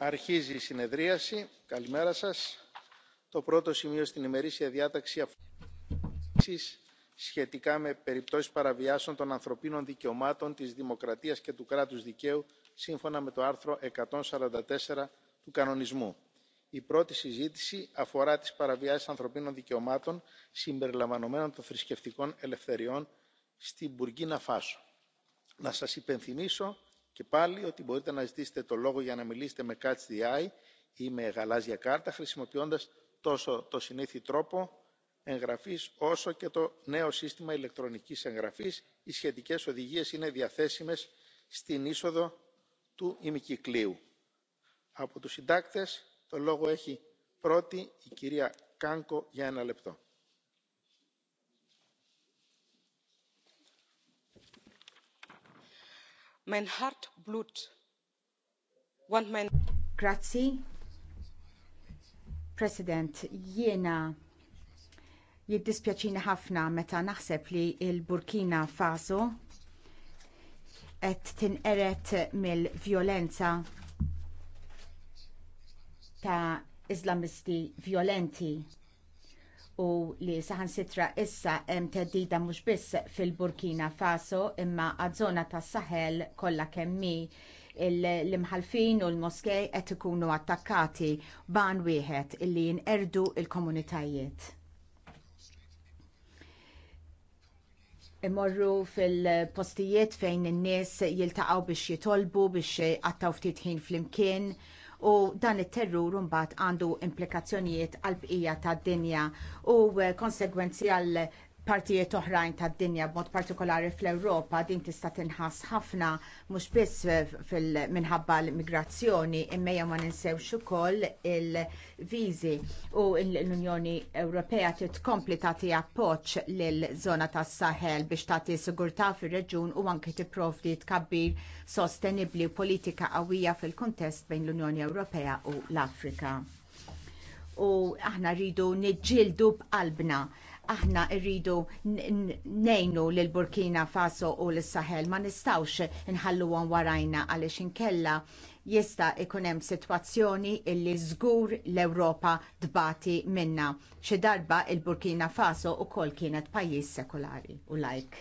Αρχίζει η συνεδρίαση. Καλημέρα σας. Το πρώτο σημείο στην ημερήσια διάταξη αφορά σχετικά με περιπτώσεις παραβιάσεων των ανθρωπίνων δικαιωμάτων, της δημοκρατίας και του κράτους δικαίου σύμφωνα με το άρθρο 144 του κανονισμού. Η πρώτη συζήτηση αφορά τις παραβιάσεις ανθρωπίνων δικαιωμάτων συμπεριλαμβανομένων των θρησκευτικών ελευθεριών στην Μπουργκίνα Φάσο. Να σας υπενθυμίσω και πάλι ότι μπορείτε να ζητήσετε το λόγο για να μιλήσετε με catch the eye ή με γαλάζια κάρτα χρησιμοποιώντας τόσο το συνήθι τρόπο εγγραφής όσο και το νέο σύστημα ηλεκτρονικής εγγραφής. Οι σχετικές οδηγίες είναι διαθέσιμες στην είσοδο του ημικυκλίου. Από τους συντάκτες το λόγο έχει πρώτη η κυρία Κάνκο για ένα λεπτό. blut want Grazzi. President, jiena jiddispjaċini ħafna meta naħseb li il-Burkina Faso qed tinqeret mill-vjolenza ta' Islamisti violenti u li saħansitra issa hemm teddida mhux biss fil-Burkina Faso imma għaż-żona tas-Saħel kollha kemm hi l-imħalfin u l-moskej qed ikunu attakkati ban wieħed illi jinqerdu l il komunitajiet Imorru fil-postijiet fejn in-nies jiltaqgħu biex jitolbu biex għattaw ftit ħin flimkien u dan it-terrur mbagħad għandu implikazzjonijiet għall bqija tad-dinja u eh, konsegwenzi għal partijiet oħrajn tad-dinja b'mod partikolari fl-Ewropa din tista' tinħass ħafna mhux biss minħabba l-immigrazzjoni imma ma ninsewx ukoll il-viżi u l-Unjoni Ewropea trid tkompli tagħti appoġġ lill-żona tas-Saħel biex tagħti sigurtà fir-reġjun u anke tipprovdi tkabbir sostenibbli u politika qawwija fil-kuntest bejn l-Unjoni Ewropea u l-Afrika. U aħna rridu niġġieldu b'qalbna aħna rridu nejnu lil Burkina Faso u l-Sahel ma nistawx nħalluhom warajna għaliex inkella jista' ikunem hemm sitwazzjoni illi żgur l-Ewropa dbati minna. Xi darba l burkina Faso kol kienet pajjiż sekulari u lajk.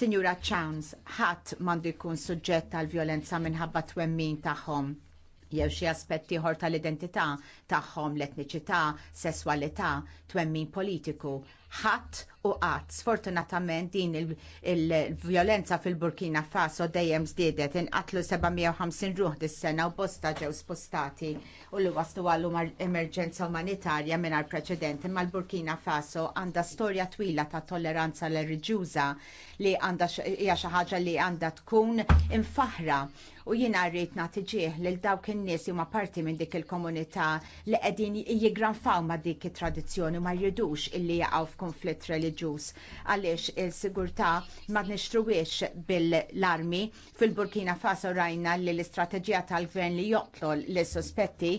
Sinjura Chance, ħadd m'għandu jkun suġġett għal vjolenza minħabba twemmin tagħhom jew xi aspetti ieħor tal-identità tagħhom l-etniċità, sesswalità, twemmin politiku. Ħadd u qatt sfortunatament din il-vjolenza il vjolenza fil burkina Faso dejjem żdiedet inqatlu 750 ruħ dis-sena u bosta ġew spostati u li wastu għal emerġenza umanitarja mingħajr preċedenti, mal burkina Faso għandha storja twila ta' tolleranza l-reġjuża li għandha hija xi ħaġa li għandha tkun infaħra u jiena rrid nagħti ġieħ lil dawk in-nies li huma parti minn dik il-komunità li qegħdin jiggranfaw ma' dik it-tradizzjoni ma jridux illi jaqgħu f'konflitt reliġjuż għaliex il-sigurtà ma nixtruwiex bil-armi fil-Burkina Faso rajna li l-istrateġija tal-gvern li joqtol l-sospetti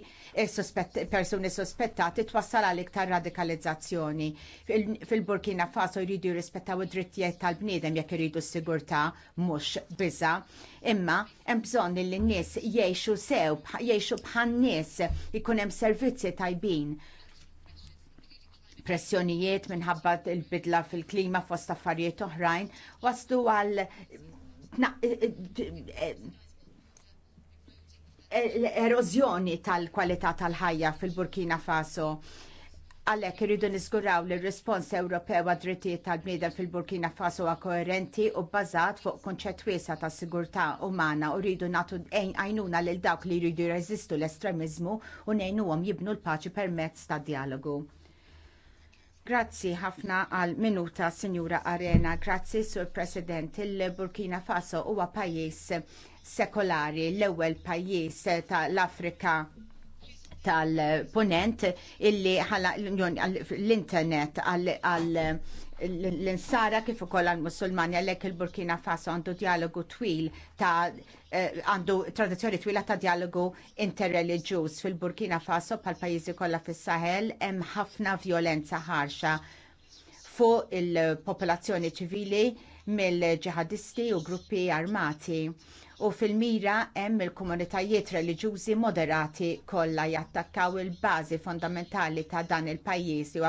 persuni sospettati twassal għal iktar radikalizzazzjoni. Fil-Burkina Faso jridu jirrispettaw id-drittijiet tal-bniedem jekk iridu s-sigurtà mhux biża imma hemm bżonn li n-nies jgħixu sew, jgħixu bħan nies ikun hemm servizzi tajbin pressjonijiet minħabba il-bidla fil-klima fost affarijiet oħrajn wastu għal erozjoni tal-kwalità tal-ħajja fil-Burkina Faso Għalhekk irridu nisguraw li r-rispons Ewropew għad drittijiet tal-bniedem fil-Burkina Faso huwa koerenti u bbażat fuq konċett wiesa ta' sigurtà umana u rridu nagħtu għajnuna lil dawk li jridu jirreżistu l estremizmu u ngħinuhom jibnu l-paċi permezz ta' dialogu. Grazzi ħafna għal minuta Sinjura Arena, grazzi Sur President il-Burkina Faso huwa pajjiż sekolari, l-ewwel pajjiż tal-Afrika tal-ponent illi l-internet għal l-insara kif ukoll għall-Musulmani għalhekk il-Burkina Faso għandu dialogu twil ta' eh, għandu tradizzjoni twila ta' dialogu interreliġjuż fil-Burkina Faso pal pajjiżi kollha fis-Sahel hemm ħafna violenza ħarxa fuq il-popolazzjoni ċivili mill-ġihadisti u gruppi armati u fil-mira hemm il-komunitajiet reliġjużi moderati kollha jattakkaw il-bażi fondamentali ta' dan il-pajjiż u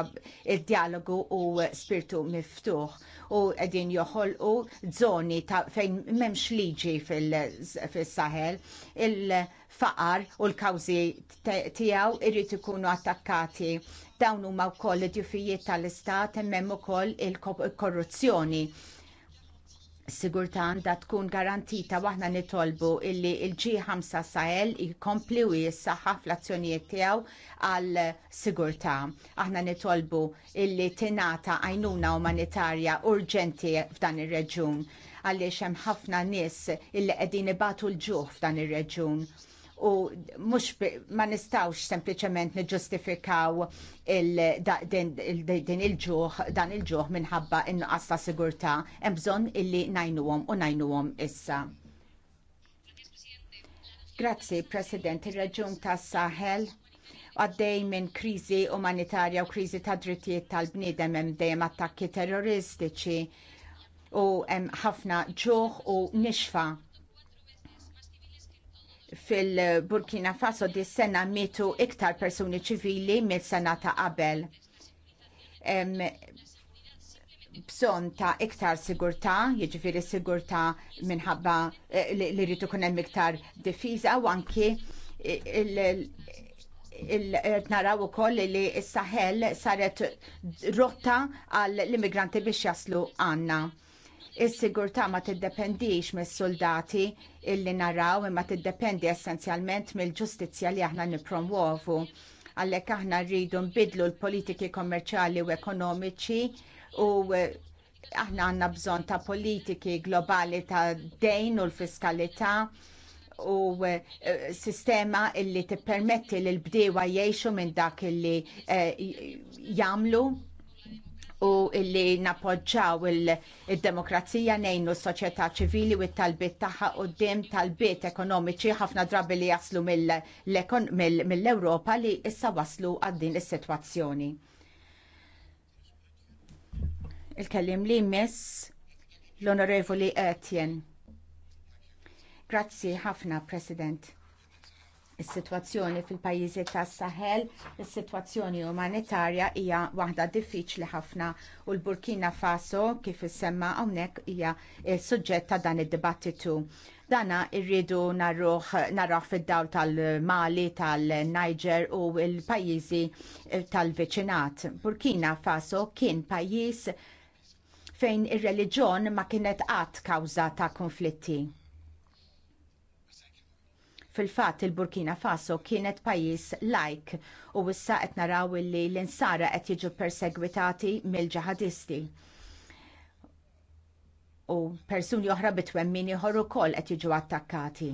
id-dialogu u spiritu miftuħ u qegħdin joħolqu żoni fejn m'hemmx liġi fis-Saħel il-faqar u l-kawżi tiegħu jrid ikunu attakkati dawn huma wkoll id-djufijiet tal-istat hemm ukoll il-korruzzjoni il korruzzjoni sigurtà għandha tkun garantita waħna nitolbu illi l ġi 5 Sahel jkompli u jissaħħa fl-azzjonijiet tiegħu għal sigurtà. Aħna nitolbu illi tingħata għajnuna umanitarja urġenti f'dan ir-reġjun għaliex hemm ħafna nies illi qegħdin ibatu l-ġuħ f'dan ir-reġjun u mhux ma nistawx sempliċement niġġustifikaw din il-ġuħ dan il-ġuħ minħabba innu ta' sigurtà hemm bżonn illi najnuwom u najnuwom issa. Grazzi, President, il-Reġun ta' Sahel għaddej minn kriżi umanitarja u kriżi ta' drittijiet tal-bniedem hemm dejjem attakki terroristiċi u hemm ħafna ġuħ u nixfa fil-Burkina Faso di sena mitu iktar persuni ċivili mill sena ta' qabel. Bżon ta' iktar sigurtà, jiġifieri sigurtà minħabba eh, li rritu kunem hemm iktar difiża u anki naraw ukoll li s-Saħel saret rotta għall immigranti biex jaslu għandna Is-sigurtà ma tiddependix mis-soldati illi naraw imma tiddependi essenzjalment mill-ġustizzja li aħna nippromuovu. Għalhekk aħna rridu nbidlu l-politiki kommerċjali u ekonomiċi u e, aħna għandna bżonn ta' politiki globali ta' dejn u l-fiskalità u e, e, sistema illi tippermetti l bdiewa jgħixu minn dak illi jagħmlu u illi napoġġaw il-demokrazija il nejnu s-soċjetà ċivili u t-talbiet tagħha quddiem talbiet ekonomiċi ħafna drabi li jaslu mill-Ewropa li issa waslu għaddin din is-sitwazzjoni. Il-kellim li miss l-Onorevoli Etienne. Grazzi ħafna, President is-sitwazzjoni fil-pajjiżi tas-Saħel, is-sitwazzjoni umanitarja hija waħda diffiċli ħafna u l-Burkina Faso kif issemma hawnhekk hija suġġett ta' dan id-dibattitu. Dana narruħ narruh fid-dawl tal-Mali, tal-Niger u l-pajjiżi tal-viċinat. Burkina Faso kien pajjiż fejn ir-reliġjon ma kienet qatt kawża ta' konflitti Fil-fatt il-Burkina Faso kienet pajjiż lajk u issa qed naraw illi l-insara qed jiġu persegwitati mill-ġihadisti. U persuni oħra bitwemmin ieħor ukoll qed jiġu attakkati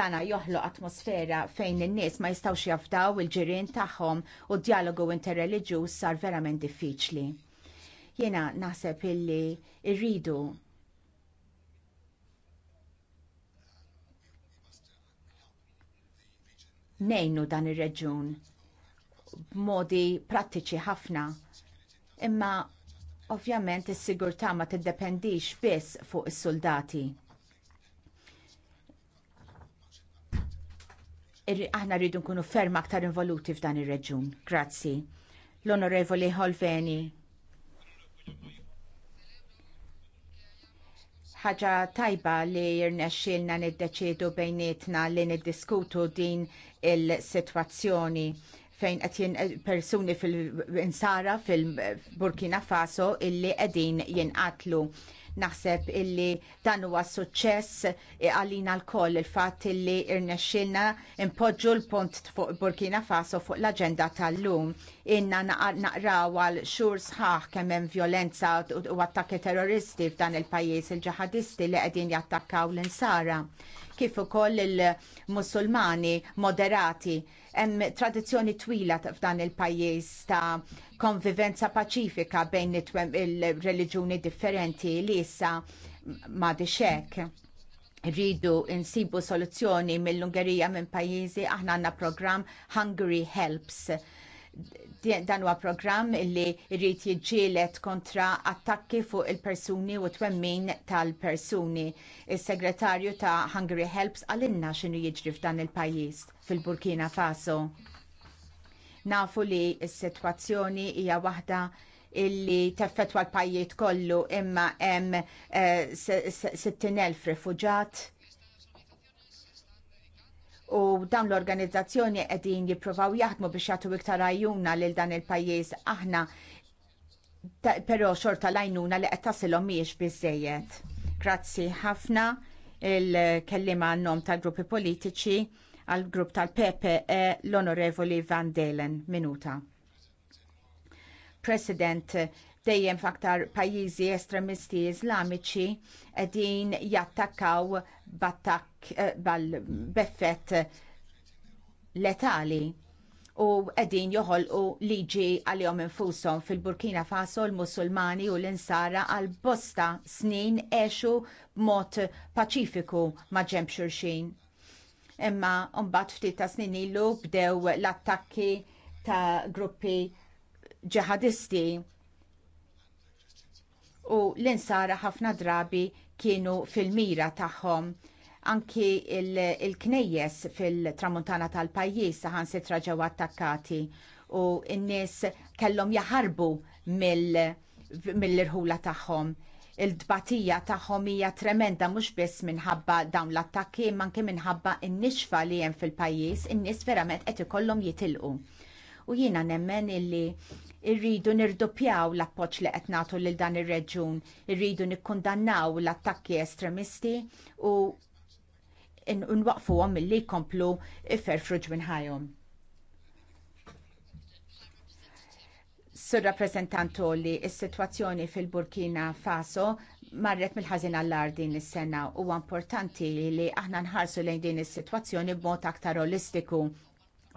dana joħloq atmosfera fejn in-nies ma jistgħux jafdaw il-ġirien tagħhom u d dialogu interreliġjuż sar verament diffiċli. Jiena naħseb illi rridu nejnu dan ir-reġun b'modi prattiċi ħafna. Imma ovvjament is-sigurtà ma tiddependix biss fuq is-soldati. Aħna rridu nkunu ferm aktar involuti f'dan ir-reġun. Grazzi. L-Onorevoli Holveni ħaġa tajba li jirnexxilna niddeċiedu bejnietna li niddiskutu din il-sitwazzjoni fejn qed persuni fil-insara fil-Burkina Faso illi qegħdin jinqatlu Naħseb illi dan huwa suċċess e, għalina l-koll il-fatt illi irnexxilna impoġġu l-punt fuq Burkina Faso fuq l-aġenda tal-lum. Inna naqraw għal xhur sħaħ kemm hemm violenza u attakki terroristi f'dan il-pajjiż il-ġihadisti li qegħdin jattakkaw l-insara kif ukoll il-Musulmani moderati. Hemm tradizzjoni twila f'dan il-pajjiż ta' konvivenza paċifika bejn il-reliġjuni differenti li issa ma' dixek rridu insibu soluzzjoni mill-Ungerija minn pajjiżi aħna għandna programm Hungary Helps dan huwa programm li jrid jiġġieled kontra attakki fuq il-persuni u twemmin tal-persuni. Is-segretarju ta' Hungary Helps għalinna x'inhu jiġri f'dan il-pajjiż fil-Burkina Faso. Nafu li s-sitwazzjoni hija waħda illi teffetwa l-pajjiet kollu imma hemm 60,000 eh, rifuġat u dawn l-organizzazzjoni qegħdin jippruvaw jaħdmu biex jagħtu iktar għajjuna lil dan il-pajjiż aħna però xorta l-għajnuna li qed tasilhom mhijiex biżejjed. Grazzi ħafna il-kellima għannom tal-gruppi politiċi għal-grupp tal-Pepe l-Onorevoli Van Delen. Minuta. President, dejjem faktar pajjiżi estremisti iżlamiċi qegħdin jattakkaw battak eh, bal-beffet letali u qegħdin joħolqu liġi għalihom infushom fil-Burkina Faso l-Musulmani u l-insara għal bosta snin għexu mod paċifiku ma' ġemp imma mbagħad ftit ta' snin ilu bdew l-attakki ta' gruppi ġihadisti u l-insara ħafna drabi kienu fil-mira tagħhom. Anki il-knejjes il fil-tramuntana tal-pajjiż saħansitra ġew attakkati u n-nies kellhom jaħarbu mill-irħula mill tagħhom il-dbatija tagħhom hija tremenda mhux biss minħabba dawn l-attakki imma anke minħabba n-nixfa li hemm fil-pajjiż in-nies verament qed ikollhom jitilqu u jiena nemmen illi irridu nirdoppjaw l-appoġġ li qed nagħtu lil dan ir-reġjun, irridu nikkundannaw l-attakki estremisti u nwaqfuhom milli jkomplu iferfruġ minn ħajhom. Sur rappresentantu li s-sitwazzjoni fil-Burkina Faso marret mill-ħażin għall din is-sena huwa importanti li aħna nħarsu lejn din is-sitwazzjoni b'mod aktar olistiku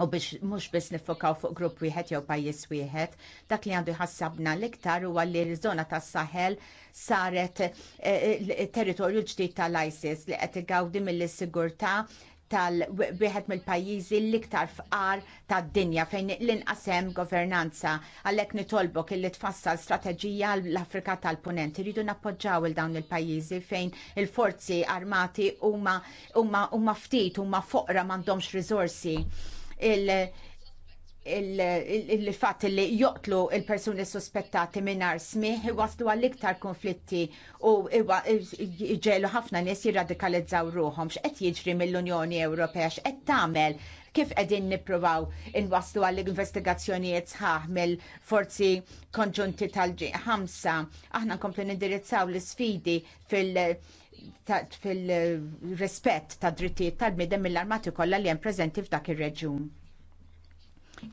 u biex mhux biss nifokaw fuq grupp wieħed jew pajjiż wieħed, dak li għandu jħassabna l-iktar huwa li l-żona tas-Saħel saret eh, eh, territorju ġdid tal-ISIS li qed igawdi mill-sigurtà tal-wieħed mill-pajjiżi l-iktar fqar tad-dinja fejn l-inqasem governanza għalhekk nitolbok illi tfassal strateġija l-Afrika tal-Punent. Iridu nappoġġaw il dawn il-pajjiżi fejn il-forzi armati huma ftit huma foqra m'għandhomx riżorsi il- il-fat il, il, li joqtlu il-persuni suspettati minar smih waslu għall-iktar konflitti u ġelu ħafna nies jirradikalizzaw ruħom x'qed jiġri mill-Unjoni Ewropea x'qed tagħmel kif qegħdin nippruvaw inwaslu għall-investigazzjonijiet sħaħ mill-forzi konġunti tal-ġi ħamsa aħna nkomplu nindirizzaw l-isfidi fil- fil-rispett tad drittijiet tal-bniedem mill-armati kollha li hemm preżenti f'dak ir-reġjun.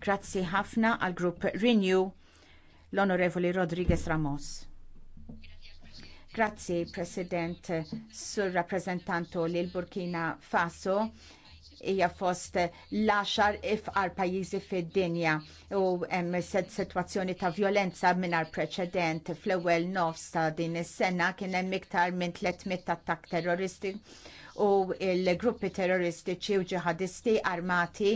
Grazzi ħafna għall grupp Renew l-Onorevoli Rodriguez Ramos. Grazzi, President, sur rappresentanto li l-Burkina Faso hija fost l-10 ifqar pajjiżi fid-dinja u hemm sitwazzjoni ta' violenza mingħajr preċedent fl-ewwel nofs ta' din is-sena kien hemm iktar minn 300 attakk terroristi u l-gruppi terroristiċi u ġihadisti armati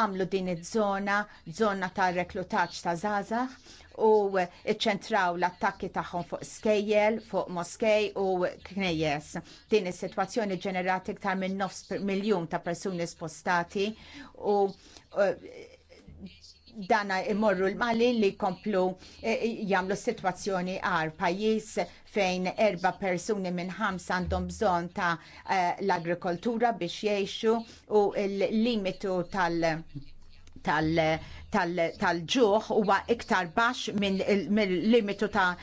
għamlu din iż-żona, żona ta' reklutaċ ta' zazax u iċċentraw l-attakki tagħhom fuq skejjel, fuq moskej u knejjes. Din is-sitwazzjoni ġenerat iktar minn nofs miljun ta' persuni spostati u eh, dana imorru l-Mali li komplu eh, jamlu situazzjoni għar pajis fejn erba persuni minn ħams għandhom bżon ta' eh, l-agrikoltura biex jiexu u l-limitu tal- tal- tal-ġuħ huwa iktar baxx mill-limitu ta'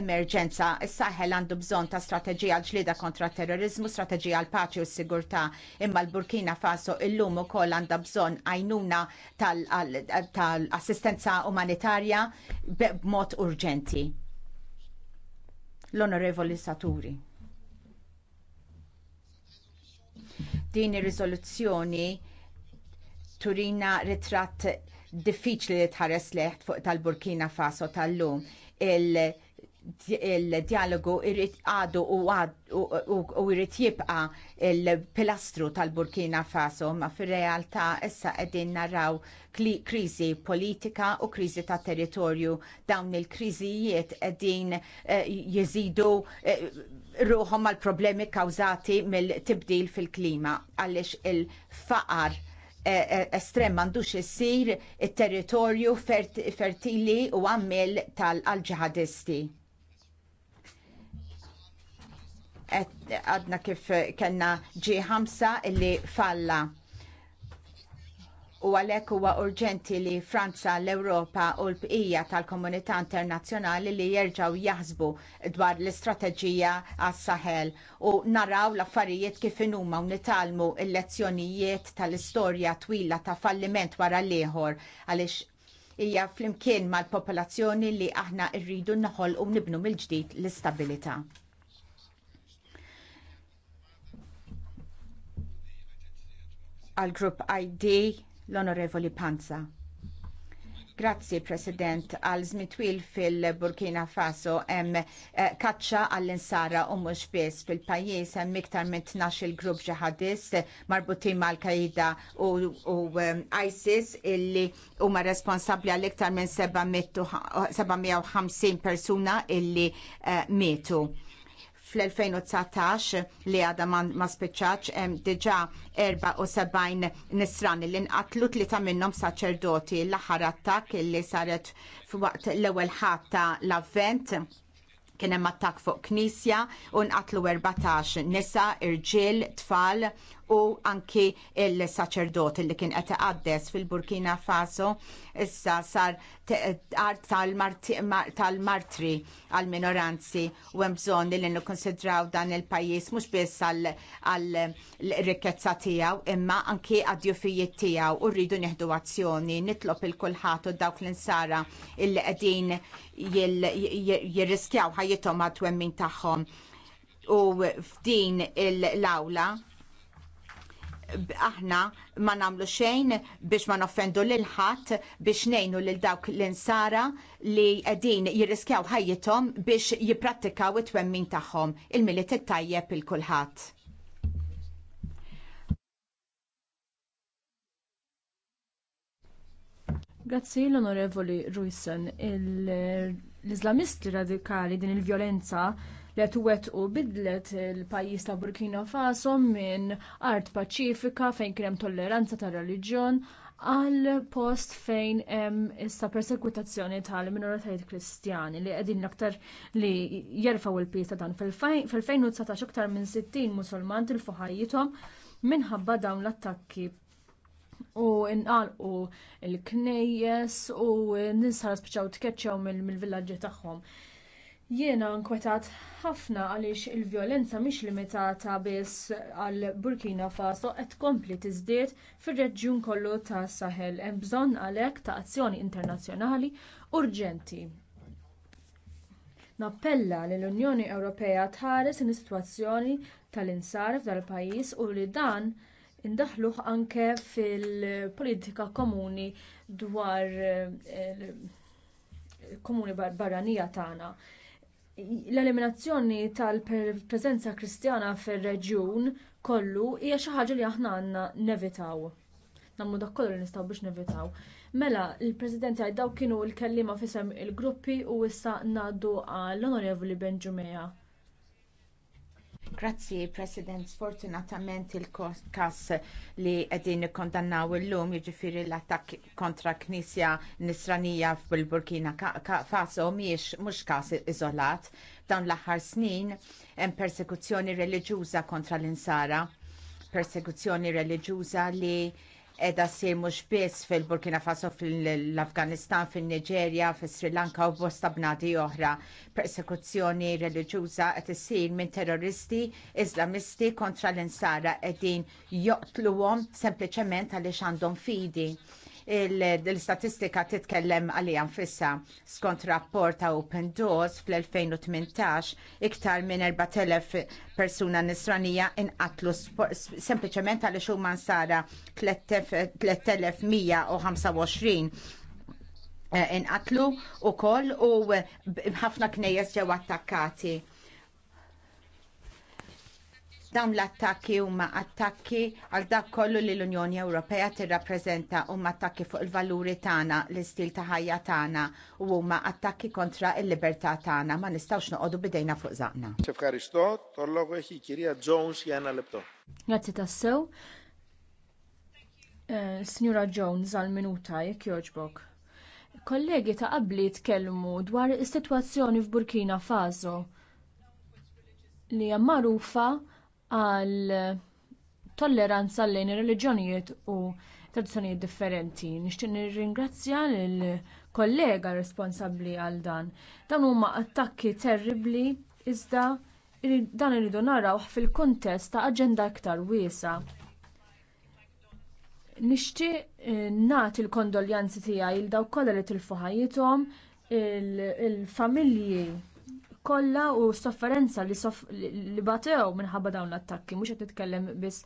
emerġenza. Is-Saħel għandu bżonn ta' strateġija ġlieda kontra terrorizmu, strateġija għal paċi u s-sigurtà, imma l-Burkina Faso illum ukoll għandha bżonn għajnuna tal-assistenza umanitarja b'mod urġenti. L-Onorevoli Saturi. Din ir-riżoluzzjoni turina ritratt diffiċli li tħares leħt fuq tal-Burkina Faso tal-lum. Il-dialogu irrit għadu u irrit jibqa il-pilastru tal-Burkina Faso ma fil-realtà issa qegħdin naraw kriżi politika u kriżi ta' territorju. Dawn il-kriżijiet qegħdin eh, jizidu eh, ruħhom mal problemi kawzati mill-tibdil fil-klima għaliex il-faqar E, e, estrem mandux issir il-territorju fertili u għammil tal-ġihadisti. Għadna kif kena ġi ħamsa illi falla u għalhekk huwa urġenti li Franza, l-Ewropa u l-bqija tal-komunità internazzjonali li jerġgħu jaħsbu dwar l-istrateġija għas-Saħel u naraw l-affarijiet kif inuma u nitalmu l-lezzjonijiet tal-istorja twila ta' falliment wara l-ieħor għaliex hija flimkien mal-popolazzjoni li aħna rridu naħol u nibnu mill-ġdid l-istabilità. al grupp ID l-Onorevoli Panza. Grazzi President, għal zmitwil fil-Burkina Faso hemm eh, kaċċa għall-insara u mhux biss fil-pajjiż hemm iktar minn tnax-il grupp ġihadist marbutin mal-Qaida u, eh, ISIS illi huma responsabbli għal iktar minn 750 persuna illi uh, mietu fl-2019 li għada ma spiċċax hemm diġà 74 nisran li nqatlu tlieta minnhom saċerdoti l-aħħar attakk li saret f'waqt l-ewwel ħadd l-avvent Kien hemm attakk fuq knisja u nqatlu 14 nisa, irġiel, tfal u anki il-saċerdot li kien qed iqaddes fil-Burkina Faso issa sar tal-martri għall minoranzi u hemm bżonn li nikkonsidraw dan il-pajjiż mhux biss għall-rikkezza tiegħu imma anki għad-djufijiet tiegħu u rridu nieħdu azzjoni nitlob il kulħadd u dawk l-insara illi qegħdin jirriskjaw ħaj b'saħħithom għat-twemmin tagħhom u f'din l-awla aħna ma namlu xejn biex ma noffendu lil ħadd biex nejnu lil dawk l-insara li għedin jirriskjaw ħajjithom biex jipprattikaw it-twemmin tagħhom il milit it-tajjeb il kulħadd. Grazie l-Onorevoli Ruisen, il l-Islamisti radikali din il-vjolenza li qed iwettqu bidlet il-pajjiż ta' Burkina Faso minn art paċifika fejn kien hemm tolleranza ta' reliġjon għal post fejn hemm issa persekutazzjoni tal-minoritajiet kristjani li qegħdin aktar li jerfgħu il pies ta' dan fil-2019 aktar minn 60 musulman tilfu ħajjithom minħabba dawn l-attakki u u l-knejjes u ninsar spiċaw tkeċċew mill-villaġġi tagħhom. Jiena nkwetat ħafna għaliex il-vjolenza mhix limitata biss għal Burkina Faso qed tkompli tiżdied fir-reġjun kollu ta' Saħel hemm bżonn għalhekk ta' azzjoni internazzjonali urġenti nappella li l-unjoni ewropea tħares in-sitwazzjoni tal-insar f'dal pajjiż u li dan indaħluh anke fil-politika komuni dwar eh, komuni barranija tagħna. L-eliminazzjoni tal-preżenza kristjana fir-reġjun kollu hija xi ħaġa li aħna għandna nevitaw. Nammu dak kollu li nistgħu biex nevitaw. Mela, il-President għaj daw kienu l-kellima fisem il-gruppi u issa ngħaddu għall-Onorevoli Benġumeja. Grazzi, President. Sfortunatament il-kas li qegħdin nikkondannaw illum jiġifieri l-attakk kontra Knisja Nisranija fil-Burkina Faso mhijiex mhux każ iżolat. dan l-aħħar snin hemm persekuzzjoni reliġjuża kontra l-insara, persekuzzjoni reliġjuża li edha se mhux biss fil-Burkina Faso fil-Afganistan, fil-Niġerja, fil-Sri Lanka u bosta bnadi oħra. Persekuzzjoni reliġjuża qed issir minn terroristi Islamisti kontra l-insara qegħdin joqtluhom sempliċement għaliex għandhom fidi l-istatistika titkellem għalija nfissa skont rapport ta' Open Doors fl-2018 iktar minn 4000 persuna nisranija inqatlu sempliċement għaliex huma nsara 3125 eh, inqatlu u koll u ħafna knejjes ġew attakkati. Dawn l-attakki huma attakki għal dak kollu li l-Unjoni Ewropea tirrappreżenta huma attakki fuq il-valuri tagħna, l-istil ta' ħajja tagħna u huma attakki kontra l-libertà tagħna ma nistgħux noqogħdu bidejna fuq żaqna. Sefkaristo, tollogu eħi kirija Jones Jana lebto. Grazzi tassew. Eh, Signora Jones għal minuta jekk joġbok. Kollegi ta' qabli tkellmu dwar is-sitwazzjoni f'Burkina Faso li hija magħrufa għal tolleranza lejn ir-reliġjonijiet u tradizzjonijiet differenti. Nixtieq nirringrazzja lill kollega responsabbli għal dan. Dan huma attakki terribbli iżda dan iridu naraw fil-kuntest ta' aġenda iktar wiesa. Nixtieq eh, nagħti l-kondoljanzi tiegħi il dawk kollha li tilfu ħajjithom il-familji il familji kollha u s-sofferenza li, sof li batew minħabba dawn l-attakki mhux qed nitkellem biss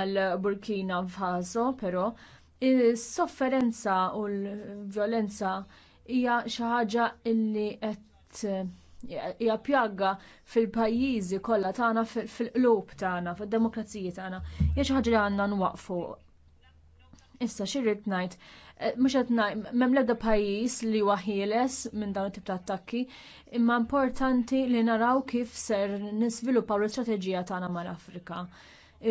għal Burkina Faso, però is-sofferenza u l-vjolenza hija xi ħaġa li qed hija pjagga fil-pajjiżi kollha tagħna fil-qlub tagħna, fid-demokrazija tagħna. Hija xi ħaġa li għandna nwaqfu Issa xirrit ngħid, eh, mhux qed ngħid m'hemm l-ebda pajjiż li waħiles minn dawn it-tip ta' attakki, imma importanti li naraw kif ser nisvilupaw l-istrateġija tagħna mal-Afrika.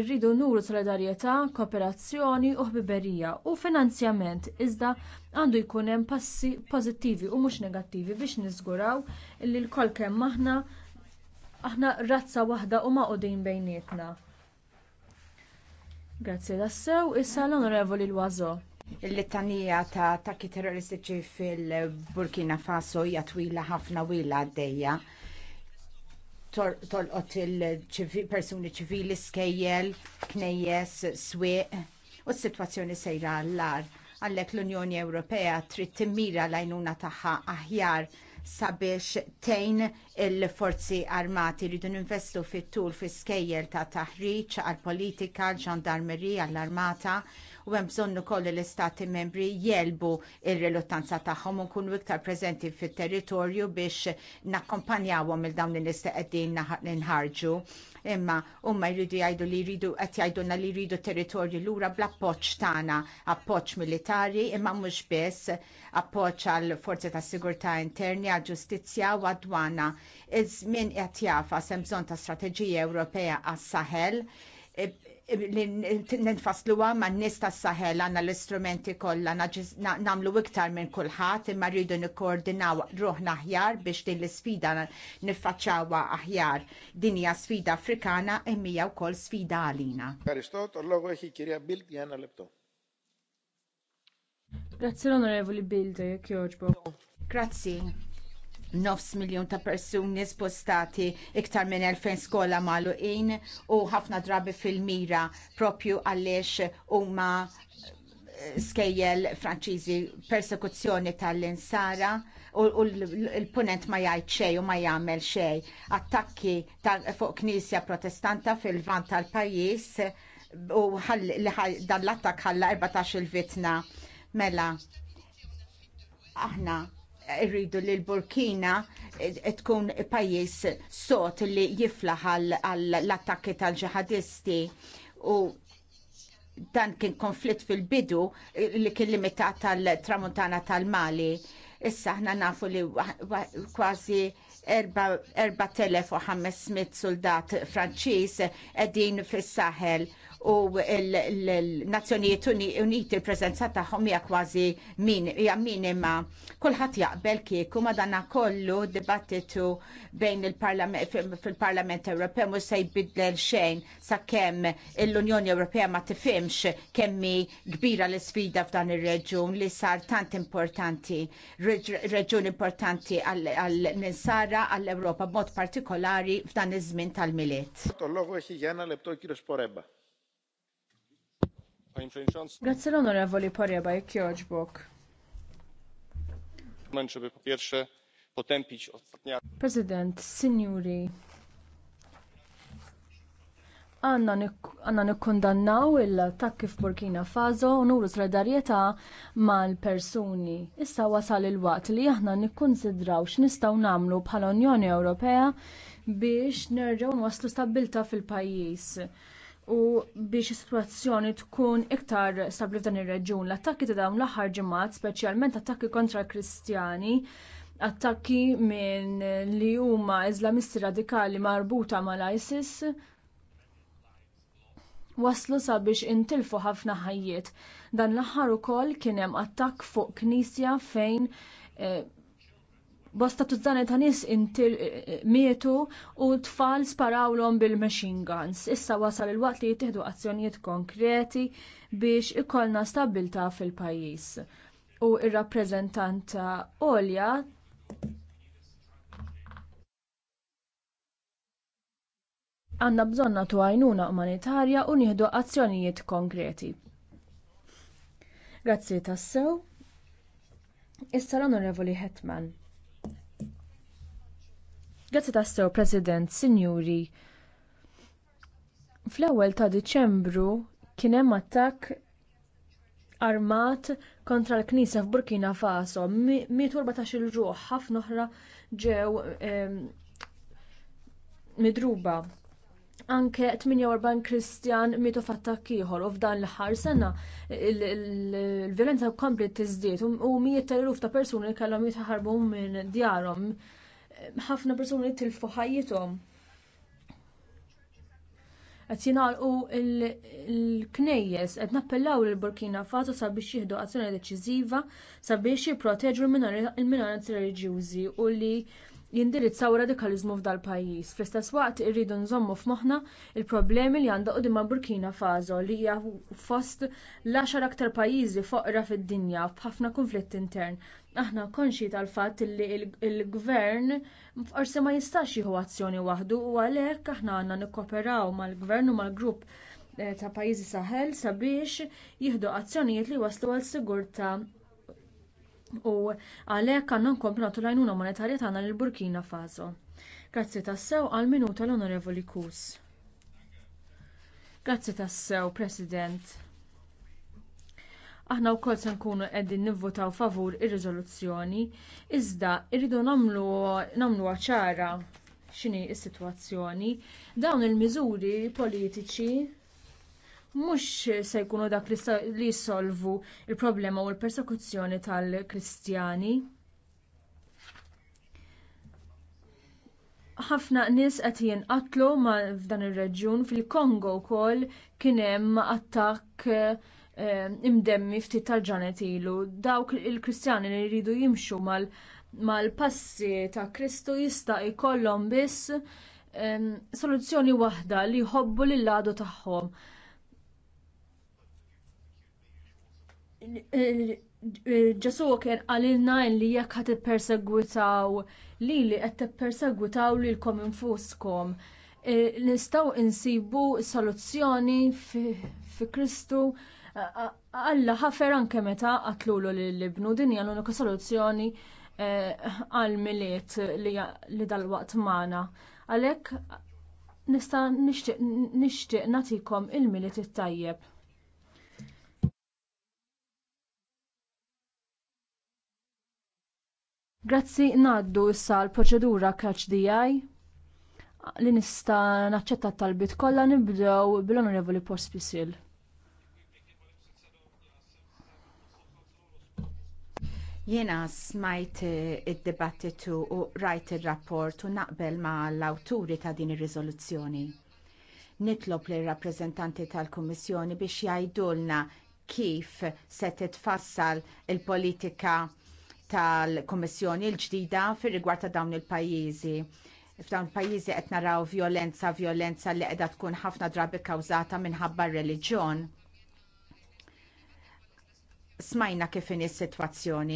Irridu nuru solidarjetà, kooperazzjoni u ħbiberija u finanzjament iżda għandu jkun hemm passi pożittivi u mhux negattivi biex niżguraw li l kolkem kemm aħna aħna razza waħda u ma' bejnietna. Grazzi sew, issa l-onorevoli l-wazo. il litanija ta' attakki terroristiċi fil-Burkina Faso hija twila ħafna wila għaddejja. Tolqot il-persuni ċivili skejjel, knejjes, swieq u s-sitwazzjoni sejra l-lar. Għallek l-Unjoni Ewropea trid timmira l-għajnuna tagħha aħjar sabiex tejn il-forzi armati rridu ninvestu fit-tul fis-skejjel ta' taħriġ għall politika għall-ġandarmerija għall-armata u hemm bżonn ukoll l-istati membri jelbu ir-reluttanza tagħhom u nkunu iktar preżenti fit-territorju biex nakkompanjawhom il dawn l qegħdin nħarġu. Imma huma jridu jgħidu li jridu qed jgħidulna li jridu territorju lura bl-appoġġ tagħna, appoġġ militari imma mhux biss appoġġ għal forzi ta' sigurtà interni għal ġustizzja u għadwana. Iż-żmien qed jafas sem bżonn ta' strateġija Ewropea għas-Saħel li ninfaslu għam man nista tas saħel għanna l-istrumenti kollha namlu iktar minn kulħadd imma rridu nikkoordinaw ruħna aħjar biex din l-sfida niffaċċawha aħjar. Din hija sfida Afrikana imma u wkoll sfida għalina. Karistot, orlogu għi kirja Bild jana Lepto. Grazzi l-Onorevoli Bild, jek joġbo. Grazzi nofs miljon ta' persuni spostati iktar minn 2000 skola magħluqin u ħafna drabi fil-mira propju għaliex huma eh, skejjel Franċiżi persekuzzjoni tal-insara u l-punent ma jgħid xejn u ma jagħmel xejn. Attakki fuq knisja protestanta fil-vant tal-pajjiż u dan l-attak ħalla 14 il-vitna. Mela, aħna rridu li l-Burkina eh, eh, tkun pajis sot li jiflaħ għall-attakki tal-ġihadisti u dan kien konflitt fil-bidu eh, li kien limitat tal-tramuntana tal-Mali. Issa ħna nafu li kważi 4500 soldat Franċiż qegħdin fis sahel u l-Nazzjonijiet Uniti l-prezenza tagħhom hija kważi min hija minima. Kulħadd jaqbel kieku ma' madana kollu dibattitu bejn il-Parlament Ewropew mhux se jbidel xejn sakemm l-Unjoni Ewropea ma tifhimx kemmi kbira l-isfida f'dan ir-reġjun li sar tant importanti, reġun importanti għall-ninsara għall-Ewropa b'mod partikolari f'dan iż-żmien tal-miliet. Grazie lonorevoli onorevoli Poreba, jek joġbok. President, signori, għanna nikkondannaw il-attakki Burkina Faso u nuru solidarjetà mal-persuni. Issa wasal il-waqt li aħna nikkonsidraw x'nistgħu nagħmlu bħala Unjoni Ewropea biex nerġgħu nwasslu stabilta fil-pajjiż u biex is-sitwazzjoni tkun iktar stabli f'dan ir-reġjun. L-attakki ta' dawn l-aħħar ġimgħat, speċjalment attakki kontra l-Kristjani, attakki minn li huma Iżlamisti radikali marbuta mal-ISIS waslu sabiex intilfu ħafna ħajjiet. Dan l-aħħar ukoll kien hemm attakk fuq knisja fejn eh, bosta tużżani ta' nis intil mietu u tfal sparawlhom bil-machine guns. Issa wasal il-waqt li jittieħdu azzjonijiet konkreti biex ikollna stabilta fil-pajjiż. U il rappreżentanta Olja għanna bżonna tu għajnuna umanitarja u nieħdu azzjonijiet konkreti. Grazzi tassew. Issa l-Onorevoli Hetman. Grazzi sew President, Sinjuri. Fl-ewwel ta' Diċembru kien hemm attakk armat kontra l-Knisja f'Burkina Faso. Mietu 14-il ruħ, ħafna oħra ġew midruba. Anke 48 Kristjan mietu f'attakk ieħor u f'dan l-ħar sena l-violenza komplet tiżdied u mijiet tal-eluf ta' persuni kellhom jitħarbu minn djarhom ħafna persuni tilfu ħajjithom. Qed jingħalqu l-knejjes qed nappellaw il Burkina Faso sabiex jieħdu azzjoni deċiżiva sabiex jipproteġu l-minoranzi reliġjużi u li jindirizzaw radikaliżmu f'dal pajjiż. Fl-istess waqt irridu nżommu f'moħħna l problemi li għandha qudiema Burkina Faso li hija fost l għaxar aktar pajjiżi foqra fid-dinja b'ħafna konflitt intern aħna konxi tal-fatt li l-gvern forsi ma jistax jieħu azzjoni waħdu u għalhekk aħna għandna nikkoperaw mal-gvern u mal-grupp eh, ta' pajjiżi saħel sabiex jieħdu azzjonijiet li waslu għal sigurtà u għalhekk għandna nkomplu nagħtu l-għajnuna monetarja tagħna lil Burkina Faso. Grazzi tassew għal minuta l-Onorevoli Kus. Grazzi tassew, President. Aħna wkoll se nkunu qegħdin nivvotaw favur ir-riżoluzzjoni, iżda rridu nagħmlu ċara x'inhi s-sitwazzjoni. Dawn il-miżuri politiċi mhux se jkunu dak li jissolvu l problema u l-persekuzzjoni tal-Kristjani. ħafna nies qed jinqatlu f'dan ir-reġjun fil-Kongo wkoll kien hemm attakk Eh, imdemmi ftit tal-ġanet ilu. Dawk il-Kristjani li jridu jimxu mal-passi ta' Kristu jista' jkollhom biss soluzzjoni waħda li jħobbu lil għadu tagħhom. Ġesu kien għalilna li jekk ħat tippersegwitaw li li qed tippersegwitaw lilkom infuskom. Eh, nistgħu insibu soluzzjoni fi Kristu Alla ħafer anke meta qatlulu l-libnu din hija l-unika soluzzjoni eh, għal miliet li dal-waqt magħna. Għalhekk nista' nixtieq nagħtikom il-miliet it-tajjeb. Grazzi ngħaddu issa l-proċedura catch DI li nista naċċetta t bit kollha nibdew bil-Onorevoli Pissil. Jiena smajt eh, id-dibattitu u rajt ir rapport u naqbel ma l-awturi ta' din ir-riżoluzzjoni. Nitlob lir rappreżentanti tal-Kummissjoni biex jgħidulna kif se titfassal il-politika tal-Kummissjoni l-ġdida fir-rigward ta' dawn il-pajjiżi f'dawn pajjiżi qed naraw vjolenza, vjolenza li qiegħda tkun ħafna drabi kkawżata minħabba r-reliġjon smajna kif in is sitwazzjoni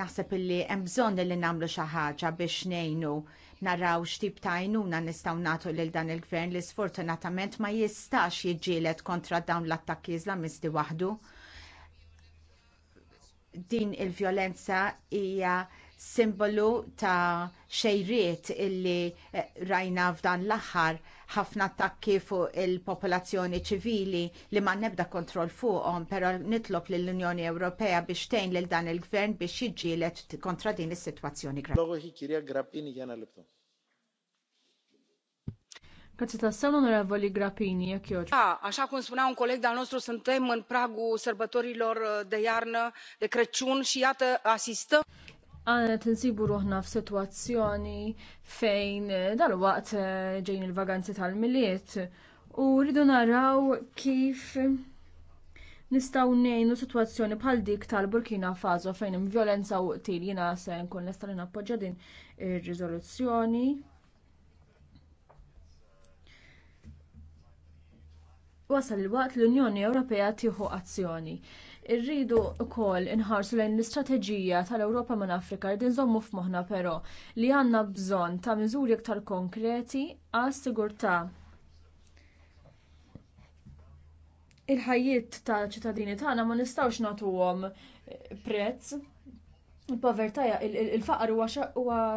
Naħseb illi hemm bżonn li nagħmlu xi ħaġa biex ngħinu naraw x'tip ta' għajnuna nistgħu nagħtu lil dan il-gvern li sfortunatament ma jistax jiġġieled kontra dawn l-attakki Iżlamisti waħdu. Din il-vjolenza hija simbolu ta' xejriet illi eh, rajna f'dan l-aħħar ħafna attakki fuq il-popolazzjoni ċivili li ma' nebda kontroll fuqhom, però nitlob lill unjoni Ewropea biex tgħin lil dan il-gvern biex jiġġieled kontra din is-sitwazzjoni. Grazie tassew onorevoli Grappini, jekk joġ. Da, așa cum spunea un coleg de-al nostru, suntem în pragul sărbătorilor de iarnă, de Crăciun și iată asistăm għanet nsibu ruħna f-situazzjoni fejn dal-waqt eh, ġejn il-vaganzi tal-miliet u rridu naraw kif nistaw nejnu situazzjoni bħal dik tal-Burkina Faso fejn hemm violenza u qtil jina se nkun nistaw nappoġġa din ir-riżoluzzjoni. Wasal il-waqt l-Unjoni Ewropea tieħu azzjoni. Irridu wkoll inħarsu lejn l-istrateġija tal-Ewropa minn Afrika rrid nżommu f'moħħna però li għandna bżonn ta' miżuri iktar konkreti għas sigurtà. Il-ħajjiet ta' ċittadini tagħna ma nistgħux nagħtuhom prezz il-povertà il-faqar huwa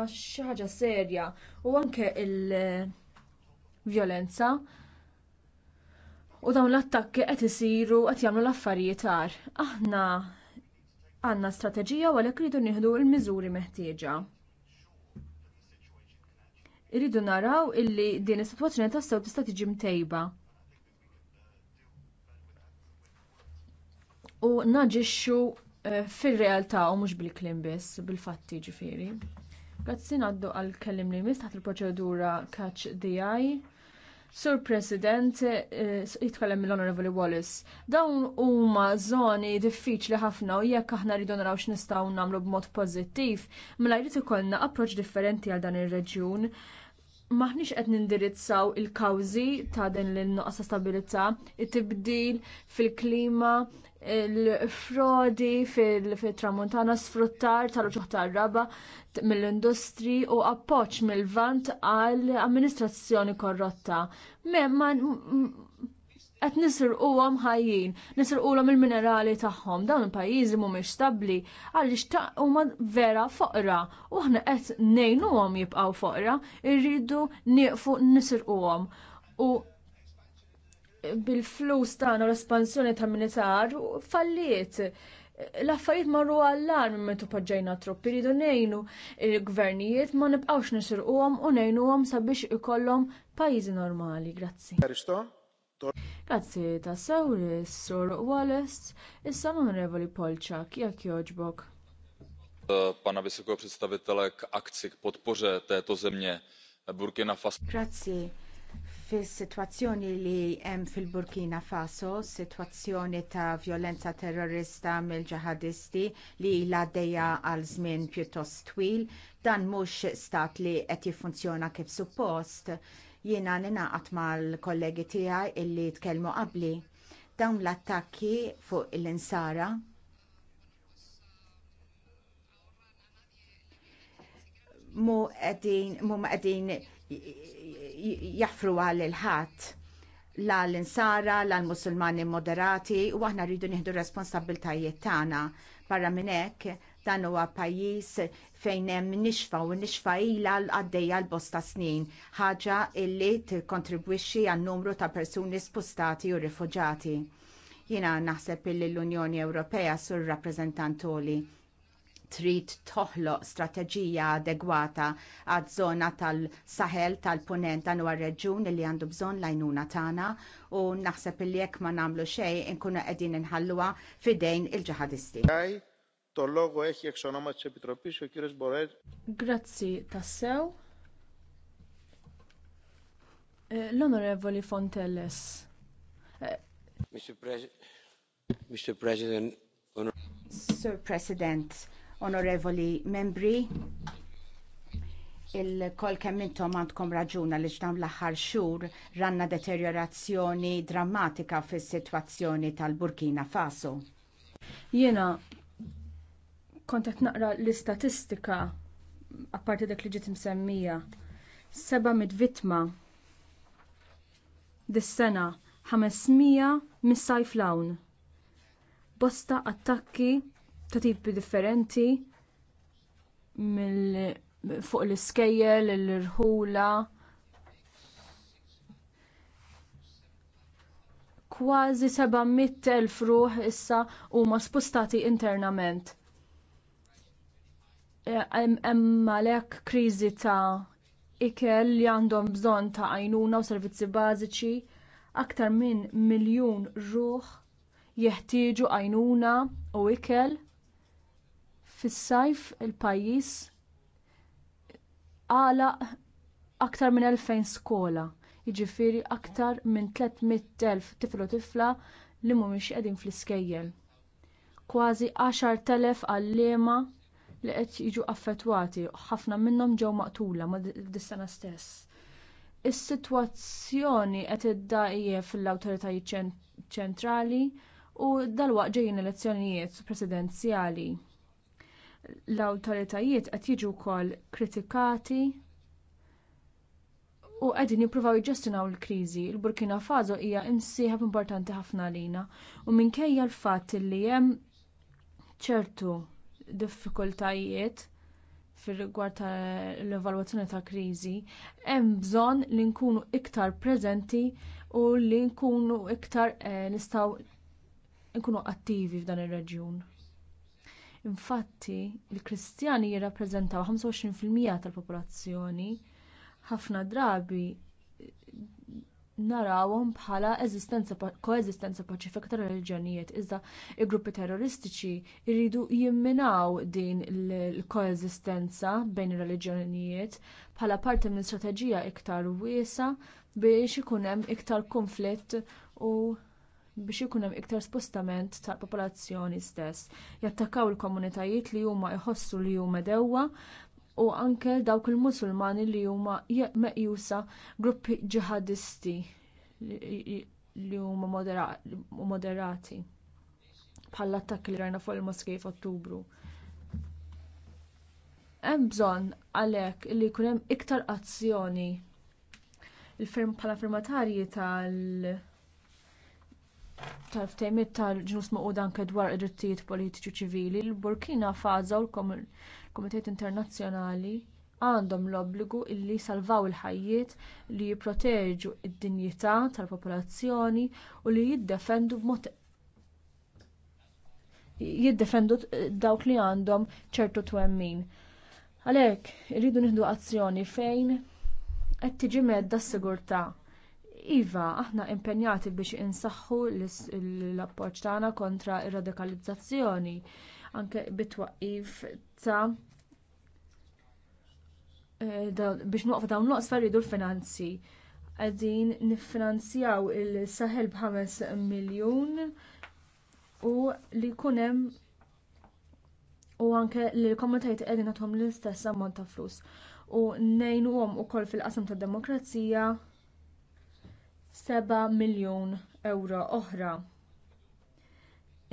xi ħaġa serja u anke il-vjolenza U dawn l-attakki qed isiru qed jagħmlu l-affarijiet għar. Aħna għandna strateġija u għalhekk rridu nieħdu l-miżuri meħtieġa. Irridu naraw illi din is-sitwazzjoni tassew tista' tiġi mtejba. U naġixxu eh, fir realtà u mhux bil-klim biss, bil-fatti ġifieri. Grazzi ngħaddu għal kellim li mis taħt il-proċedura catch DI Sur President, eh, jitkellem l-Honorable Wallace, dawn huma żoni diffiċli ħafna u jekk aħna rridu naraw x'nistgħu nagħmlu b'mod pożittiv, mela jrid ikollna approċċ differenti għal dan ir-reġjun maħniex qed nindirizzaw il-kawżi ta' din l noqsa stabilità, it-tibdil fil-klima, il-frodi fil-tramuntana sfruttar tal-uċuħ tar-raba mill-industri u appoġġ mill-vant għall amministrazzjoni korrotta. Mem qed nisirquhom ħajjin, nisirquhom il-minerali tagħhom. Dawn il-pajjiżi mhumiex stabbli għaliex huma vera foqra u aħna qed ngħinuhom jibqgħu foqra, irridu nieqfu nisirquhom. U bil-flus tagħna l-espansjoni ta' militar falliet. L-affarijiet marru għallar minn metu paġġajna troppi rridu nejnu il-gvernijiet ma nibqawx nisirquhom u nejnuhom sabiex ikollhom pajjiżi normali. Grazzi. Grazzi ta' sew sur Wallace, issa l-Onorevoli Polczak, jak joġbok. E, pana vysokého představitele k akci k podpoře této země e, Burkina Faso. Grazzi fis-sitwazzjoni li hemm fil-Burkina Faso, sitwazzjoni ta' vjolenza terrorista mill-ġihadisti li ilha dejja għal żmien pjuttost twil, dan mhux stat li qed jiffunzjona kif suppost Jiena ninaqat mal-kollegi tiegħi illi tkellmu qabli dawn l-attakki fuq l-insara mu qegħdin mu qegħdin jaffru għal il-ħadd la l-insara, la l-musulmani moderati u aħna rridu nieħdu r responsabbiltajiet tagħna barra minn hekk dan huwa pajjiż fejn hemm nixfa u nixfa ila għaddejja l-bosta snin, ħaġa illi tikkontribwixxi għan numru ta' persuni spostati u rifuġati. Jiena naħseb illi l-Unjoni Ewropea sur rappreżentantoli trid toħloq strateġija adegwata għad żona tal-Sahel tal-Punent dan huwa reġjun li għandu bżonn l-għajnuna tagħna u naħseb li jekk ma nagħmlu xejn inkunu qegħdin inħalluha fidejn il-ġihadisti. Το λόγο έχει εξ ονόμα της Επιτροπής ο κύριος Μπορέλ. Grazie tassew. L'onorevoli Fontelles. Mr. President, Mr. President, honor Sir President, onorevoli membri, il-kol kemm intom għandkom raġuna li ġdam l-aħħar xhur ranna deteriorazzjoni drammatika fis situazzjoni tal-Burkina Faso. Jena Kont qed naqra l-istatistika apparti dak li ġiet msemmija. Seba' mit vittma dis-sena 500 mis-sajf lawn. Bosta attakki ta' tipi differenti mill fuq l-iskejjel, l-irħula. Kważi 700.000 ruħ issa huma spostati internament hemm għalhekk kriżi ta' ikel li għandhom bżonn ta' għajnuna u servizzi bażiċi aktar minn miljun ruħ jeħtieġu għajnuna u ikel fis-sajf il-pajjiż għalaq aktar minn 2000 skola, jiġifieri aktar minn 300,000 tifel u tifla li mhumiex qegħdin fl-iskejjel. Kważi 10,000 għalliema li qed jiġu affettwati ħafna minnhom ġew maqtula ma dis-sena stess. Is-sitwazzjoni qed iddajjef fil-awtoritajiet ċentrali u dalwaqt ġejjin elezzjonijiet presidenzjali. L-awtoritajiet qed jiġu wkoll kritikati u qegħdin jippruvaw jiġġestjonaw il-kriżi. Il-Burkina Faso hija imsieħeb importanti ħafna lina u minkejja l-fatt li hemm ċertu diffikultajiet fir-rigward tal-evalwazzjoni ta' kriżi, hemm bżonn li nkunu iktar preżenti u li nkunu iktar eh, nistgħu nkunu attivi f'dan ir-reġjun. Infatti, il-Kristjani jirrappreżentaw 25% tal-popolazzjoni ħafna drabi narawhom bħala koeżistenza paċifika tar-reliġjonijiet iżda l-gruppi terroristiċi jridu jimminaw din il-koeżistenza bejn ir-reliġjonijiet bħala parti minn strateġija iktar wiesa biex ikun hemm iktar konflitt u biex ikun hemm iktar spostament tal-popolazzjoni stess. Jattakkaw il-komunitajiet li huma jħossu li huma dewwa u anke dawk il-Musulmani li huma meqjusa gruppi ġihadisti li huma moderati bħala attakk li rajna fuq il-moskej f'Ottubru. Hemm bżonn għalhekk li jkun hemm iktar azzjoni il-firm bħala firmatarji tal- tal-ftejmiet tal-ġnus maqudan anke dwar id-drittijiet politiċi ċivili, l-Burkina fażaw kumitati internazzjonali għandhom l-obbligu li jsalvaw il-ħajjiet li jipproteġu d-dinjità tal-popolazzjoni u li jiddefendu b'mod jiddefendu dawk li għandhom ċertu twemmin. Għalhekk irridu nieħdu azzjoni fejn qed tiġi medda s-sigurtà. Iva, aħna impenjati biex insaħħu l-appoġġ tagħna kontra r radikalizzazzjoni anke bit-twaqqif forza eh, biex nuqfa dawn noqs oqsfa rridu l-finanzi. Għadin nifinanzjaw il-saħel b'5 miljon u li kunem u anke li l-komunitajt qegħdin nagħthom l-istess ammont ta' flus. U u ukoll fil-qasam tad demokrazija 7 miljun euro oħra.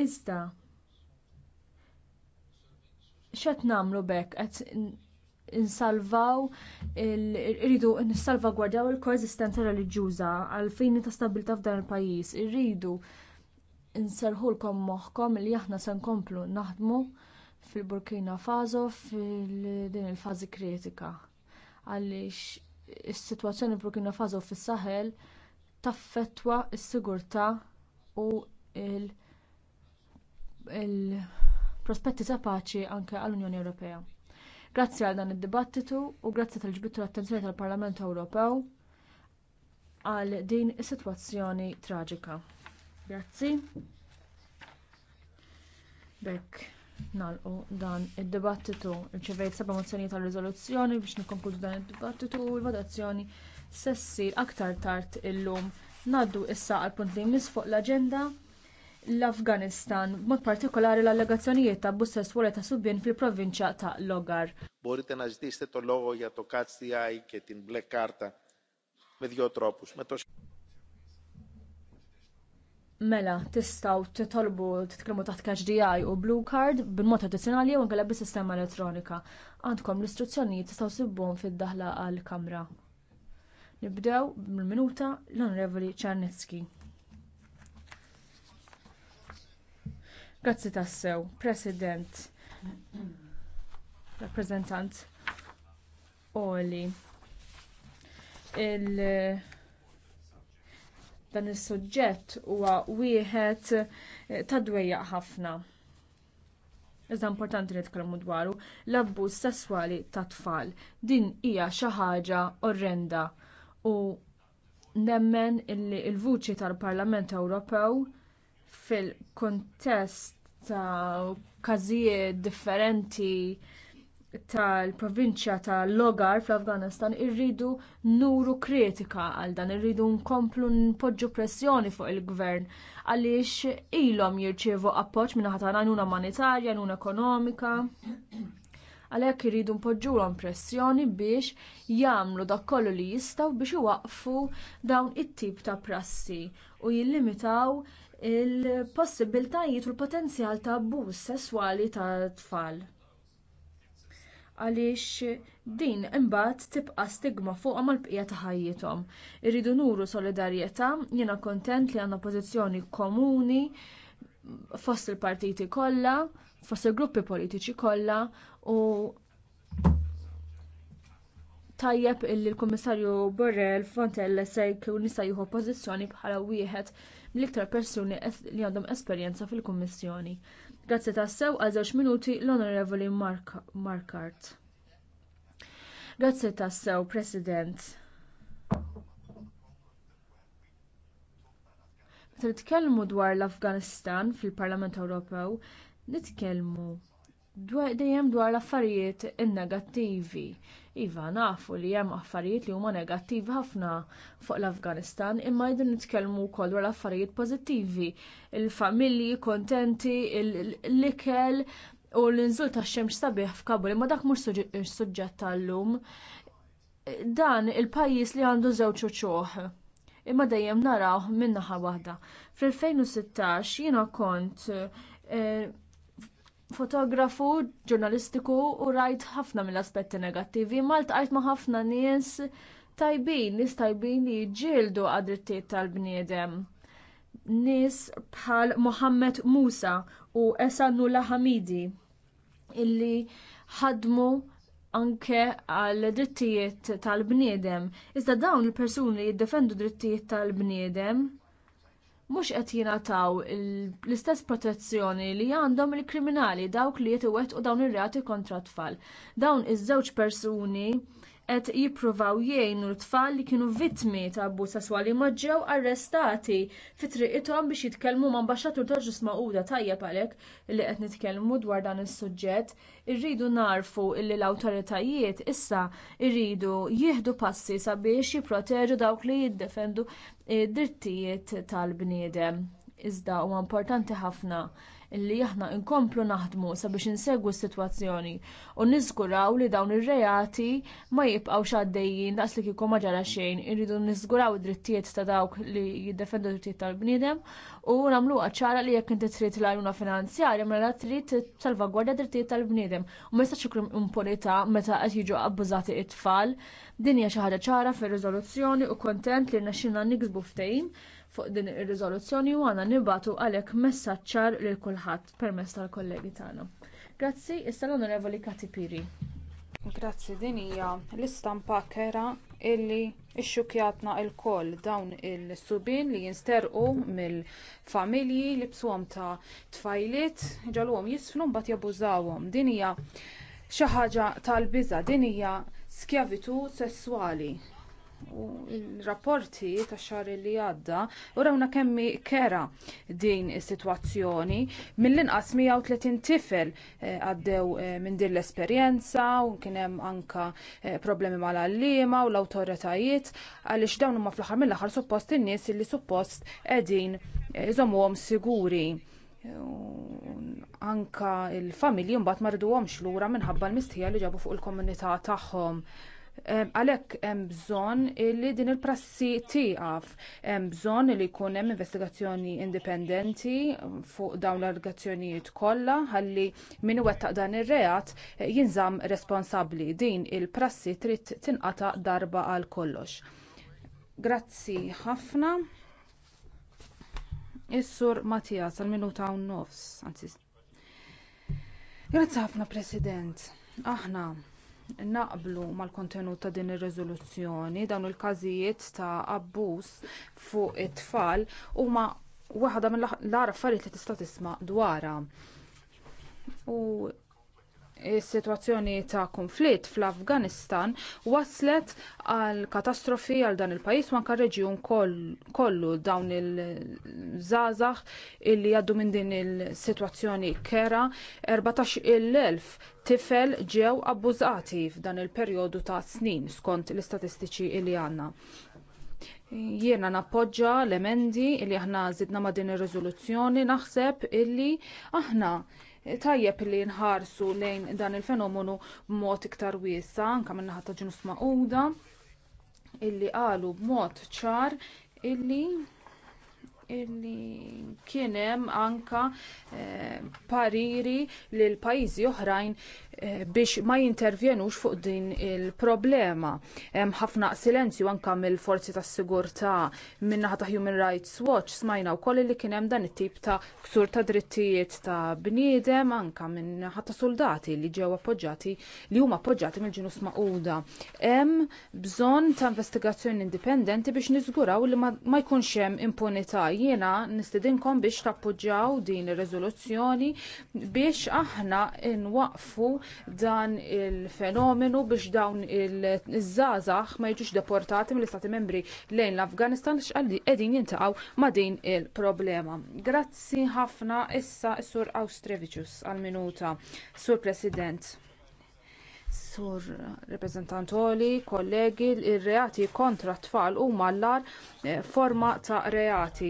Iżda X'qed nagħmlu bekk qed insalvaw irridu nissalvagwardjaw il-koeżistenza reliġjuża għal fini ta' stabilità f'dan il-pajjiż. Irridu inserħulkom moħħkom li aħna se nkomplu naħdmu fil-Burkina Faso fil-din il-fażi kritika. Għaliex is-sitwazzjoni f'Burkina Faso fis-Saħel taffettwa s-sigurtà u l- il prospetti ta' paċi anke għall-Unjoni Ewropea. Grazzi għal dan id-dibattitu u grazzi tal-ġbittu l-attenzjoni tal-Parlament Ewropew għal din is-sitwazzjoni traġika. Grazzi. Bekk nalqu dan id-dibattitu rċevejt seba' mozzjoni tal riżoluzzjoni biex nikkonkludu dan id-dibattitu u l-votazzjoni se ssir aktar tard illum. Ngħaddu issa għall punt li jmiss fuq l-aġenda l-Afganistan, b'mod partikolari l-allegazzjonijiet ta' abbuż sesswali ta' subien fil-provinċja ta' Logar. Μπορείτε να ζητήσετε το λόγο για το Catch the Eye και black karta κάρτα με δύο Mela, tistaw titolbu titkellmu taħt Catch the Eye u Blue Card bil-mod tradizzjonali jew inkella bis-sistema elettronika. Għandkom l-istruzzjonijiet tistgħu sibbhom fid-daħla għall-kamra. Nibdew mill minuta l-Onorevoli Czarnecki. Grazzi tassew, President, rappresentant Oli. Il, dan is-suġġett huwa wieħed eh, tadwejjaq ħafna. Iżda importanti li nitkellmu dwaru l-abbuż sesswali tat tfal. Din hija xi ħaġa orrenda u nemmen li l-vuċi tal-Parlament Ewropew fil-kontest ta' każijiet differenti tal-provinċja ta' Logar fl-Afganistan irridu nuru kritika għal dan, irridu nkomplu npoġġu pressjoni fuq il-gvern għaliex ilhom jirċievu appoġġ minn ħadd għajnuna umanitarja, għajnuna ekonomika. Għalhekk irridu npoġġulhom pressjoni biex jagħmlu dak kollu li jistgħu biex iwaqfu dawn it-tip ta' prassi u jillimitaw il-possibiltajiet u l-potenzjal ta' abbuż sesswali ta' tfal. Għaliex din imbagħad tibqa' stigma fuqha mal-bqija ta' ħajjithom. Irridu nuru solidarjetà, jiena kuntent li għandna pożizzjoni komuni fost il-partiti kollha, fost il-gruppi politiċi kollha u tajjeb illi l-Kummissarju Borrell Fontelle se jkun jista' jieħu pożizzjoni bħala wieħed l-iktar persuni li għandhom esperjenza fil-Kummissjoni. Grazzi tassew għal żewġ minuti l-Onorevoli Markart. Grazzi tassew, President. Meta nitkellmu dwar l-Afganistan fil-Parlament Ewropew, nitkellmu dejjem dwar l-affarijiet innegattivi. negattivi Iva, nafu li hemm affarijiet li huma negattivi ħafna fuq l-Afganistan, imma jidin nitkellmu wkoll dwar affarijiet pożittivi. Il-familji kontenti, l-ikel u l-inżul tax-xemx sabiħ f'Kabul, imma dak mhux suġġett tal-lum. Dan il-pajjiż li għandu żewġ uċuħ. Imma dejjem naraw minnaħa naħa waħda. Fl-2016 jiena kont eh, fotografu ġurnalistiku u rajt ħafna mill-aspetti negattivi. Malt għajt ma ħafna nies tajbin, nies tajbin li ġildu għadrittiet tal-bniedem. Nies bħal Mohammed Musa u esa Nulla Hamidi illi ħadmu anke għal drittijiet tal-bniedem. Iżda dawn il-persuni jiddefendu drittijiet tal-bniedem mhux qed jingħataw l-istess protezzjoni li għandhom il-kriminali dawk li u dawn ir-reati kontra t tfal. Dawn iż-żewġ persuni qed jippruvaw jgħinu l-tfal li kienu vittmi ta' abbuż sesswali ma ġew arrestati fi triqithom biex jitkellmu ma' mbaxxatur ta' ġus uda tajjeb għalhekk li qed nitkellmu dwar dan is-suġġett, irridu narfu li l-awtoritajiet issa jridu jieħdu passi sabiex jipproteġu dawk li jiddefendu id-drittijiet tal-bniedem iżda huwa importanti ħafna illi aħna nkomplu naħdmu sabiex insegwu s-sitwazzjoni u niżguraw li dawn ir-reati ma jibqgħux għaddejjin daqs li kieku ma ġara xejn, irridu niżguraw id-drittijiet ta' dawk li jiddefendu d-drittijiet tal-bniedem u nagħmluha ċara li jekk inti trid l għajuna finanzjarja mela trid salvagwardja drittijiet tal-bniedem u ma jistax ikun impunità meta qed jiġu abbużati it-tfal. Din hija xi ħaġa ċara fir-riżoluzzjoni u kuntent li rnexxilna niksbu ftehim fuq din ir-riżoluzzjoni u għana nibatu għalhekk messaċċar lil kulħadd permezz tal-kollegi tagħna. Grazzi, issa l-Onorevoli Katipiri. Grazzi din hija l-istampa kera illi xxukjatna il-koll dawn il-subin li jinsterqu mill-familji li bsuhom ta' tfajliet ġalhom jisfnu mbagħad jabbużawhom. Din hija xi ħaġa tal-biża' din hija skjavitu sesswali il-rapporti ta' xar li għadda u rawna kemmi kera din is-sitwazzjoni mill-inqas 130 tifel eh, għaddew eh, minn din l-esperjenza u kien hemm anka eh, problemi mal-allima u l-awtoritajiet għaliex dawn huma fl-aħħar mill-aħħar suppost in-nies li suppost qegħdin iżommuhom siguri anka l familji mbagħad ma rriduhomx lura minħabba l-mistija li ġabu fuq il-komunità tagħhom għalhekk hemm bżonn li din il-prassi tieqaf hemm bżonn li jkun hemm investigazzjoni indipendenti fuq dawn l-allegazzjonijiet kollha ħalli min iwettaq dan ir-reat jinżamm responsabbli din il-prassi trid tinqata' darba għal kollox. Grazzi ħafna. Is-sur Mattias għal minuta u nofs, Grazzi ħafna President. Aħna naqblu mal-kontenut ta' din ir-riżoluzzjoni dawn il-każijiet ta' abbuż fuq it-tfal huma waħda mill-agħar affarijiet li tista' tisma' dwarha is-sitwazzjoni ta' kunflitt fl-Afganistan waslet għal katastrofi għal dan il-pajjiż u anke reġjun kollu dawn il-żgħażagħ illi għaddu minn din is-sitwazzjoni kera 14,000 tifel ġew abbużati f'dan il-perjodu ta' snin skont l-istatistiċi li għandna. Jiena nappoġġa l-emendi li aħna żidna ma' din ir-riżoluzzjoni naħseb illi aħna tajjeb li nħarsu lejn dan il-fenomenu b'mod iktar wiesa anke min-naħa ta' ġinus maquda illi qalu b'mod ċar illi illi kien hemm anke eh, pariri lil pajjiżi oħrajn Eh, biex ma jintervjenux fuq din il-problema. Hemm ħafna silenzju anke mill-forzi tas-sigurtà min-naħa ta' Human Rights Watch smajna wkoll li kien hemm dan it-tip ta' ksur ta' drittijiet ta' bniedem anke minn naħa ta' soldati li ġew appoġġjati li huma appoġġjati mill-ġinus maquda. Hemm bżonn ta' investigazzjoni indipendenti biex niżguraw li ma jkunx hemm impunità. Jiena nistedinkom biex tappoġġjaw din ir-riżoluzzjoni biex aħna nwaqfu dan il-fenomenu biex dawn il-żazax ma jiġux deportati mill-Istati membri lejn l-Afganistan x'għalli qegħdin jintaqgħu ma' din il-problema. Grazzi ħafna issa s-Sur Austrevicius għal-minuta. Sur President. Sur reprezentantoli, kollegi, il reati kontra t-tfal u mallar eh, forma ta' reati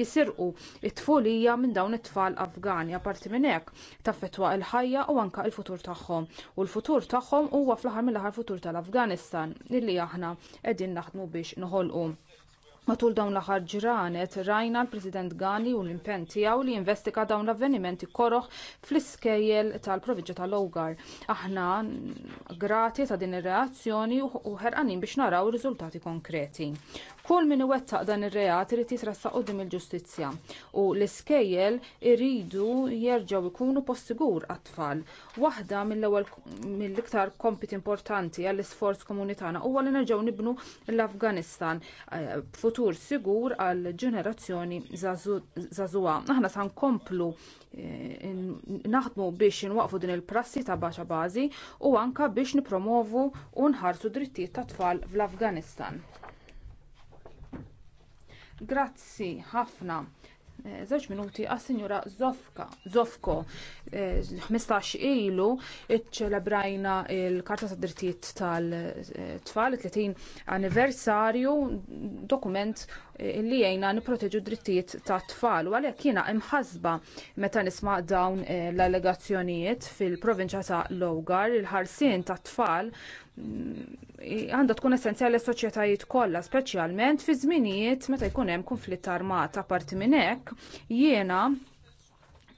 jisirqu it-tfulija minn dawn it-tfal Afgani apparti minn hekk taffetwa l-ħajja u anke l-futur tagħhom. U l-futur tagħhom huwa fl-aħħar mill-aħħar futur tal-Afganistan illi aħna qegħdin naħdmu biex nħolqu. Matul dawn l-aħħar ġranet rajna l-President Gani u l-impenn tiegħu li jinvestiga dawn l-avvenimenti koroħ fl-iskejjel tal-Provinċja tal-Owgar. Aħna grati ta' din ir-reazzjoni u ħerqanin biex naraw riżultati konkreti. Kull min iwettaq dan ir-reat irid jitressaq qudiem il-ġustizzja u l-iskejjel iridu jerġgħu jkunu post sigur għat-tfal. Waħda mill-ewwel mill-iktar kompiti importanti għall-isforz komunitana huwa li nerġgħu nibnu l-Afganistan eh, futur sigur għall ġenerazzjoni żagħżugħa. Aħna sa nkomplu eh, naħdmu biex inwaqfu din il-prassi ta' baxa bażi u anke biex nippromovu u nħarsu drittijiet tat-tfal fl-Afganistan. Grazzi ħafna. Eh, żewġ minuti għas-Sinjura Zofka, Zofko, 15 eh, ilu iċċelebrajna il-Karta ta' Drittijiet tal-Tfal, eh, 30 anniversarju, dokument li jgħina niproteġu drittijiet ta' tfal u għalhekk jiena imħasba meta nisma' dawn eh, l-allegazzjonijiet fil-provinċja ta' Logar, il-ħarsien ta' tfal mm, għandha tkun essenzjali s-soċjetajiet kollha, speċjalment fi żminijiet meta jkun hemm konflitt armat. Apparti minn hekk jiena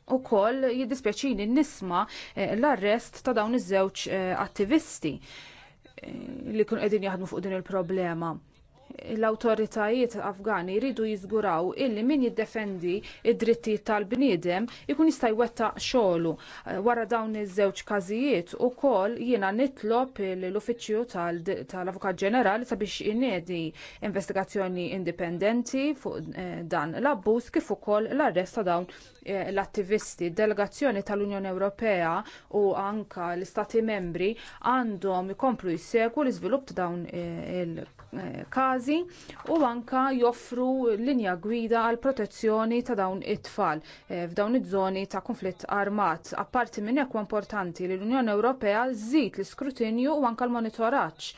u koll jiddispjaċini nisma eh, l-arrest ta' dawn iż-żewġ eh, attivisti li kun qegħdin jaħdmu fuq din il-problema l-awtoritajiet afgani jridu jiżguraw illi min jiddefendi id-drittijiet tal-bniedem ikun jista' jwettaq xogħlu. Eh, wara dawn iż-żewġ każijiet ukoll jiena nitlob l-Uffiċċju tal-Avukat Ġenerali sabiex inedi investigazzjoni indipendenti fuq eh, dan l-abbuż kif ukoll l-arrest ta' dawn eh, l-attivisti. Delegazzjoni tal-Unjoni Ewropea u anka l-Istati membri għandhom ikomplu jissegwu l-iżvilupp ta' dawn il- każi u anke joffru linja gwida għal protezzjoni ta' dawn it-tfal eh, f'dawn iż-żoni ta' kunflitt armat. Apparti minn hekk importanti li l-Unjoni Ewropea żżid l-iskrutinju u anke l-monitoraġġ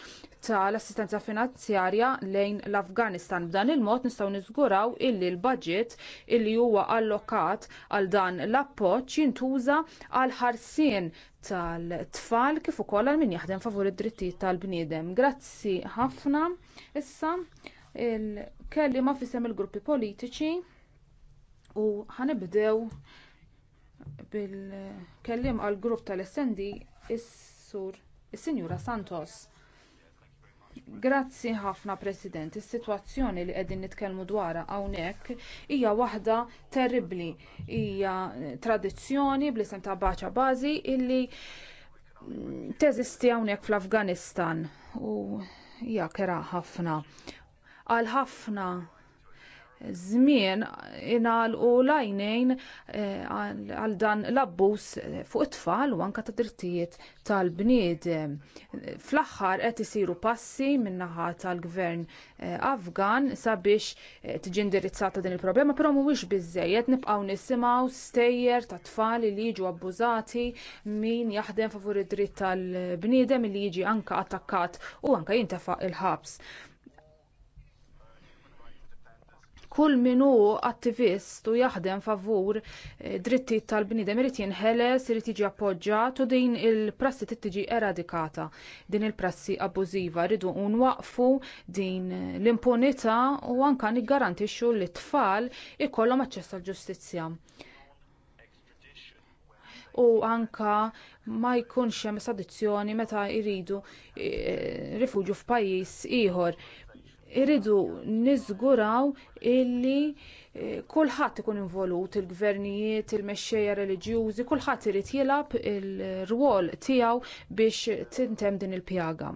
tal-assistenza finanzjarja lejn l-Afganistan. B'dan il-mod nistgħu niżguraw illi l-budget illi huwa allokat għal dan l-appoġġ jintuża għal ħarsien tal-tfal kif ukoll għal min jaħdem favur id-drittijiet tal-bniedem. Grazzi ħafna. Issa il-kellima fisem il-gruppi politiċi u ħanibdew bil-kellim għal grupp tal-SND is-sur is-Sinjura Santos. Grazzi ħafna President, is-sitwazzjoni li qegħdin nitkellmu dwarha hawnhekk hija waħda terribbli, hija tradizzjoni bl-isem ta' Baċa Bażi illi teżisti hawnhekk fl-Afganistan u hija kera ħafna. Għal ħafna żmien ingħalqu l-għajnejn eh, għal dan l-abbuż fuq it-tfal u anke ta' drittijiet tal-bniedem. Fl-aħħar qed isiru passi min-naħa tal-gvern eh, Afgan sabiex eh, tiġi indirizzata din il-problema, però mhuwiex biżżejjed nibqgħu nisimgħu stejjer ta' tfal li jiġu abbużati min jaħdem favur id-dritt tal-bniedem li jiġi anke attakkat u anke jintefaq il-ħabs kull min hu attivist u jaħdem favur eh, drittijiet tal-bniedem irid jinħeles, irid jiġi appoġġjat u din il-prassi trid tiġi eradikata. Din il-prassi abbużiva rridu nwaqfu din l-impunità u anke niggarantixxu li t tfal ikollhom aċċess għall-ġustizzja u anke ma jkunx hemm sadizzjoni meta jridu eh, rifugju f'pajjiż ieħor irridu niżguraw illi eh, kulħadd ikun involut il-gvernijiet, il-mexxejja reliġjużi, kulħadd irid jilgħab il-rwol tiegħu biex tintem din il-pjaga.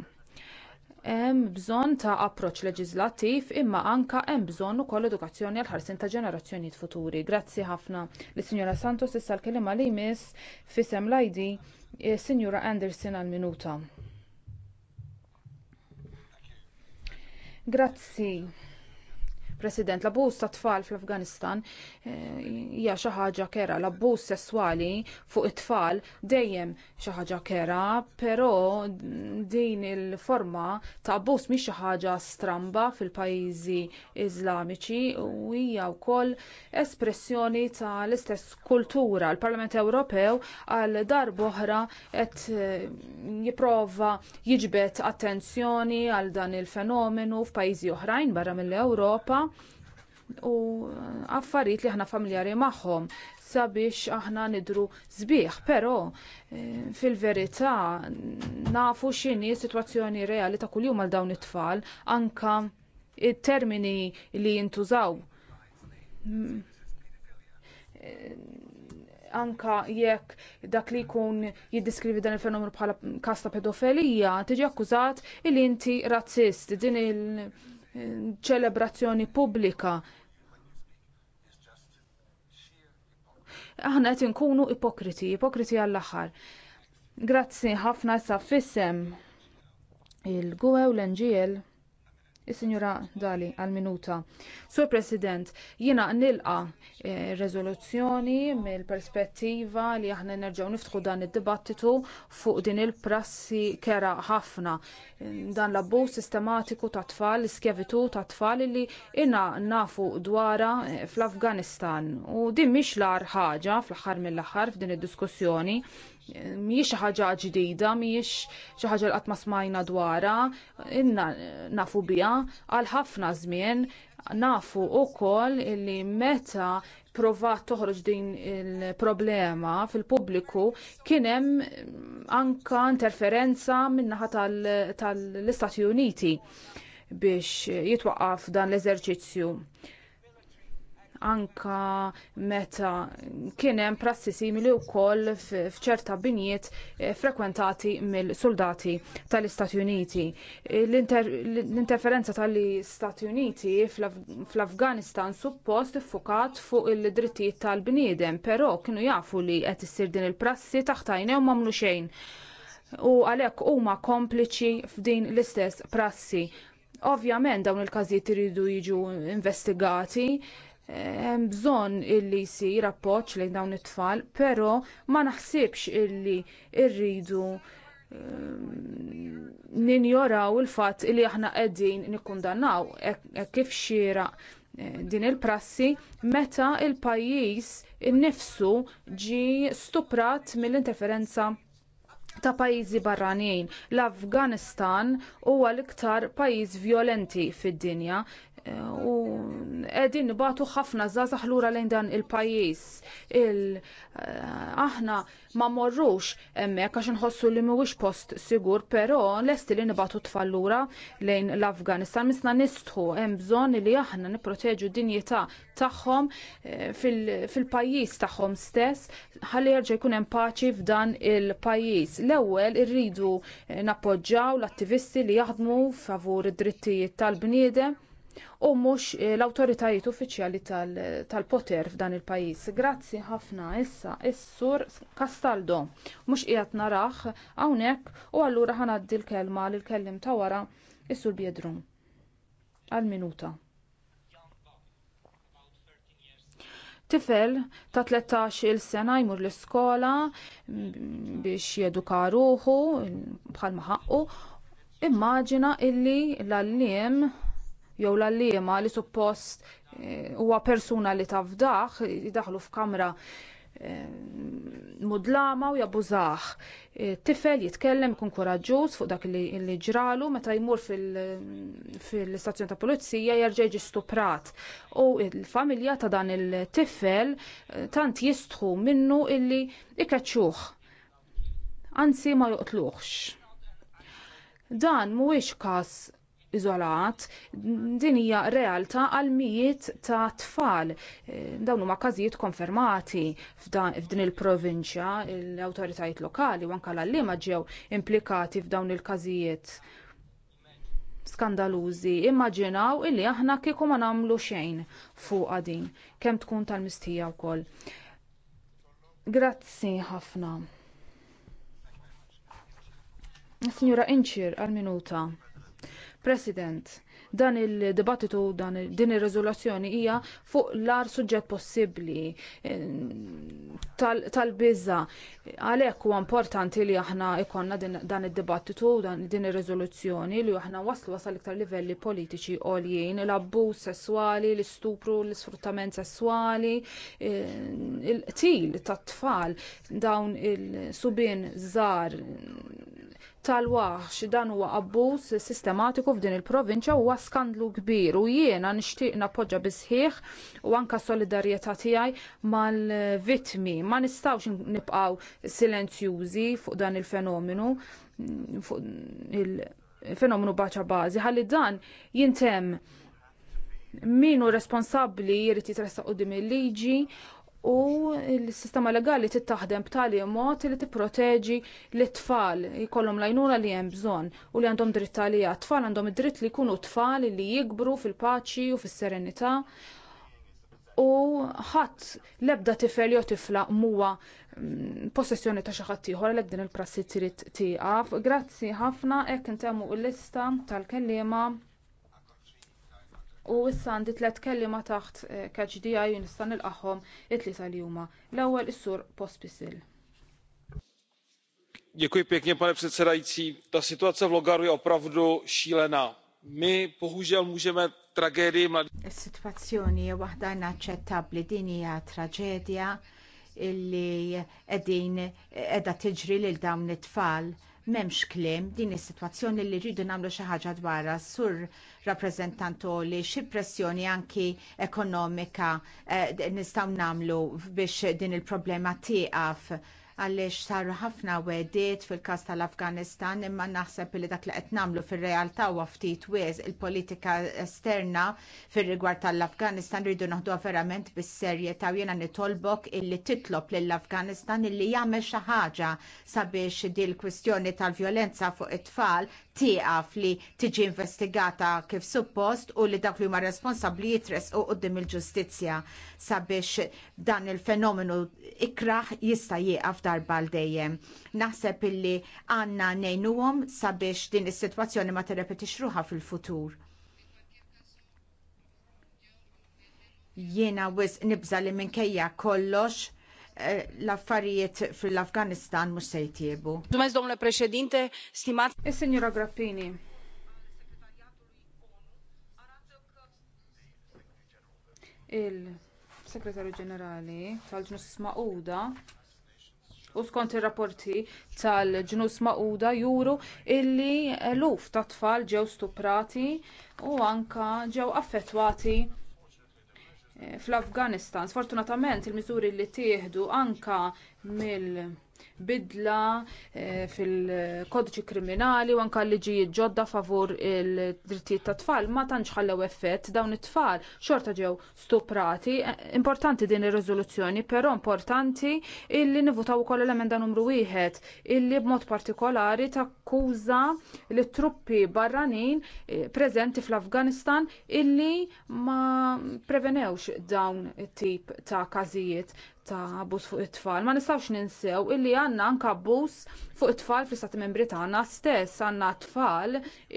Hemm bżonn ta' approċċ leġislattiv imma anke hemm bżonn ukoll edukazzjoni għal ħarsien ta' ġenerazzjonijiet futuri. Grazzi ħafna lis sinjora Santos issa l-kelima li jmiss fisem l-ID eh, Sinjura Anderson għal minuta. Grazzi. President, l-abbuż ta' tfal fl-Afganistan eh, hija xi ħaġa kera, l-abbuż sesswali fuq it-tfal dejjem xi ħaġa kera, però din il-forma ta' abbuż mhix xi ħaġa stramba fil-pajjiżi Iżlamiċi u hija wkoll espressjoni ta' l-istess kultura. L-Parlament Ewropew għal darboħra qed eh, jipprova jiġbed attenzjoni għal dan il-fenomenu f'pajjiżi oħrajn barra mill-Ewropa u affarijiet li aħna familjari magħhom sabiex aħna nidru sbieħ, però eh, fil-verità nafu x'inhi situazzjoni sitwazzjoni reali ta' kuljum għal dawn it-tfal anka it-termini li jintużaw eh, anka jekk dak li jkun jiddiskrivi dan il-fenomenu bħala kasta pedofelija, pedofilija, tiġi akkużat il inti razzist din il-ċelebrazzjoni eh, pubblika aħna qed inkunu ipokriti, ipokriti għall-aħħar. Grazzi ħafna sa fissem il-gwew l-NGL. Is-Sinjura Dali għal minuta. Sur President, jiena nilqa eh, rezoluzzjoni mill-perspettiva li aħna nerġgħu niftħu dan id-dibattitu fuq din il-prassi kera ħafna. Dan l-abbuż sistematiku ta' tfal, l-iskjavitu ta' tfal li inna nafu dwara eh, fl-Afganistan. U din mhix l-ar ħaġa fl-aħħar mill-aħħar f'din id-diskussjoni mhijiex xi ħaġa ġdida, mhijiex xi ħaġa li qatt ma smajna dwarha, inna nafu biha għal ħafna żmien nafu wkoll li meta provat toħroġ din il-problema fil-pubbliku kien hemm anke interferenza min-naħa tal-Istati Uniti biex jitwaqqaf dan l-eżerċizzju anka meta kien hemm prassi simili wkoll f'ċerta binjiet eh, frekwentati mill-soldati tal-Istati Uniti. Eh, l-interferenza tal-Istati Uniti fl-Afganistan suppost iffukat fuq il-drittijiet tal-bniedem, però kienu jafu li qed issir din il-prassi taħt u m'għamlu xejn u għalhekk huma kompliċi f'din l-istess prassi. Ovvjament dawn il każijiet iridu jiġu investigati hemm bżonn illi jsir appoġġ lejn dawn it-tfal, però ma naħsibx illi rridu ehm, ninjoraw il-fatt li aħna qegħdin nikkundannaw kif xiera eh, din il-prassi meta l pajjiż innifsu ġie stuprat mill-interferenza ta' pajjiżi barranin. L-Afganistan huwa l-iktar pajjiż vjolenti fid-dinja u qegħdin batu ħafna żgħażagħ lura lejn dan il-pajjiż. Eh, aħna ma morrux hemmhekk għax inħossu li mhuwiex post sigur, però lesti li nibatu tfallura lejn l-Afganistan misna nistħu hemm bżonn li aħna nipproteġu d-dinjità tagħhom eh, fil-pajjiż tagħhom stess ħalli jerġa' jkun hemm paċi f'dan il-pajjiż. L-ewwel irridu eh, nappoġġaw l-attivisti li jaħdmu favur id-drittijiet tal-bniedem u mhux eh, l-awtoritajiet uffiċjali tal-poter f'dan il-pajjiż. Grazzi ħafna issa is-sur Castaldo mhux qiegħed narah hawnhekk u allura ħanaddi l-kelma lil kellim ta' wara is-sur Biedrum għal minuta. Tifel ta' 13-il sena jmur l-iskola biex jeduka ruħu bħal maħaqqu immaġina illi l-allim jew l-allima li suppost eh, huwa persuna li tafdaħ jidaħlu f'kamra eh, mudlama u jabbużaħ. Eh, tifel jitkellem kun koraġġuż fuq dak li ġralu meta jmur fil-istazzjon ta' pulizija jerġa' jiġi stuprat. U l-familja ta' dan il-tifel tant jistħu minnu illi ikaċċuh. Anzi ma joqtluħx. Dan mhuwiex każ iżolat, din hija realtà għal mijiet ta' tfal. E, dawn huma każijiet konfermati f'din il-provinċja, l-awtoritajiet lokali u anke l-allima ġew implikati f'dawn il-każijiet skandalużi. Immaġinaw illi aħna kieku ma nagħmlu xejn fuq din, kemm tkun tal-mistija wkoll. Grazzi ħafna. Signora Inċir għal-minuta. President, dan il-dibattitu, dan il din ir-riżoluzzjoni hija fuq l-ar suġġett possibbli eh, tal bizza Għalek Għalhekk huwa importanti li aħna ikonna dan id-dibattitu, dan din ir-riżoluzzjoni li aħna waslu wasal iktar livelli politiċi oljien, l-abbuż sesswali, l-istupru, l-isfruttament sesswali, eh, il til tat-tfal dawn il subin zar tal-waħx dan huwa abbuż sistematiku f'din il-provinċja huwa skandlu kbir u jiena nixtieq nappoġġa bisħieħ u anke solidarjetà tiegħi mal-vittmi. Ma nistgħux nibqgħu silenzjużi fuq dan il-fenomenu fuq il-fenomenu baċa bażi ħalli dan jintemm min hu responsabbli jrid jitressaq quddiem il-liġi u l-sistema legali tittaħdem b'tali mod li tipproteġi l-tfal jkollhom lajnuna li hemm bżonn u li għandhom dritt għalija. Tfal għandhom id-dritt li jkunu tfal li jikbru fil-paċi u fis-serenità u ħadd l-ebda tifel jew tifla muwa mm, possessjoni ta' xi ħadd ieħor għalhekk din il-prassi trid tieqaf. Grazzi ħafna hekk intemmu l-lista tal-kelliema u issa għandi tliet kelliema taħt KHDI eh, u nista' nilqahom it-tlieta li huma. L-ewwel is-sur Pospisil. Děkuji pěkně, pane předsedající. Ta situace v Logaru je opravdu šílená. My bohužel můžeme tragédii mladých. Is-sitwazzjoni hija waħda inaċċettabbli din hija traġedja illi qegħdin qiegħda tiġri lil dawn it-tfal M'hemmx kliem din is-sitwazzjoni li rridu nagħmlu xi ħaġa dwarha sur li xi pressjoni anki ekonomika eh, nistgħu nagħmlu biex din il-problema tieqaf għaliex saru ħafna wedit fil-każ tal-Afganistan imma naħseb li dak li qed nagħmlu fir-realtà huwa ftit wies il-politika esterna fir-rigward tal-Afganistan rridu naħduha verament bis-serjetà u jiena nitolbok illi titlob lill-Afganistan illi jagħmel xi ħaġa sabiex din il kwistjoni tal-vjolenza fuq it-tfal tieqaf li tiġi investigata kif suppost u li dak li huma responsabbli jitresqu quddiem il-ġustizzja sabiex dan il-fenomenu ikraħ jista' jieqaf darba l dejjem. Naħseb illi għandna ngħinuhom sabiex din is-sitwazzjoni ma tirrepetix ruha fil-futur. Jiena wis nibża li minkejja kollox Eh, l-affarijiet fil-Afganistan mhux se jtiebu. Dumez, domnule președinte, stimat. E sinjura Grappini. Il-Segretarju Ġenerali tal-Ġnus Mauda u skont ir-rapporti tal-ġnus Ma'uda juru illi l-uf ta' tfal ġew stuprati u anke ġew affettwati Eh, fl-Afganistan. Sfortunatament il-miżuri li tieħdu anke mill- bidla eh, fil-kodiċi kriminali u anke liġijiet ġodda favur il-drittijiet ta' tfal ma tantx ħallew effett dawn it-tfal xorta ġew stuprati. Eh, importanti din ir-riżoluzzjoni, però importanti illi nivutaw ukoll l-emenda numru wieħed illi b'mod partikolari takkuża li truppi barranin eh, preżenti fl-Afganistan illi ma prevenewx dawn it-tip ta' każijiet ta' abbuż fuq it-tfal. Ma nistax ninsew illi għandna anke abbuż fuq it-tfal fl-Istati Membri tagħna stess għandna tfal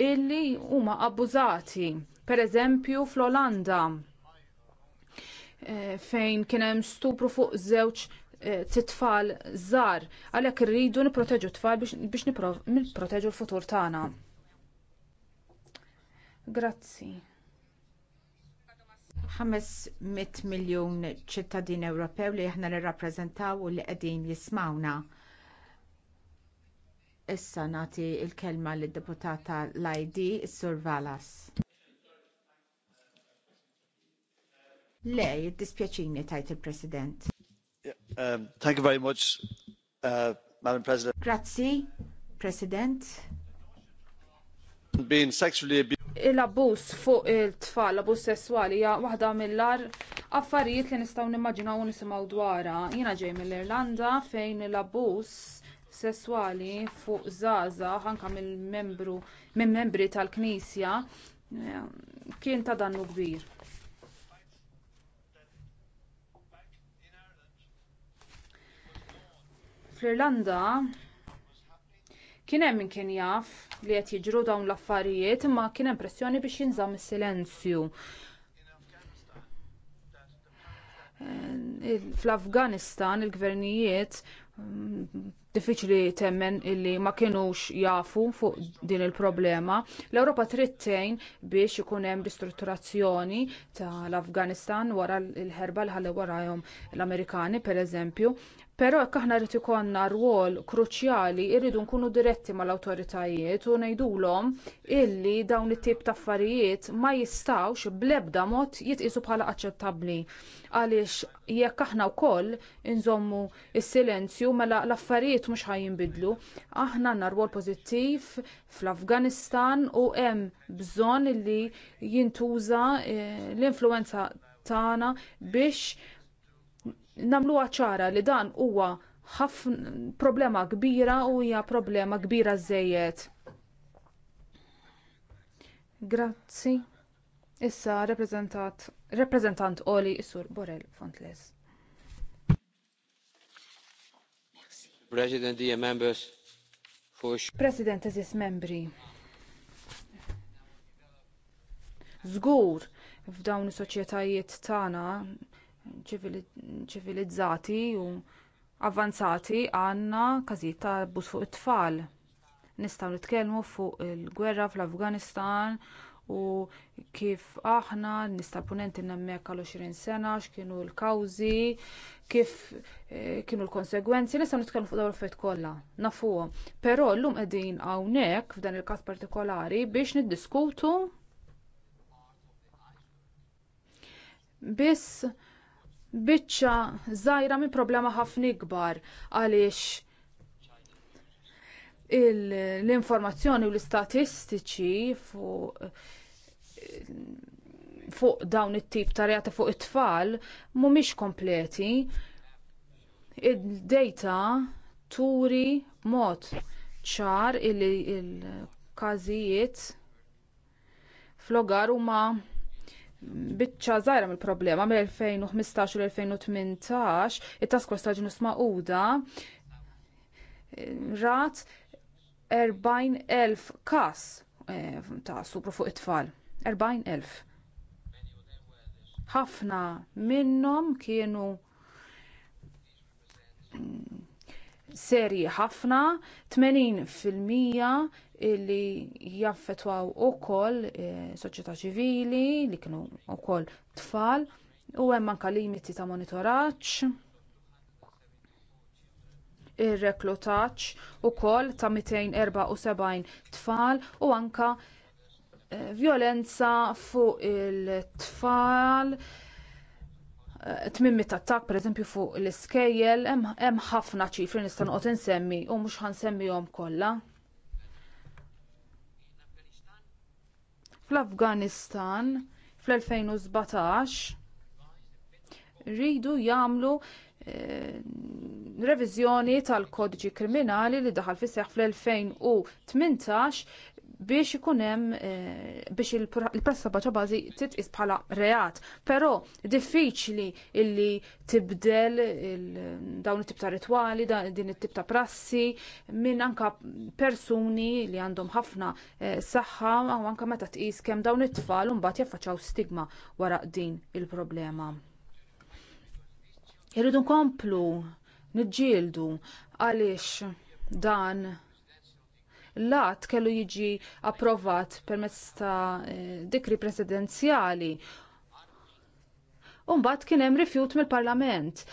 illi huma abbużati. Pereżempju fl-Olanda eh, fejn kien hemm stupru fuq żewġ eh, t-tfal żgħar għalhekk irridu nipproteġu t-tfal biex nipproteġu l-futur tagħna. Grazzi. 500 miljun ċittadin Ewropew li aħna nirrappreżentaw u li qegħdin jismawna. Issa nagħti l kelma lid deputata l-ID Sur Valas. Le, jiddispjaċini tajt il-President. Um, thank you very much, uh, Madam President. Grazzi, President. Being sexually abused l-abbuż fuq it-tfal, l-abbuż sesswali hija waħda mill-ar affarijiet li nistgħu nimmaġinaw u nisimgħu dwarha. Jiena ġej mill-Irlanda fejn l-abbuż sesswali fuq żgħażagħ anke mill-membru minn membri tal-Knisja kien ta' dannu kbir. Fl-Irlanda Kien hemm min kien jaf li qed jiġru dawn l-affarijiet imma kien hemm pressjoni biex jinżamm is-silenzju. Eh, Fl-Afganistan il-gvernijiet mm, diffiċli temmen illi ma kinux jafu fuq din il-problema. L-Ewropa trid tgħin biex ikun hemm ristrutturazzjoni tal-Afganistan wara l-ħerba l ħalli warahom l-Amerikani pereżempju. Però jekk aħna rrid ikollna rwol kruċjali rridu nkunu diretti mal-awtoritajiet u ngħidulhom illi dawn it-tip ta' affarijiet ma jistgħux bl-ebda mod jitqisu bħala aċċettabbli. Għaliex jekk aħna wkoll inżommu s silenzju mela l-affarijiet l mhux ħajjinbidlu. Aħna għandna rwol pożittiv fl-Afganistan u hemm bżonn li jintuża eh, l-influenza tagħna biex nagħmluha ċara li dan huwa ħafna problema kbira u hija problema kbira żejjed. Grazzi. Issa rappresentant Oli Sur Borel Fontles. President, dear members, for... President, eżis membri. Zgur f'dawn is-soċjetajiet tagħna ċivilizzati u avanzati għandna każijiet ta' abbuż fuq it-tfal. Nistgħu nitkellmu fuq il-gwerra fl-Afganistan u kif aħna nista' punenti nemmek għal 20 sena x'kienu l-kawżi, kif eh, kienu l-konsegwenzi, nistgħu nitkellmu fuq dawn l-affarijiet kollha, nafuhom. Però llum qegħdin hawnhekk f'dan il-każ partikolari biex niddiskutu biss biċċa żgħira minn problema ħafna ikbar għaliex l-informazzjoni u l-istatistiċi fuq fuq dawn it-tip ta' reata fuq it-tfal mhumiex kompleti. Id-data turi mod ċar illi il-każijiet flogar huma biċċa żgħira mill-problema mill-2015 u l-2018 it-task force ta' ġnus maquda rat 40,000 każ eh, ta' supru fuq it-tfal. 40,000. Ħafna minnhom kienu serji ħafna, 80% illi jaffetwaw ukoll eh, soċjetà ċivili li kienu ukoll tfal u hemm anka limiti ta' monitoraġġ ir u ukoll ta' 274 tfal u anke violenza fuq il-tfal, eh, tmimmi ta' attak pereżempju fuq l-iskejjel, hemm ħafna ċifri nista' noqgħod insemmi u mhux ħansemmihom kollha. Fl-Afganistan fl-2017 rridu jagħmlu eh, reviżjoni tal-kodiċi kriminali li daħal fis seħħ fl-2018 biex ikun hemm eh, biex il-pressa baċa bażi titqis bħala reat, però diffiċli illi tibdel dawn it-tip ta' ritwali, din it-tip ta' prassi minn anka persuni li għandhom ħafna eh, saħħa u anka meta tqis kemm dawn it-tfal mbagħad jaffaċċaw stigma wara din il-problema. Irridu nkomplu niġġieldu għaliex dan l-att kellu jiġi approvat permezz ta' eh, dikri presidenzjali. U mbagħad kien hemm rifjut mill-Parlament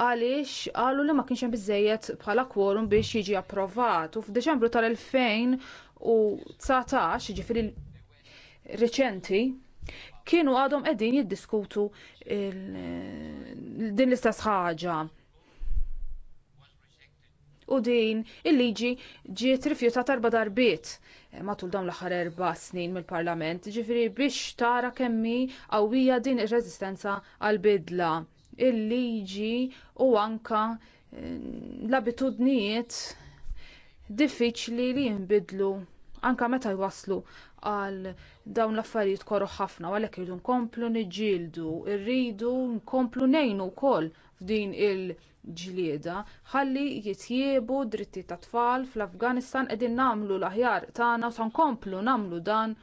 għaliex qalu li ma kienx hemm biżżejjed bħala kworum biex jiġi approvat. U f'Deċembru tal-2019, ġifieri riċenti, kienu għadhom qegħdin jiddiskutu din l-istess ħaġa u din il-liġi ġiet rifjuta tarba darbiet eh, matul dawn l-aħħar erba' snin mill-Parlament, ġifieri biex tara kemmi qawwija din ir-reżistenza għall bidla il-liġi u anke eh, l-abitudnijiet diffiċli li jinbidlu anke meta jwasslu għal dawn l-affarijiet korroħ ħafna għalhekk irridu nkomplu niġġieldu, irridu nkomplu ngħinu wkoll f'din il-ġlieda ħalli jitjiebu dritti ta' tfal fl-Afganistan qegħdin nagħmlu l-aħjar tagħna u nkomplu nagħmlu dan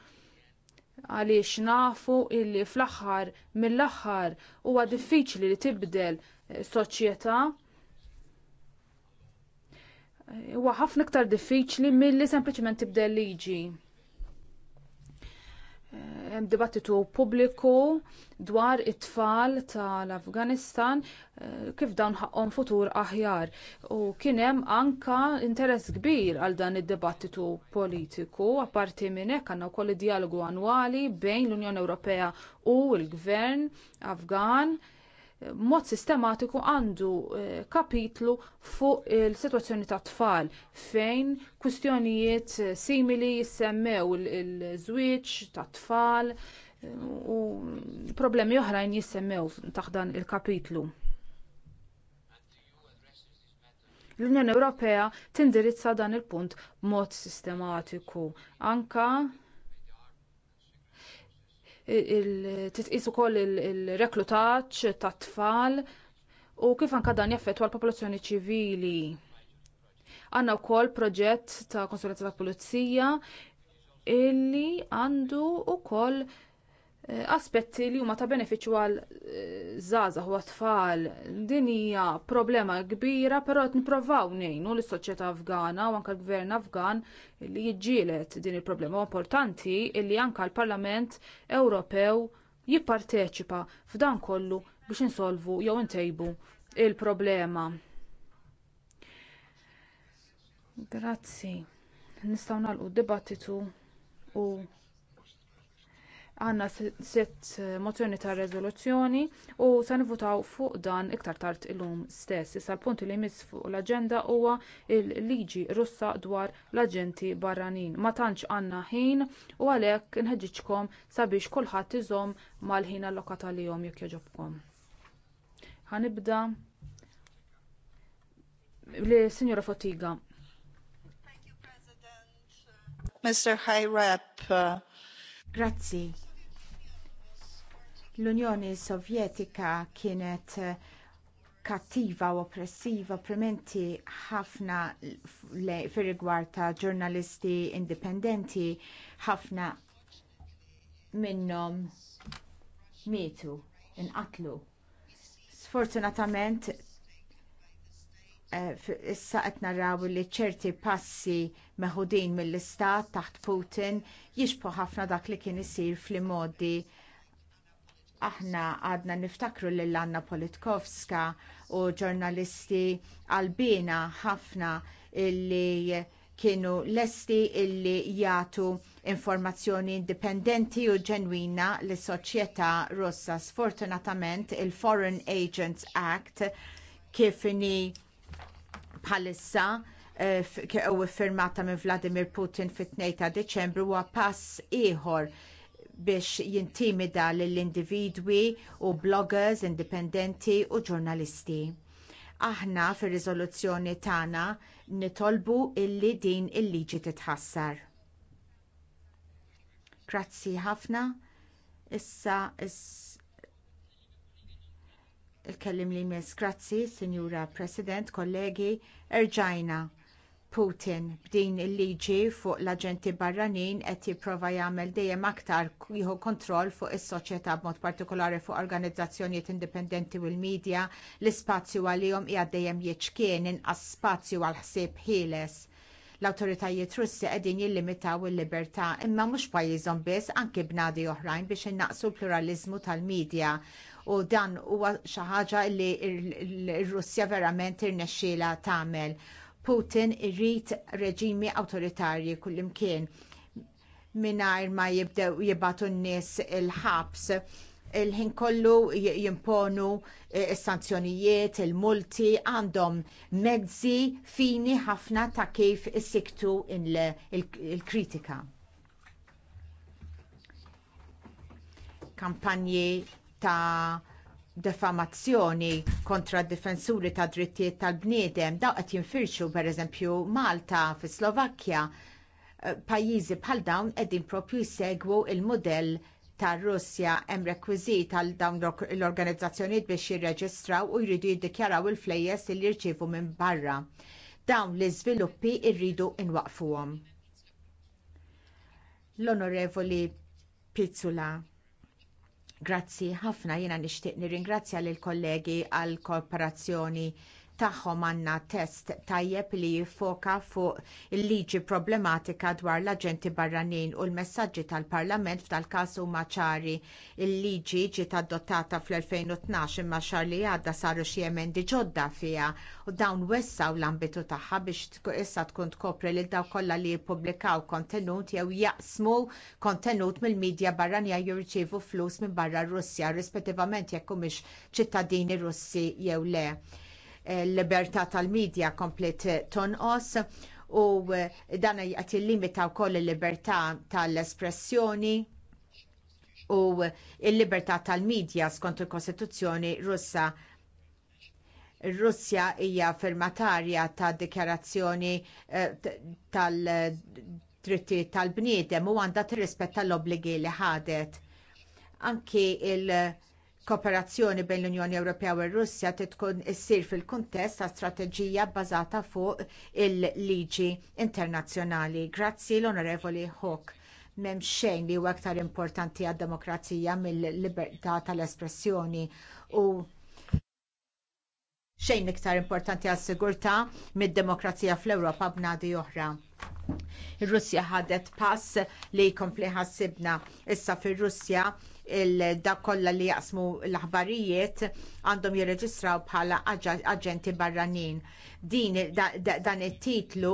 għaliex nafu illi fl-aħħar mill-aħħar huwa diffiċli li tibdel eh, soċjetà huwa ħafna iktar diffiċli milli sempliċement tibdel liġi hemm dibattitu pubbliku dwar it-tfal tal-Afganistan eh, kif dawn ħaqhom futur aħjar. U kien hemm anke interess kbir għal dan id-dibattitu politiku, apparti minn hekk għandna wkoll dialogu annwali bejn l-Unjoni Ewropea u l-Gvern Afgan mod sistematiku għandu eh, kapitlu fuq il-sitwazzjoni tat tfal fejn kwistjonijiet eh, simili jissemmew il-żwieġ tat tfal eh, u problemi oħrajn jissemmew taħdan il-kapitlu. L-Unjoni Ewropea tindirizza dan il-punt b'mod sistematiku anke titqis ukoll il-reklutaġġ tat tfal u kif anke dan jaffettwa l-popolazzjoni ċivili. Għandna wkoll proġett ta' konsulenza tal-pulizija illi għandu wkoll Eh, aspetti li huma ta' benefiċċju għal żgħażagħ eh, u tfal din hija problema kbira però qed nipprovaw ngħinu lis-soċjetà Afgana u anke l-Gvern Afgan li jiġġieled din il-problema importanti li anke l-Parlament Ewropew jipparteċipa f'dan kollu biex insolvu jew intejbu l problema Grazzi. Nistgħu nagħlqu dibattitu u għanna sitt mozzjoni ta' rezoluzzjoni u se nivutaw fuq dan iktar tard illum stess. Issa l-punt li jmiss fuq l-aġenda huwa il-liġi Russa dwar l-aġenti barranin. Ma tantx għandna ħin u għalhekk inħeġġiġkom sabiex kulħadd iżomm mal-ħin allokat għalihom jekk jogħġobkom. Ħanibda li Sinjora Fotiga. Mr. High Rep. Uh, Grazzi. L-Unjoni Sovjetika kienet eh, kattiva u oppressiva, opprementi ħafna fir rigward ta' ġurnalisti indipendenti, ħafna minnhom mietu, inqatlu. Sfortunatament, eh, issa qed naraw li ċerti passi meħudin mill-istat taħt Putin jixbu ħafna dak li kien isir fl-modi aħna għadna niftakru lil Anna Politkovska u ġurnalisti għalbina ħafna illi kienu lesti illi jagħtu informazzjoni indipendenti u ġenwina lis soċjetà Russa. Sfortunatament il-Foreign Agents Act kif inhi bħalissa eh, u firmata minn Vladimir Putin fit-2 ta' Deċembru huwa pass ieħor biex jintimida lill-individwi u bloggers indipendenti u ġurnalisti. Aħna fir-riżoluzzjoni tagħna nitolbu illi din il-liġi titħassar. Grazzi ħafna. Issa is il-kellim li mis grazzi, Sinjura President, kollegi, erġajna Putin b'din il-liġi fuq l-aġenti barranin qed jipprova jagħmel dejjem aktar jieħu kontroll fuq is-soċjetà b'mod partikolari fuq organizzazzjonijiet indipendenti u l-medja l-ispazju għalihom hija dejjem jiċkien inqas spazju għal ħsieb ħieles l-awtoritajiet Russi qegħdin jillimitaw il-libertà imma mhux pajjiżhom biss anki bnadi oħrajn biex innaqsu l-pluraliżmu tal-medja u dan huwa xi ħaġa li r-Russja verament irnexxiela tagħmel Putin irrid reġimi awtoritarji kullimkien mingħajr ma jibdew jibatu n-nies il-ħabs il-ħin kollu jimponu e, s-sanzjonijiet, il-multi, għandhom mezzi fini ħafna ta' kif isiktu il-kritika. Kampanji ta' defamazzjoni kontra d difensuri ta' drittijiet tal-bniedem dawn qed jinfirxu pereżempju Malta fi Slovakkja eh, pajjiżi bħal dawn qegħdin proprju jsegwu l mudell tar Russja hemm rekwiżit għal dawn l-organizzazzjonijiet biex jirreġistraw u jridu jiddikjaraw il-flejjes li jirċievu minn barra. Dawn l-iżviluppi rridu inwaqfuhom. L-Onorevoli Pizzula Grazzi ħafna jiena nixtieq nirringrazzja lill kollegi għall kooperazzjoni tagħhom għandna test tajjeb li jiffoka fuq il-liġi problematika dwar l-aġenti barranin u l-messaġġi tal-Parlament f'tal każ huma ċari. Il-liġi ġiet adottata fl-2012 imma xahar li għadda saru xi emendi ġodda fiha u dawn wessaw l-ambitu tagħha biex issa tkun tkopri lil dawk kollha li jippubblikaw kontenut jew jaqsmu kontenut mill-midja barranija jew jirċievu flus minn barra Russja rispettivament jekk humiex ċittadini Russi jew le l-libertà tal-medja komplet tonqos u eh, dan qed u wkoll il-libertà tal-espressjoni u l libertà tal-medja skont il-Kostituzzjoni Russa Russja hija firmatarja tad dikjarazzjoni eh, tal dritti tal-bniedem u għandha tirrispetta l obbligi li ħadet. Anki il- kooperazzjoni bejn l-Unjoni Ewropea u r-Russja titkun issir fil-kuntest ta' strateġija bbażata fuq il-liġi internazzjonali. Grazzi l-Onorevoli Hawk. M'hemm xejn li huwa aktar importanti għad-demokrazija mill-libertà tal-espressjoni u xejn iktar importanti għas sigurtà mid-demokrazija fl-Ewropa b'nadi oħra. Ir-Russja ħadet pass li jkompli ħassibna issa fir-Russja il dakolla kollha li jaqsmu l-aħbarijiet għandhom jirreġistraw bħala aġenti barranin. Din dan it-titlu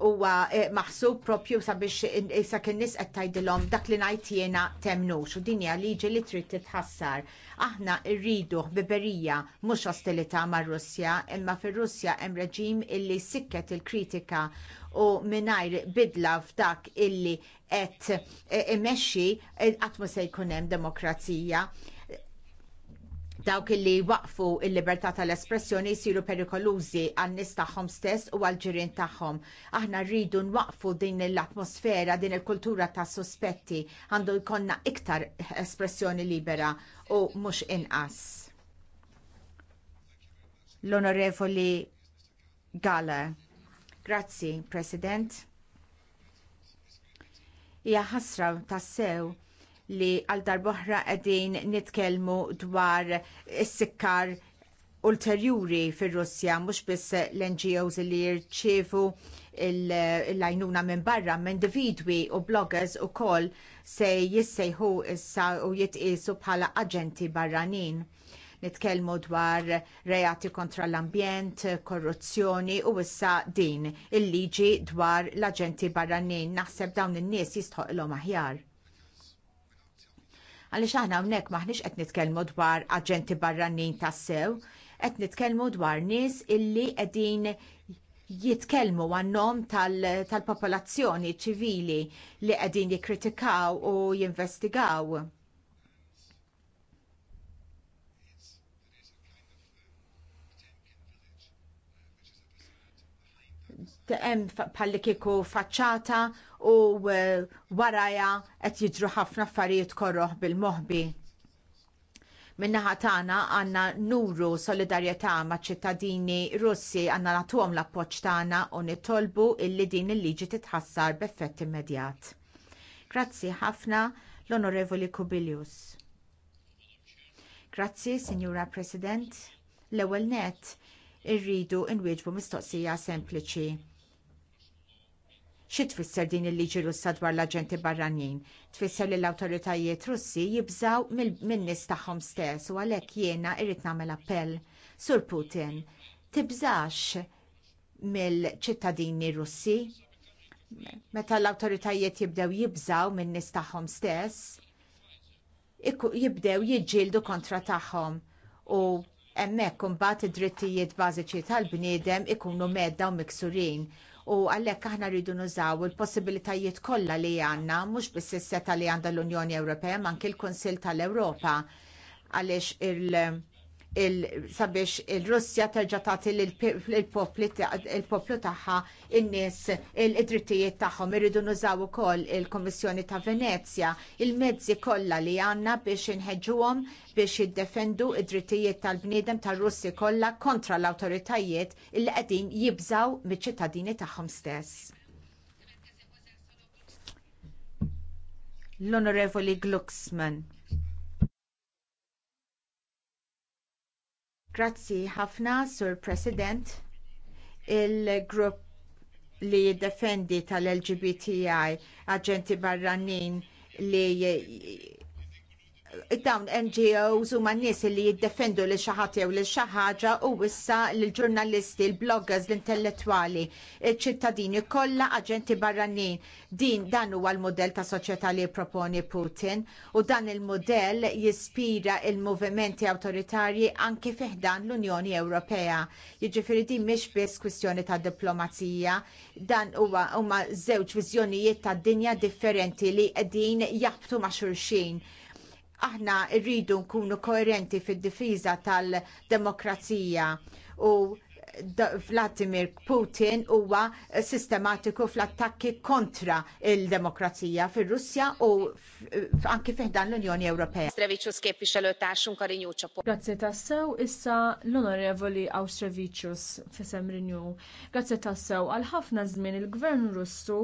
huwa eh, maħsub propju sabiex sakin kien-nies qed tgħidilhom dak li ngħid jiena temnux u din hija liġi li trid titħassar. Aħna rridu ħbiberija mhux ostilità mar-Russja, imma fir-Russja hemm reġim illi sikket il-kritika u minajr bidla f'dak illi qed e, imexxi e, qatt ma se jkun hemm demokrazija dawk illi waqfu l il libertà tal-espressjoni jsiru perikolużi għan nies tagħhom stess u għal ġirien tagħhom. Aħna rridu nwaqfu din l-atmosfera, din il-kultura ta' sospetti għandu jkollna iktar espressjoni libera u mhux inqas. L-Onorevoli Gala. Grazzi, President. Hija ħasra tassew li għal darboħra qegħdin nitkellmu dwar s sikkar ulterjuri fir-Russja mhux biss l-NGOs li jirċievu l lajnuna minn barra minn individwi u bloggers ukoll se jissejħu issa u jitqisu bħala aġenti barranin nitkellmu dwar reati kontra l-ambjent, korruzzjoni u issa din il-liġi dwar l-aġenti barranin. Naħseb dawn in-nies jistħoqilhom aħjar. Għaliex aħna hawnhekk maħniex qed nitkellmu dwar aġenti barranin tassew, qed nitkellmu dwar nies illi qegħdin jitkellmu għannom tal-popolazzjoni tal ċivili li qegħdin jikkritikaw u jinvestigaw. hemm palli kieku faċċata u e, waraja qed jiġru ħafna affarijiet korroħ bil-moħbi. Minnaħa naħa tagħna għandna nuru solidarjetà maċ ċittadini Russi għandna nagħtuhom l-appoġġ tagħna u nitolbu illi din il-liġi titħassar b'effett immedjat. Grazzi ħafna l-Onorevoli Kubilius. Grazzi, Signora President. L-ewwel nett irridu nwieġbu mistoqsija sempliċi. Xi tfisser din il-liġi Russa dwar l-aġenti barranin? Tfisser li l-awtoritajiet Russi jibżaw min-nies tagħhom stess u għalhekk jiena irrid nagħmel appell. Sur Putin, tibżax mill-ċittadini Russi? Meta l-awtoritajiet jibdew jibżaw min-nies tagħhom stess, jibdew jiġġieldu kontra tagħhom u hemmhekk imbagħad id-drittijiet bażiċi tal-bniedem ikunu medda u miksurin u għalhekk aħna rridu nużaw il-possibilitajiet kollha li għandna mhux biss is-seta li għandha l-Unjoni Ewropea ma anke l-Kunsill tal-Ewropa għaliex il- sabiex il-Russja terġa' tagħti lill-poplu tagħha in-nies id-drittijiet tagħhom irridu nużaw ukoll il-Kommissjoni ta' Venezja il-mezzi kollha li għandna biex inħeġġuhom biex jiddefendu id-drittijiet tal-bniedem tar-Russi kollha kontra l-awtoritajiet li qegħdin jibżaw miċ-ċittadini tagħhom stess. L-Onorevoli Glucksman. Grazzi ħafna, Sur President. Il-grupp li jiddefendi tal-LGBTI, aġenti barranin li dawn NGOs huma nies li jiddefendu lil xi ħadd jew lil xi ħaġa u issa l-ġurnalisti, l-bloggers, l-intellettwali, iċ-ċittadini kollha aġenti barranin. Din dan huwa l-modell ta' soċjetà li proponi Putin u dan il-modell jispira il-movimenti awtoritarji anki fiħdan l-Unjoni Ewropea. Jiġifieri din mhix biss kwistjoni ta' diplomazija, dan huwa huma żewġ viżjonijiet tad dinja differenti li qegħdin jaqbtu ma' xulxin aħna rridu nkunu koerenti fid-difiża tal-demokrazija u Vladimir Putin huwa sistematiku fl-attakki kontra il-demokrazija fir-Russja u anki fiħdan l-Unjoni Ewropea. Strevicius képviselőtársunk a karinju ċapu. Grazie tassew, issa l-Onorevoli Austrevicius fisem Rinju. Grazie tassew, għal ħafna żmien il-Gvern Russu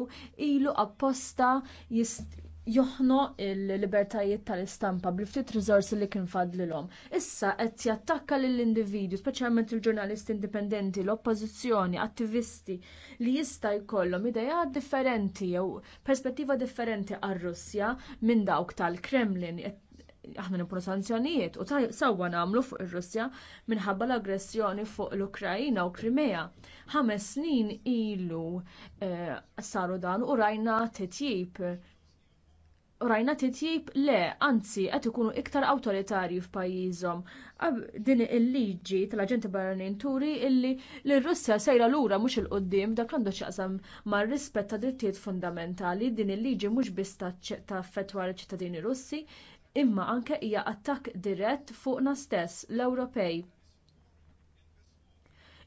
ilu apposta jist joħno il-libertajiet tal-istampa bl-ftit rizorsi li kien fadlilhom. Issa qed jattakka lill individwi speċjalment il-ġurnalisti indipendenti, l-oppożizzjoni, attivisti li jista' jkollhom idea differenti jew perspettiva differenti għar-Russja minn dawk tal-Kremlin aħna nimpru sanzjonijiet u sewwa nagħmlu fuq ir-Russja minħabba l-aggressjoni fuq l-Ukrajina u Krimea. Ħames snin ilu eh, saru dan u rajna titjib rajna titjib le, anzi, qed ikunu iktar awtoritarji f'pajjiżhom. Din il-liġi tal-aġenti barranin turi illi l-Russja sejra lura mhux il-qoddim dak għandu xaqsam mar rispett ta' drittijiet fundamentali din il-liġi mhux biss ta' fetwa ċittadini Russi, imma anke hija attakk dirett fuqna stess l-Ewropej.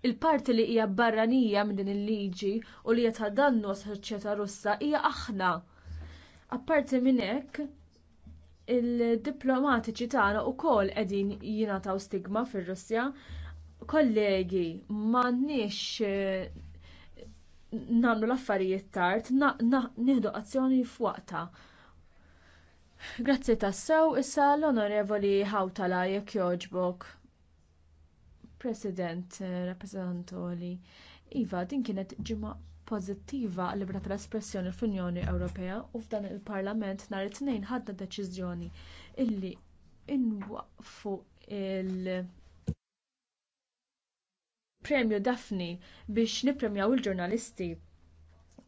Il-parti li hija barranija minn din il-liġi u li qed dannu s-soċjetà Russa hija aħna Apparti minn hekk, il-diplomatiċi tagħna wkoll qegħdin jingħataw stigma fir-Russja. Kollegi, m'għandniex eh, nagħmlu l-affarijiet tard, nieħdu azzjoni f'waqta. Grazzi tassew issa l-Onorevoli Hawtala jekk jogħġbok. President, eh, rappresentantoli, Iva, din kienet ġimgħa pożittiva għal-libertà tal-espressjoni fl-unjoni ewropea u f'dan il-parlament nhar it-tnejn ħadda deċiżjoni illi nwaqfu il-premju daphne biex nippremjaw il-ġurnalisti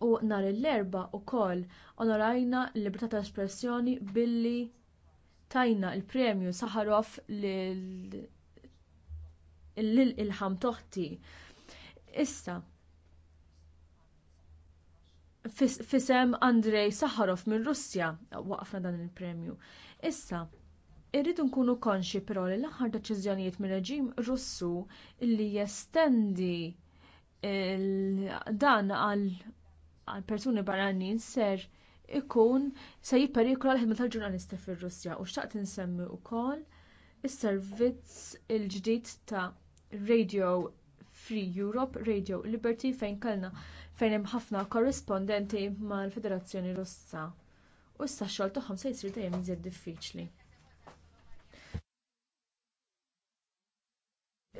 u nhar l-erbgħa wkoll onorajna l-libertà tal-espressjoni billi tajna l premju saħarov lil ilħam toħti issa fisem Andrej Saharov minn Russja waqfna dan il-premju. Issa, irridu nkunu konxi però li l-aħħar deċiżjonijiet mir-reġim Russu li jestendi dan għal persuni barranin ser ikun se jipperikola l-ħidma tal-ġurnalisti fir-Russja u xtaqt insemmi wkoll is-servizz il-ġdid ta' Radio Free Europe Radio Liberty fejn kellna fejn hemm ħafna korrespondenti mal-Federazzjoni Russa. U issa x-xogħol tagħhom se jsir dejjem iżjed diffiċli.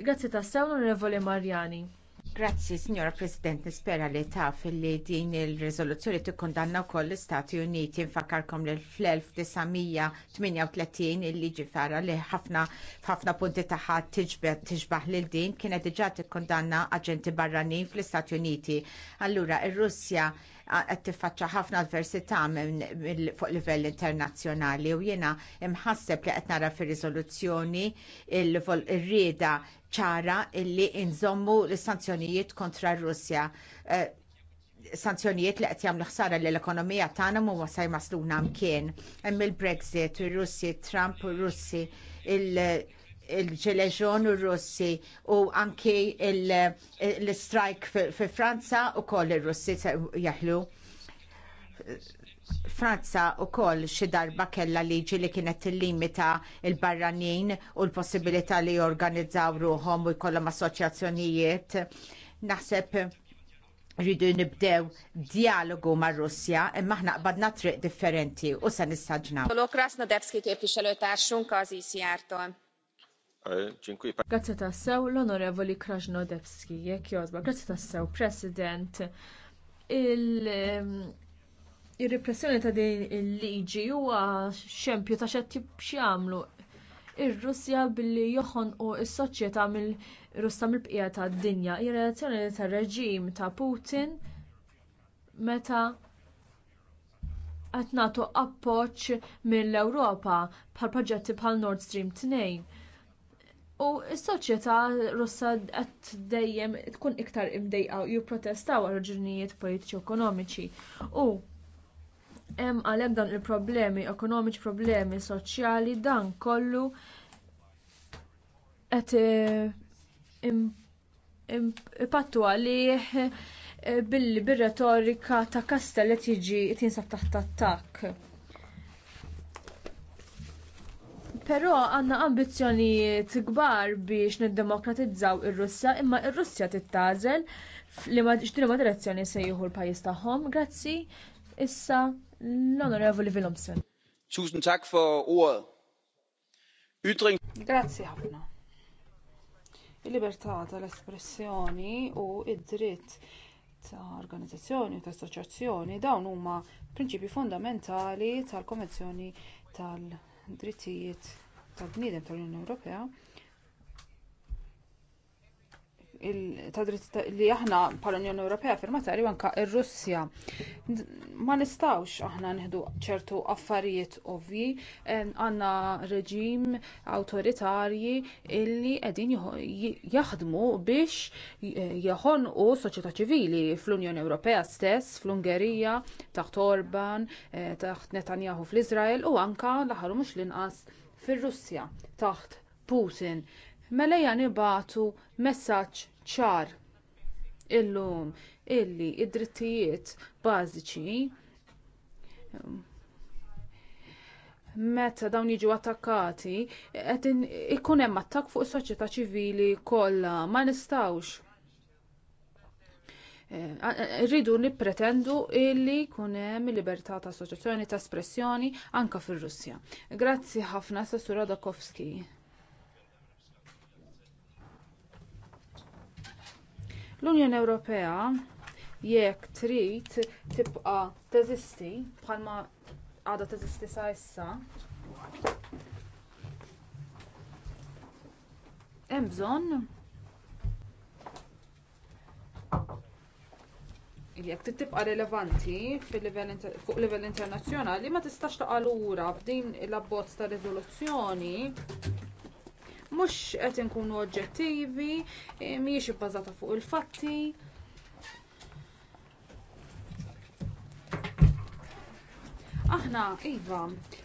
Grazzi tassew onorevoli Marjani. Grazzi, Signora President, nispera li taf li din il-rezoluzzjoni tikkondanna wkoll l-Istati Uniti infakarkom li fl-1938 il-liġi fara li ħafna ħafna punti tagħha tiġbed tiġbaħ lil din kienet diġà kondanna aġenti barranin fl-Istati Uniti. Allura il russja qed tiffaċċa ħafna adversità fuq livell internazzjonali u jiena imħasseb li qed nara fir-riżoluzzjoni ir-rieda ċara illi nżommu l-sanzjonijiet kontra r-Russja. Eh, sanzjonijiet li qed jagħmlu ħsara lill ekonomija tagħna mhu se jmasluna mkien. Hemm il-Brexit, ir-Russi, Trump, u russi il-ġeleġon u russi u anki l-strike fi Franza u koll ir-Russi jaħlu Franza u koll xi darba kellha liġi li kienet tillimita l barranin u l-possibilità li jorganizzaw ruhom u jkollhom assoċjazzjonijiet. Naħseb rridu nibdew dialogu mar Russja imma aħna qbadna triq differenti u se nissaġnaw. Krasnodebski képviselőtársunk az ICR-tól. Grazzi tassew l-onorevoli Krasnodebski, jekk jodba. Grazzi tassew, President. Ir-repressjoni ta' din il-liġi huwa xempju ta' xed jagħmlu ir-Russja billi u s-soċjetà mill-Russa mill-bqija tad-dinja. ir relazzjoni tar-reġim ta' Putin meta qed nagħtu appoġġ mill-Ewropa bħal proġetti bħal Nord Stream 2. U s-soċjetà Russa qed dejjem tkun iktar imdejqa u jipprotestaw għal raġunijiet politiċi u ekonomiċi. U hemm għalhekk dan il-problemi ekonomiċi problemi soċjali dan kollu qed eh, impattu għalih eh, billi bir-retorika ta' Kastell qed jiġi tinsab taħt attakk. Però għandna ambizzjonijiet kbar biex niddemokratizzaw ir-Russja, imma ir-Russja tittażel li ma direzzjoni se jieħu l-pajjiż tagħhom. Grazzi, issa L-Onorevoli Willumsen. Tusen tak for ordet. Ytring. Grazie ħafna. Il-libertà tal-espressjoni u id-dritt ta' organizzazzjoni u ta' assoċjazzjoni dawn huma prinċipi fondamentali tal-Konvenzjoni tal-Drittijiet tal-Bniedem tal-Unjoni Ewropea ta' dritt li aħna bħala Unjoni Ewropea firmatarju anke ir-Russja. Ma nistawx aħna nieħdu ċertu affarijiet ovvi għandna reġim awtoritarji illi qegħdin jaħdmu biex u soċjetà ċivili fl-Unjoni Ewropea stess, fl-Ungerija, taħt Orban, eh, taħt Netanyahu fl izrael u anke l mux mhux l-inqas fir-Russja taħt Putin mela batu messaġġ ċar illum illi id-drittijiet bażiċi um, meta dawn jiġu attakkati qed ikun hemm attakk fuq is-soċjetà ċivili kollha ma nistgħux eh, rridu nippretendu illi jkun hemm libertà ta' assoċjazzjoni ta' espressjoni anke fir-Russja. Grazzi ħafna Sessur Dakovski. L-Unjoni Ewropea jekk trid tibqa' teżisti bħalma għadha teżisti sa issa hemm bżonn jekk trid tibqa' rilevanti fuq livell internazzjonali ma tistax taqa' lura b'din l-abbozz ta' riżoluzzjoni mhux qed inkunu oġġettivi, eh, mhijiex ibbażata fuq il-fatti. Aħna, Iva,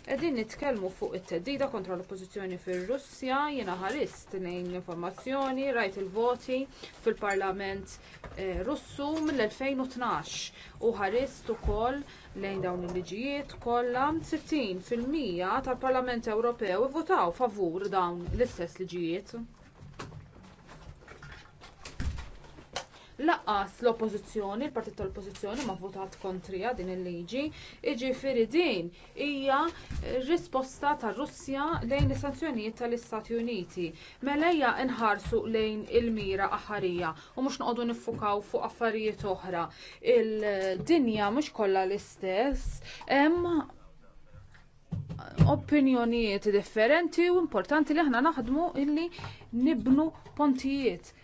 qegħdin nitkellmu fuq it-teddida kontra l-oppożizzjoni fir-Russja, jiena ħarist lejn informazzjoni, rajt il-voti fil-Parlament eh, Russu mill-2012 u ħarist ukoll lejn dawn il-liġijiet kollha 60% fil-mija tal-Parlament Ewropew votaw favur dawn l-istess liġijiet. Laqqas l-oppożizzjoni, il-partit tal-oppożizzjoni ma votat kontrija din il-liġi, jiġifieri din hija risposta tar Russja lejn is-sanzjonijiet tal-Istati Uniti. Melejja nħarsu lejn il-mira aħħarija u mhux noqogħdu niffukaw fuq affarijiet oħra. Il-dinja mhux kollha l-istess, hemm opinjonijiet differenti u importanti li aħna naħdmu illi nibnu pontijiet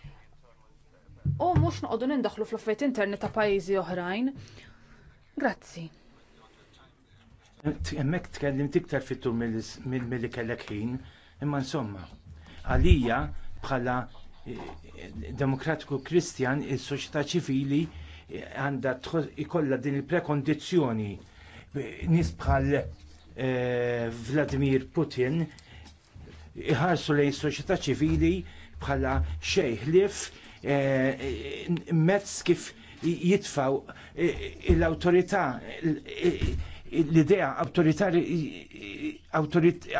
u mhux noqogħdu nindaħlu fl offert interni ta' pajjiżi oħrajn. Grazzi. Hemmhekk tkellimt iktar fit mill milli kellek ħin, imma insomma, għalija bħala eh, demokratiku kristjan is-soċjetà ċivili eh, għandha ikollha din il-prekondizzjoni nis bħal eh, Vladimir Putin iħarsu lejn soċjetà ċivili bħala xejħlif. Eh, mezz kif jitfaw eh, l-autorità l-idea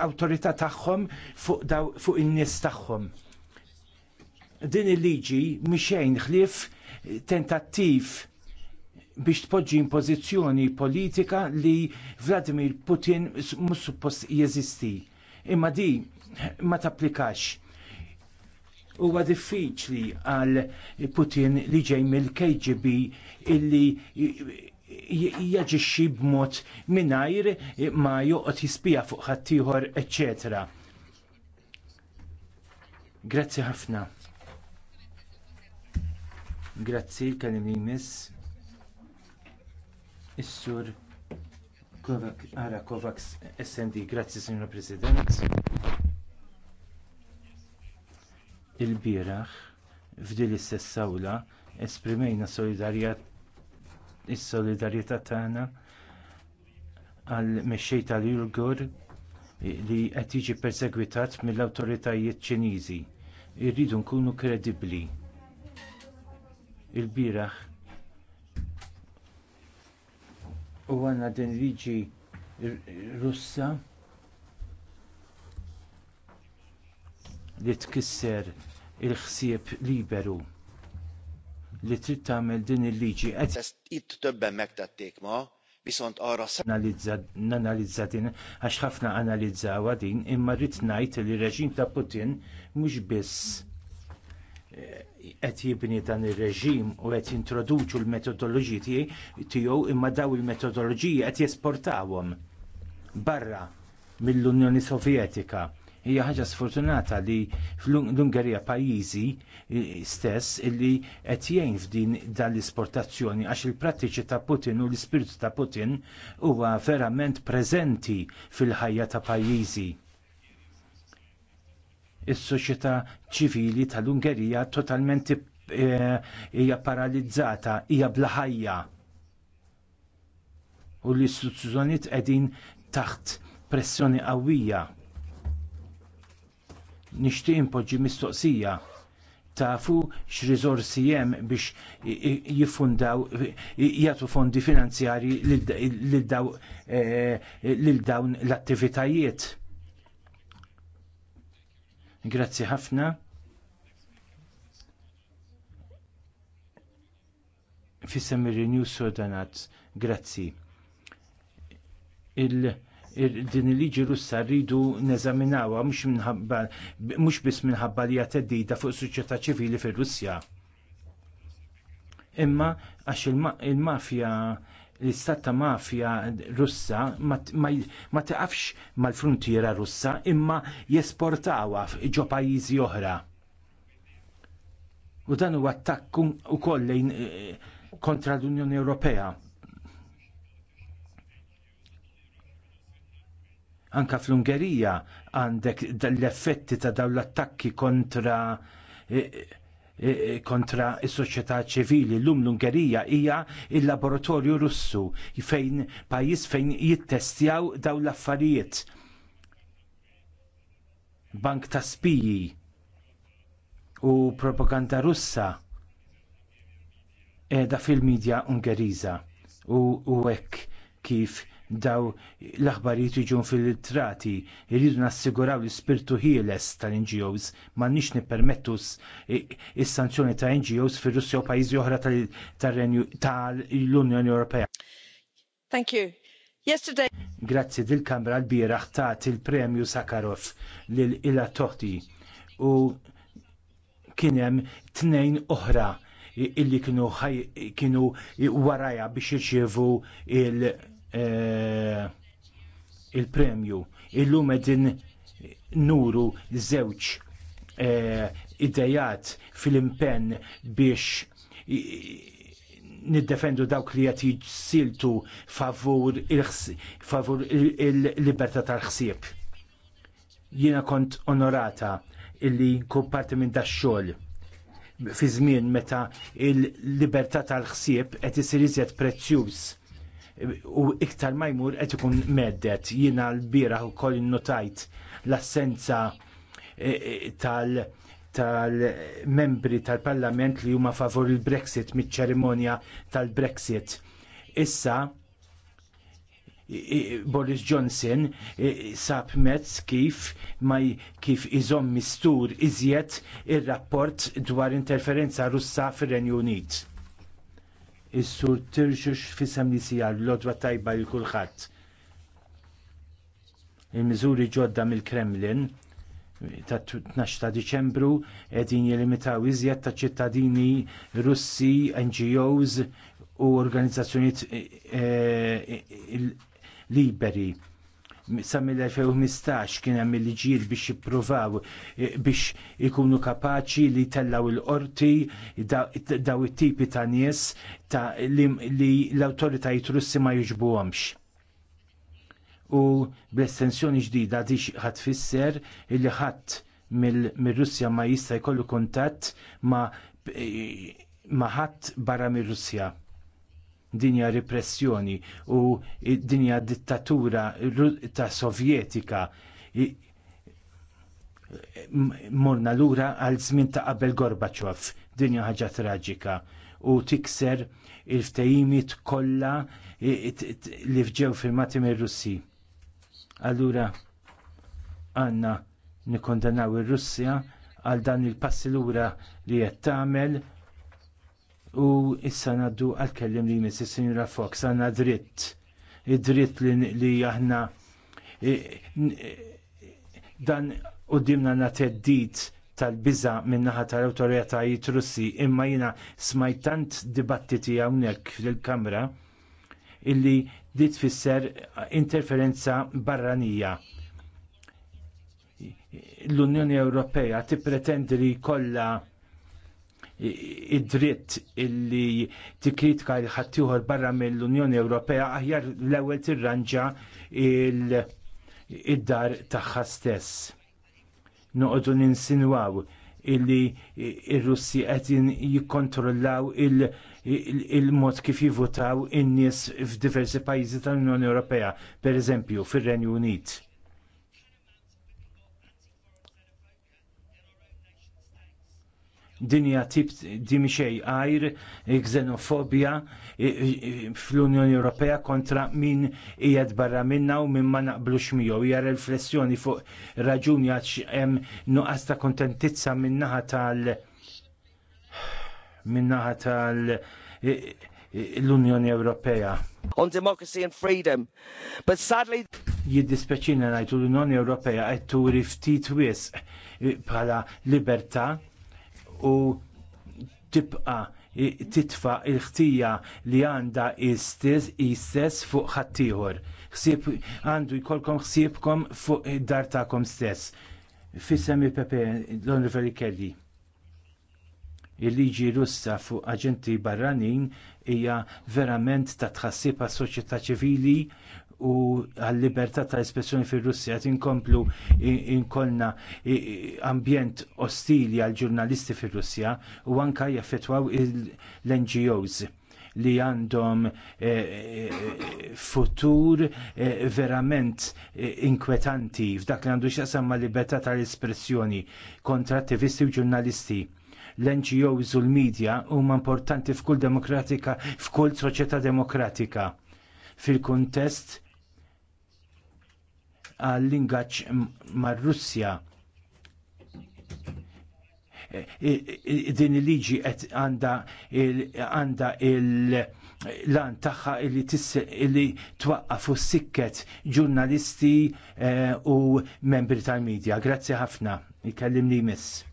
autorità tagħhom fuq in-nies tagħhom. Din il-liġi mixejn ħlief tentattiv biex tpoġġi impożizzjoni politika li Vladimir Putin mhux suppost jeżisti. Imma di ma tapplikax huwa diffiċli għal Putin li ġej mill-KGB illi jaġixxi b'mod mingħajr ma joqgħod jispija fuq ħaddieħor, etc. Grazzi ħafna. Grazzi l li miss. Is-sur Kovac, Ara Kovacs, SND, grazzi, Signor President il-bieraħ f'din l-istess awla esprimejna s-solidarjetà tagħna għall mexxej tal-Uyghur li qed jiġi persegwitat mill-awtoritajiet Ċiniżi. Irridu nkunu kredibbli. Il-bieraħ u għandna din liġi Russa li tkisser il-ħsieb liberu li trid tagħmel din il-liġi. Itt többen megtették ma, bisont arra nanalizza din għax ħafna analizzawa din imma rrid ngħid li reġim ta' Putin mhux biss eh, qed jibni dan ir-reġim u qed jintroduċu l-metodoloġiji tiegħu imma daw il-metodoloġiji qed jesportawhom barra mill-Unjoni Sovjetika Hija ħaġa sfortunata li fl-Ungerija pajjiżi eh, stess illi qed jgħin f'din dan l-isportazzjoni għax il-prattiċi ta' Putin u l-ispiritu ta' Putin huwa verament preżenti fil-ħajja ta' pajjiżi is-soċjetà ċivili tal-Ungerija totalment eh, hija paralizzata, hija blaħajja. U l-istituzzjonijiet qegħdin taħt pressjoni qawwija nixtieq impoġġi mistoqsija tafu x'riżorsi hemm biex jiffundaw jagħtu fondi finanzjarji eh, lil dawn l-attivitajiet. Grazzi ħafna. Fissem ir-Renew Sodanat. Grazzi. Il- din il-liġi russa rridu neżaminawha mhux bis biss minħabba li hija teddida fuq is-soċjetà ċivili fir-Russja. Imma għax il-mafja l-istat ta' mafja russa ma taqafx mal-frontiera russa imma jesportawha ġo pajjiżi oħra. U dan huwa attakk ukoll eh, kontra l-Unjoni Ewropea Anka fl-Ungerija għandek l-effetti ta' dawn l-attakki kontra e, e, e, kontra is-soċjetà ċivili. Llum l-Ungerija hija l laboratorju Russu fejn pajjiż fejn jittestjaw dawn l-affarijiet. Bank ta' spiji u propaganda Russa edha fil-medja Ungeriża u hekk kif daw l-aħbarijiet jiġu infiltrati, irridu nassiguraw l-ispirtu ħieles tal-NGOs, m'għandniex nippermettu s sanzjoni ta' NGOs fir-Russja u pajjiżi oħra tal-Unjoni Ewropea. Thank you. Yesterday. Grazzi dil-Kamra l-bieraħ tat il-Premju Sakharov lil Ila Toħti u kien hemm tnejn oħra illi kienu kienu warajja biex jirċivu il- Eh, il-premju. Illum din nuru żewġ eh, idejat fil-impenn biex niddefendu dawk li qed siltu favur il-libertà tal-ħsieb. Jiena kont onorata illi nkun parti minn daċxol xogħol fi żmien meta l libertà tal-ħsieb qed isir iżjed prezzjuż u iktar ma jmur qed ikun meddet jiena l-bieraħ ukoll innotajt l-assenza e, e, tal- tal-membri tal-parlament li huma favur il-Brexit miċ-ċerimonja tal-Brexit. Issa Boris Johnson e, sab mezz kif ma kif iżomm mistur iżjed ir-rapport dwar interferenza Russa fir-Renju Unit. Is-sur Tirxux fisem li sijar l-odwa tajba li kulħadd. Il-miżuri ġodda mill-Kremlin ta' 12 ta' Diċembru qegħdin jelimitaw iżjed ta' ċittadini Russi, NGOs u organizzazzjoniet eh, liberi sa mill-2015 kien hemm il-liġijiet biex jippruvaw eh, biex ikunu kapaċi li tellaw il-qorti daw it-tipi ta' nies ta' li l-awtoritajiet Russi ma jiġbuhomx. U bl-estensjoni ġdida di ħadd fisser li ħadd mir russja ma jista' jkollu kuntatt ma' eh, ħadd barra mir-Russja dinja repressjoni u dinja dittatura ta' sovjetika morna lura għal żmien ta' qabel Gorbaċov, dinja ħaġa traġika u tikser il-ftejimit kollha li fġew firmati mir-Russi. Allura għandna nikkondanaw ir-Russja għal dan il-passi lura li qed tagħmel U issa naddu għal-kellim li jmiss il-Sinjura Fox għanna dritt. Id-dritt li aħna dan u dimna na teddit tal-biza minnaħa tal-autoritajiet russi imma jina smajtant dibattiti hawnhekk fil-kamra illi dit fisser interferenza barranija. L-Unjoni Ewropea tippretendi li jkollha id-dritt illi tikritika l ħaddieħor barra mill-Unjoni Ewropea aħjar l-ewwel tirranġa id-dar tagħha stess. Noqogħdu ninsinwaw illi il russi qed jikkontrollaw il-mod kif jivutaw in-nies f'diversi pajjiżi tal-Unjoni Ewropea, pereżempju fir-Renju Unit dinja tip dimi għajr, eh, xenofobja eh, eh, fl-Unjoni Ewropea kontra min ijad barra minna u min ma naqblux miegħu. Hija riflessjoni fuq raġuni għax hemm nuqqas ta' kontentizza minnaħa tal minnaħa tal l-Unjoni Ewropea. On democracy and freedom. But sadly jiddispeċina ngħidu l-Unjoni Ewropea qed turi ftit wisq bħala libertà u tibqa titfa il-ħtija li għandha istess istess fuq ħaddieħor. Ħsieb għandu jkollkom ħsiebkom fuq id-dar tagħkom stess. Fissem il-Pepe l onriveri Kelly. Il-liġi russa fuq aġenti barranin hija verament ta' tħassib għas soċjetà ċivili u għall-libertà ta' espressjoni fir-Russja qed inkomplu inkolna ambjent ostili għal ġurnalisti fir-Russja u anke jaffettwaw l-NGOs li għandhom eh, eh, futur eh, verament inkwetanti f'dak li għandu x'jaqsam ma' libertà tal-espressjoni kontra attivisti u ġurnalisti l-NGOs u l-medja huma importanti f'kull demokratika, f'kull soċjetà demokratika fil-kuntest għall-ingaġġ mar-Russja e, e, e, din il-liġi għanda il-lan taħħa li twaqqaf u sikket ġurnalisti u membri tal-medja. Grazzi ħafna, li miss.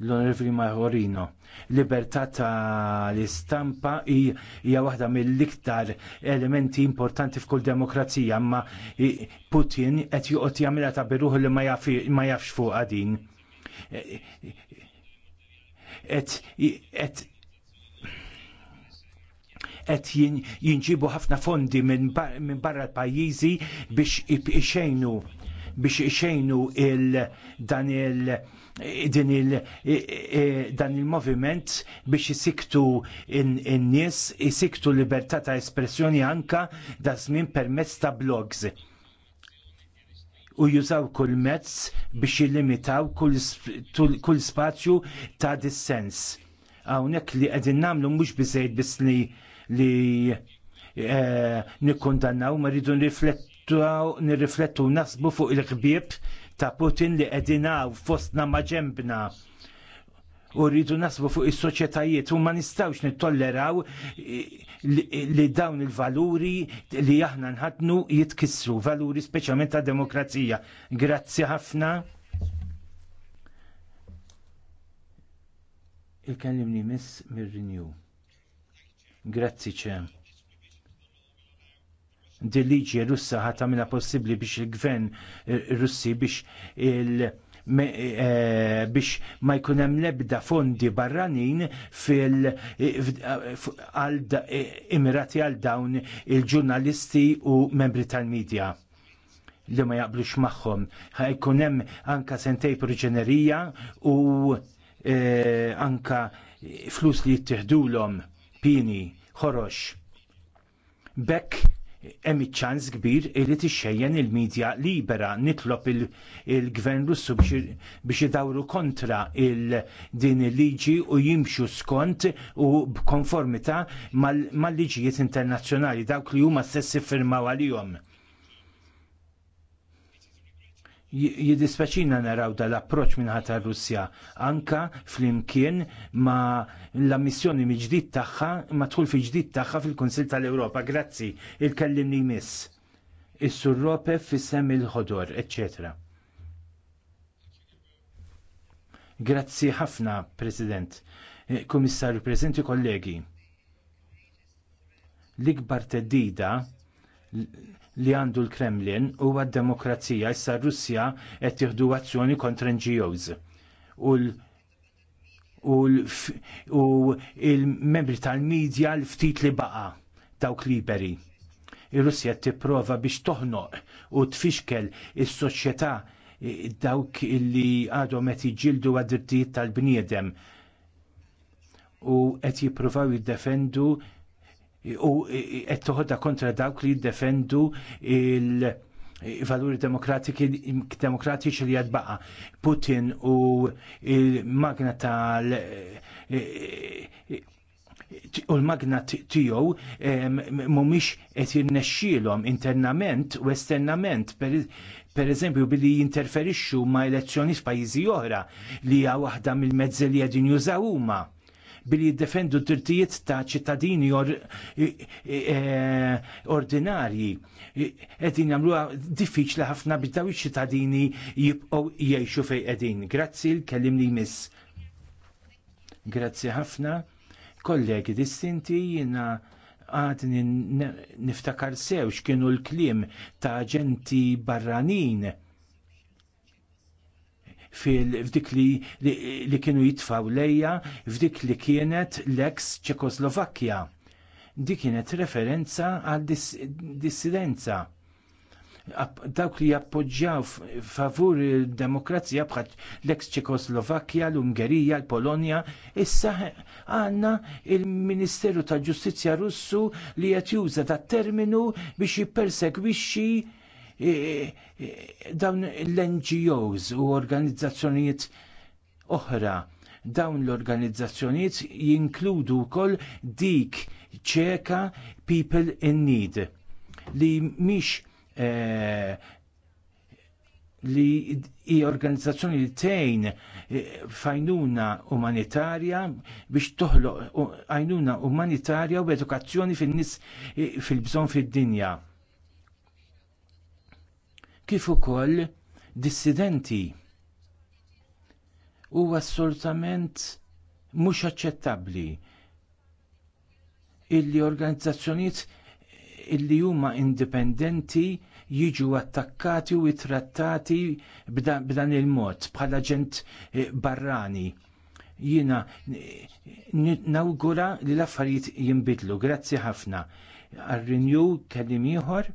L-Onorevoli Maħorino libertà tal-istampa hija waħda mill-iktar elementi importanti f'kull demokrazija, imma Putin qed joqgħod jagħmilha ta' biruħ li ma jafx fuq din. Et jinġibu ħafna fondi minn barra l-pajjiżi biex ixejnu biex ixejnu il dan il- din il, dan il-moviment biex isiktu in-nies, isiktu libertà ta' espressjoni anka da' żmien permezz ta' blogs u jużaw kull mezz biex jilimitaw kull spazju ta' dissens. Hawnhekk li qegħdin nagħmlu mhux bizzejt bis li li eh, nikkundannaw ma rridu nirriflettu nirriflettu nasbu fuq il-ħbieb ta' Putin li u fostna maġembna u rridu nasbu fuq is-soċjetajiet u ma nistgħux nittolleraw li dawn il-valuri li aħna nħadnu jitkissru, valuri speċjalment ta' demokrazija. Grazzi ħafna. Il-kellimni miss mir-renew. Grazzi ċem din liġi Russa ħat tagħmilha possibbli biex il-gvern eh, Russi biex il eh, biex ma jkun hemm l-ebda fondi barranin fil imirati eh, għal dawn il-ġurnalisti u membri tal-medja li ma jaqblux magħhom. Ħajkun hemm anka sentej proġenerija u anka flus li jittieħdulhom pini, ħorox. Bekk hemm iċ-ċans kbir li tixxejjen il-medja libera nitlob il-gvern Russu biex idawru kontra din il-liġi u jimxu skont u b'konformità mal-liġijiet internazzjonali dawk li huma stess iffirmaw għalihom jidispeċina naraw dal-approċ minn ħata Russja anka flimkien ma l-ammissjoni mi ġdid tagħha ma tħul fi ġdid tagħha fil-Kunsil tal-Ewropa. Grazzi, il-kellimni miss. Is-Sur Rope fissem il-ħodor, ecc. Grazzi ħafna, President. Eh, Komissarju, Presidenti, kollegi. L-ikbar teddida li għandu l-Kremlin huwa d-demokrazija issa r Russja qed tieħdu azzjoni kontra NGOs. U l-membri tal-medja l-ftit li baqa dawk liberi. Ir-Russja tipprova biex toħnoq u tfixkel is-soċjetà dawk li għadhom qed jiġġieldu għad-drittijiet tal-bniedem u qed jippruvaw jiddefendu u qed toħodha kontra dawk li jiddefendu il- valuri demokratiċi li baqa' Putin u il-magna tal u l-magna tijow mumiex qed jirnexxielhom internament u esternament per eżempju billi jinterferixxu ma' elezzjoni f'pajjiżi oħra li hija waħda mill-mezzi li qegħdin jużaw huma billi jiddefendu d drittijiet ta' ċittadini or, e- e- ordinarji. Edin jamluha diffiċli ħafna biex daw iċ-ċittadini jibqgħu jgħixu fejn qegħdin. Grazzi l-kellimni miss. Grazzi ħafna. Kollegi distinti jiena għadni niftakar sew x'kienu l-kliem ta' ġenti barranin fil-fdik li kienu jitfaw lejja f'dik li kienet l-eks Ċekoslovakkja. Di kienet referenza għal dissidenza dawk li jappoġġjaw favur il-demokrazija bħal l-ex Ċekoslovakkja, l-Ungerija, l-Polonja, issa għandna il-Ministeru tal Ġustizzja Russu li qed juża terminu biex jippersegwixxi dawn l-NGOs u organizzazzjonijiet oħra dawn l-organizzazzjonijiet jinkludu wkoll dik ċeka people in need li mhix eh, li i organizzazzjoni li tejn eh, fajnuna umanitarja biex toħloq għajnuna umanitarja u edukazzjoni fin-nies eh, fil-bżonn fid-dinja kif ukoll dissidenti huwa assolutament mhux aċċettabbli illi organizzazzjonijiet illi huma indipendenti jiġu attakkati u trattati b'dan il-mod bħala ġent eh, barrani. Jiena nawgura li l-affarijiet jinbidlu. Grazzi ħafna. Renew kellim ieħor.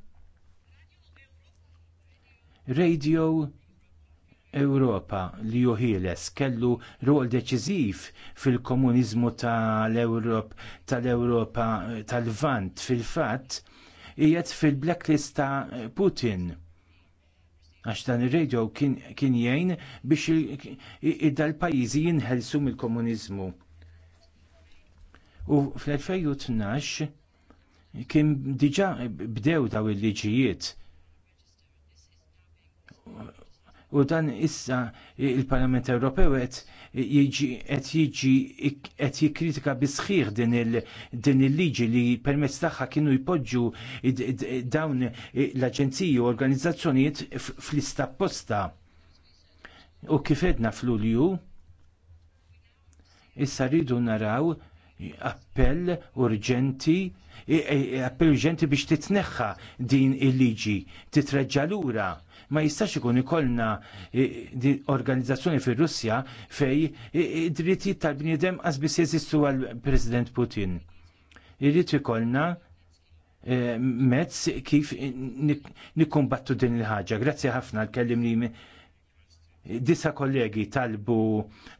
Radio Ewropa li joħieles kellu rol deċiżiv fil-komuniżmu tal-Ewrop tal-Ewropa tal-Vant fil-fatt qiegħed fil-blacklist ta' Putin għax dan ir-radio kien, kien jgħin biex id-dal-pajjiżi jinħelsu mill-komuniżmu. U fl-2012 kien diġà bdew daw il-liġijiet U dan issa il-Parlament Ewropew qed jiġi qed jikkritika bi sħiħ din il-liġi li permezz tagħha kienu jpoġġu dawn l-aġenziji u organizzazzjonijiet fl-ista posta. U kif edna fl-Ulju, issa rridu naraw appell urġenti e, e, appell urġenti biex titneħħa din il-liġi, titreġġa lura Ma jistax ikun ikollna eh, organizzazzjoni fir russja fej eh, eh, id dritti tal-bniedem biss jeżistu għall president Putin. Irrid ikollna mezz kif nikkumbattu din il-ħaġa. Grazzi ħafna l-kellimni disa kollegi talbu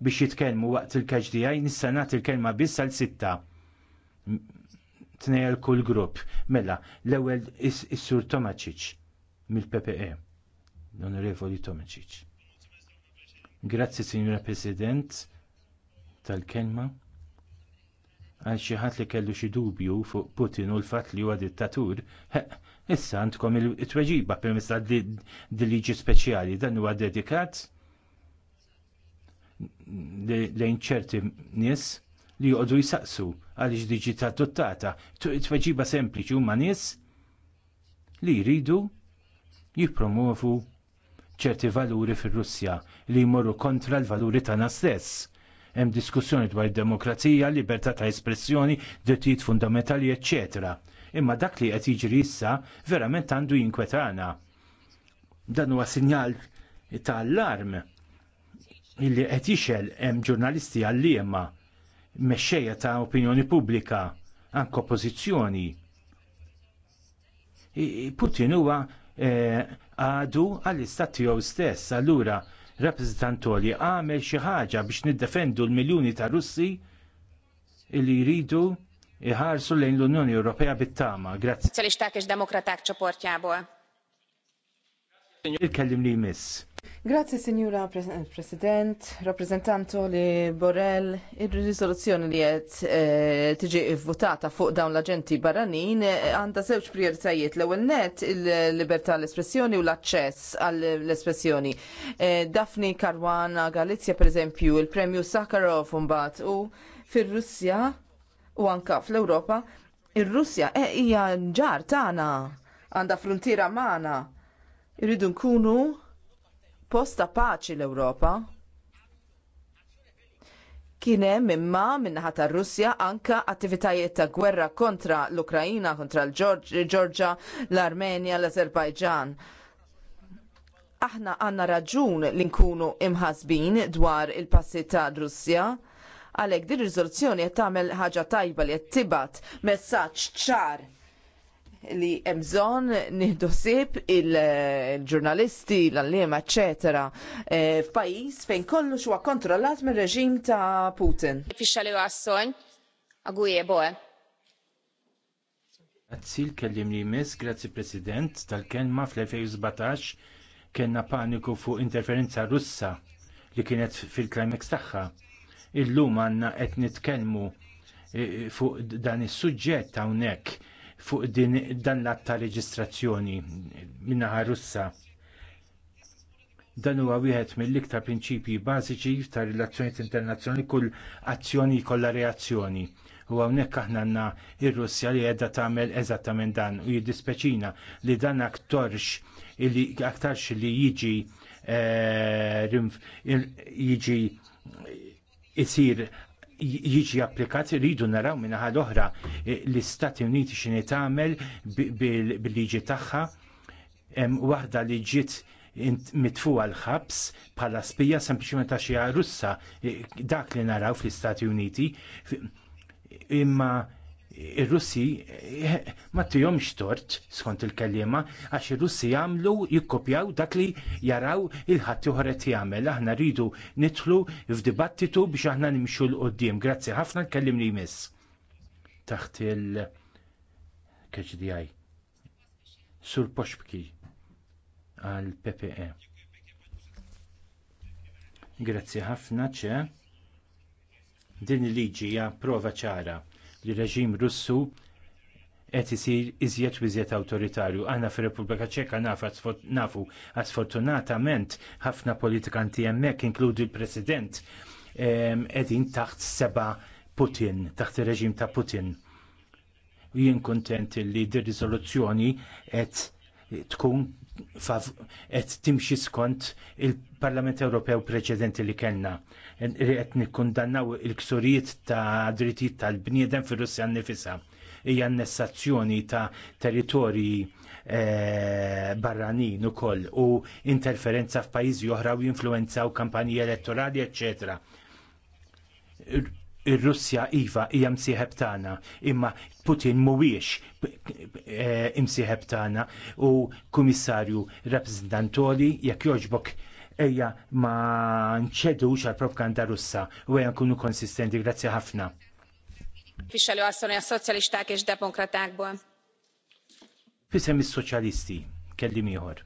biex jitkellmu waqt il-kaġdijaj, nissa nagħti il-kelma biss għal sitta tnejl kull grupp. Mela, l-ewwel is-Sur Tomacic mill-PPE l-Onorevoli tomicic Grazzi, Signora President, tal-kelma. Għal xi ħadd li kellu xi dubju fuq Putin u l-fatt li huwa dittatur, issa għandkom il tweġiba permezz dil-liġi speċjali dan huwa dedikat lejn ċerti nies li jgħodu jisaqsu għaliex diġi tat-tuttata. Tweġiba sempliċi huma nies li jridu jippromovu ċerti valuri fir-Russja li jmorru kontra l-valuri tagħna stess. Hemm diskussjoni dwar id demokrazija, libertà ta' espressjoni, drittijiet fundamentali, eċċetera. Imma dak li qed jiġri issa verament għandu jinkwetana. Dan huwa sinjal ta' allarm illi qed jixel hemm ġurnalisti għalliema mexxejja ta' opinjoni pubblika anke oppożizzjoni. Putin huwa Eh, għadu għall-istat tiegħu stess. Allura rappreżentantoli għamel xi ħaġa biex niddefendu l-miljuni ta' Russi li jridu iħarsu lejn l-Unjoni Ewropea bit-tama. Grazzi. Il-kellim li Grazie Signora President, rappresentanto li Borrell, il-risoluzzjoni li qed eh, tiġi votata fuq dawn l-aġenti barranin eh, għandha żewġ prioritajiet. L-ewwel net il-libertà l-espressjoni u l-aċċess għall-espressjoni. Eh, Dafni Karwana Galizja esempio, il-Premju Sakharov mbagħad u fir-Russja u anka fl-Ewropa, ir-Russja hija ġar tagħna għandha frontiera magħna. Irridu nkunu ta' paċi l-Ewropa. Kien hemm imma min-naħa tar Russja anke attivitajiet ta' gwerra kontra l-Ukrajina, kontra l-Ġorġa, l-Armenja, l-Azerbajġan aħna għanna raġun li nkunu imħasbin dwar il-passi ta' Russja. Għalek din riżoluzzjoni qed tagħmel ħaġa tajba li qed tibat messaġġ ċar li hemm bżonn sib il-ġurnalisti, l-alliem, eċetera, eh, f'pajjiż fejn kollu xwa kontrollat mir-reġim ta' Putin. Fixxali għasson, għaguje boe. Grazzi l-kellim li jmiss, grazzi President, tal-kelma fl-2017 kena paniku fuq interferenza russa li kienet fil-climax tagħha. Illum għandna qed nitkellmu eh, fuq dan is-suġġett hawnhekk fuq din dan l-att ta' reġistrazzjoni min-naħa Russa. Dan huwa wieħed mill-iktar prinċipji bażiċi ta' relazzjonijiet internazzjonali kull azzjoni kollha reazzjoni. U hawnhekk aħna għandna ir-Russja li qiegħda tagħmel eżattament dan u jiddispeċina li dan aktarx li aktarx li jiġi eh, jiġi isir jiġi applikat rridu naraw minn ħad oħra eh, l-Istati Uniti x'inhi tagħmel bil-liġi tagħha hemm waħda li ġiet mitfuqa l-ħabs bħala spija sempliċiment ta' xi Russa eh, dak li naraw fl-Istati Uniti imma ir-Russi eh, ma tihomx tort skont il-kelliema għax ir-Russi jagħmlu jikkopjaw dak li jaraw il-ħadd qed jagħmel. Aħna rridu nidħlu f'dibattitu biex aħna nimxu l qoddim Grazzi ħafna kellim li jmiss. Taħt il-KGDI. Sur Poxbki għal PPE. Grazzi ħafna ċe. Din il liġi hija prova ċara li reġim Russu qed isir iżjed u iżjed awtoritarju. Aħna fir-Repubblika Ċeka nafu asfortunatament ħafna politikanti hemmhekk inkludi l-President qegħdin taħt seba' Putin, taħt ir-reġim ta' Putin. Jien kuntent li dir riżoluzzjoni qed tkun qed timxi skont il-Parlament Ewropew preċedenti li kellna. Qed nikkundannaw il-ksurijiet ta' drittijiet tal-bniedem fir-Russja nnifisha. Hija annessazzjoni ta' territorji e, barranin ukoll u interferenza f'pajjiżi oħra u jinfluenzaw kampanji elettorali, eċċetera Ir-Russja iva hija msieħeb tagħna, imma Putin mhuwiex eh, imsieħeb tagħna u Kummissarju Rappresentantoli jekk jogħġbok ejja ma nċedux għal propaganda Russa u ejja nkunu konsistenti. Grazzi ħafna. Viselő asszony a szocialisták és demokratákból. Fisem is-soċjalisti kellim ieħor.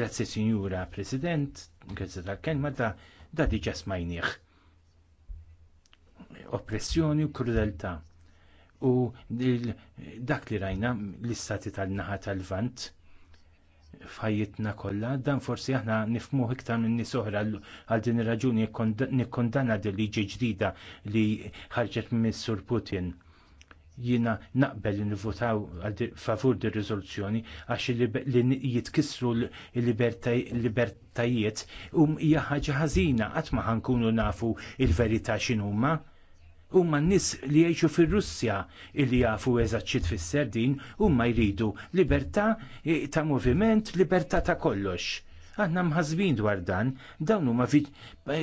Grazzi Sinjura President, grazie tal-kelma da da diġa smajniħ oppressjoni u krudeltà. U dak li rajna l-istati tal-naħa tal-vant f'ħajjitna kollha dan forsi aħna nifhmuh iktar minn nies oħra għal din ir-raġuni nikkondanna din liġi ġdida li ħarġet minn Sur Putin. Jiena naqbel li nivvotaw favur dir riżoluzzjoni għax li jitkissru l-libertajiet um hija ħaġa ħażina qatt ma ħankunu nafu l verità x'inhuma huma n-nies li jgħixu fir-Russja illi jafu eżatt xi tfisser din huma jridu libertà e, ta' moviment, libertà ta' kollox. Aħna mħazbin dwar dan, dawn huma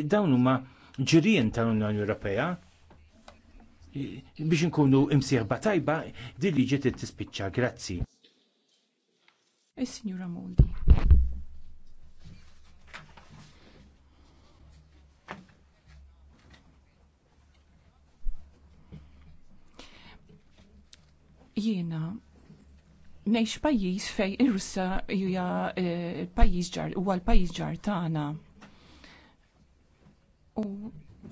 dawn ġirien tal-Unjoni Ewropea e, biex nkunu imsieħba tajba din li ġiet tispiċċa. Grazzi. Is-Sinjura e, Moldi. Jiena ngħix pajjiż fejn ir-Russja hija eh, pajjiż ġar u l-pajjiż ġar tagħna. U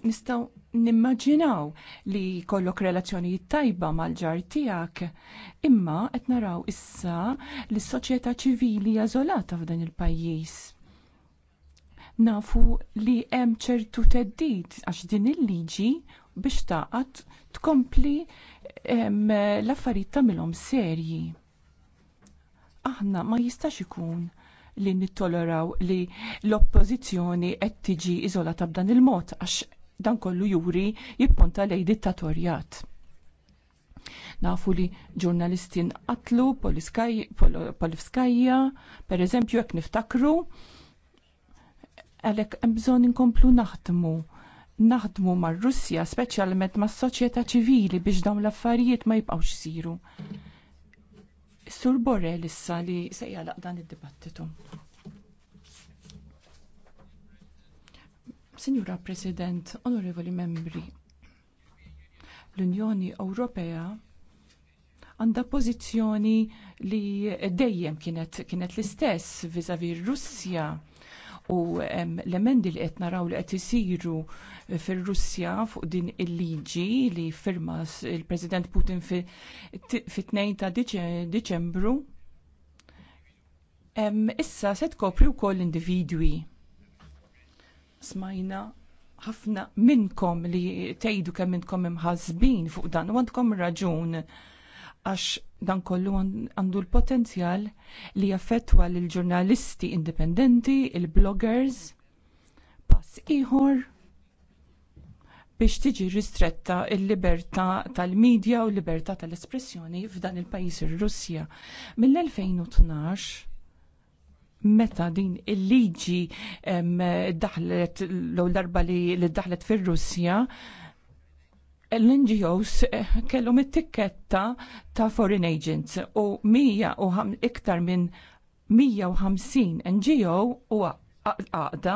nistaw nimmaġinaw li kollok relazzjonijiet tajba mal-ġar tijak, imma qed naraw issa li soċieta soċjetà ċivili jażolata f'dan il-pajjiż. Nafu li hemm ċertu teddid għax din il-liġi biex taqat tkompli l-affarijiet tagħmilhom serji. Aħna ma jistax ikun li nittoleraw li l-oppożizzjoni qed tiġi iżolata b'dan il-mod għax dan kollu juri jipponta lejn dittatorjat. Nafu li ġurnalisti nqatlu Poliskajja per eżempju, jekk niftakru, għalhekk hemm bżonn inkomplu naħdmu naħdmu mar russja speċjalment mas soċjetà ċivili biex dawn l-affarijiet ma jibqgħux isiru. Sur Borrell issa li se dan id-dibattitu. Signora President, onorevoli membri, l-Unjoni Ewropea għandha pożizzjoni li dejjem kienet, kienet l-istess vis-à-vis Russja u l-emendi li qed naraw li qed isiru fil-Russja fuq din il-liġi li firma il-President Putin fit-2 ta' Diċembru issa se tkopri wkoll individwi. Smajna ħafna minnkom li tgħidu kemm minnkom imħasbin fuq dan u għandkom raġun għax dan kollu għandu l-potenzjal li jaffetwa l ġurnalisti indipendenti, il-bloggers, pass ieħor biex tiġi ristretta il-libertà tal-medja u l-libertà tal-espressjoni f'dan il-pajjiż ir-Russja. Mill-2012 meta din il-liġi daħlet l darba li daħlet fir-Russja l-NGOs eh, kellhom it-tikketta ta' foreign agents u mija u iktar minn 150 NGO u għaqda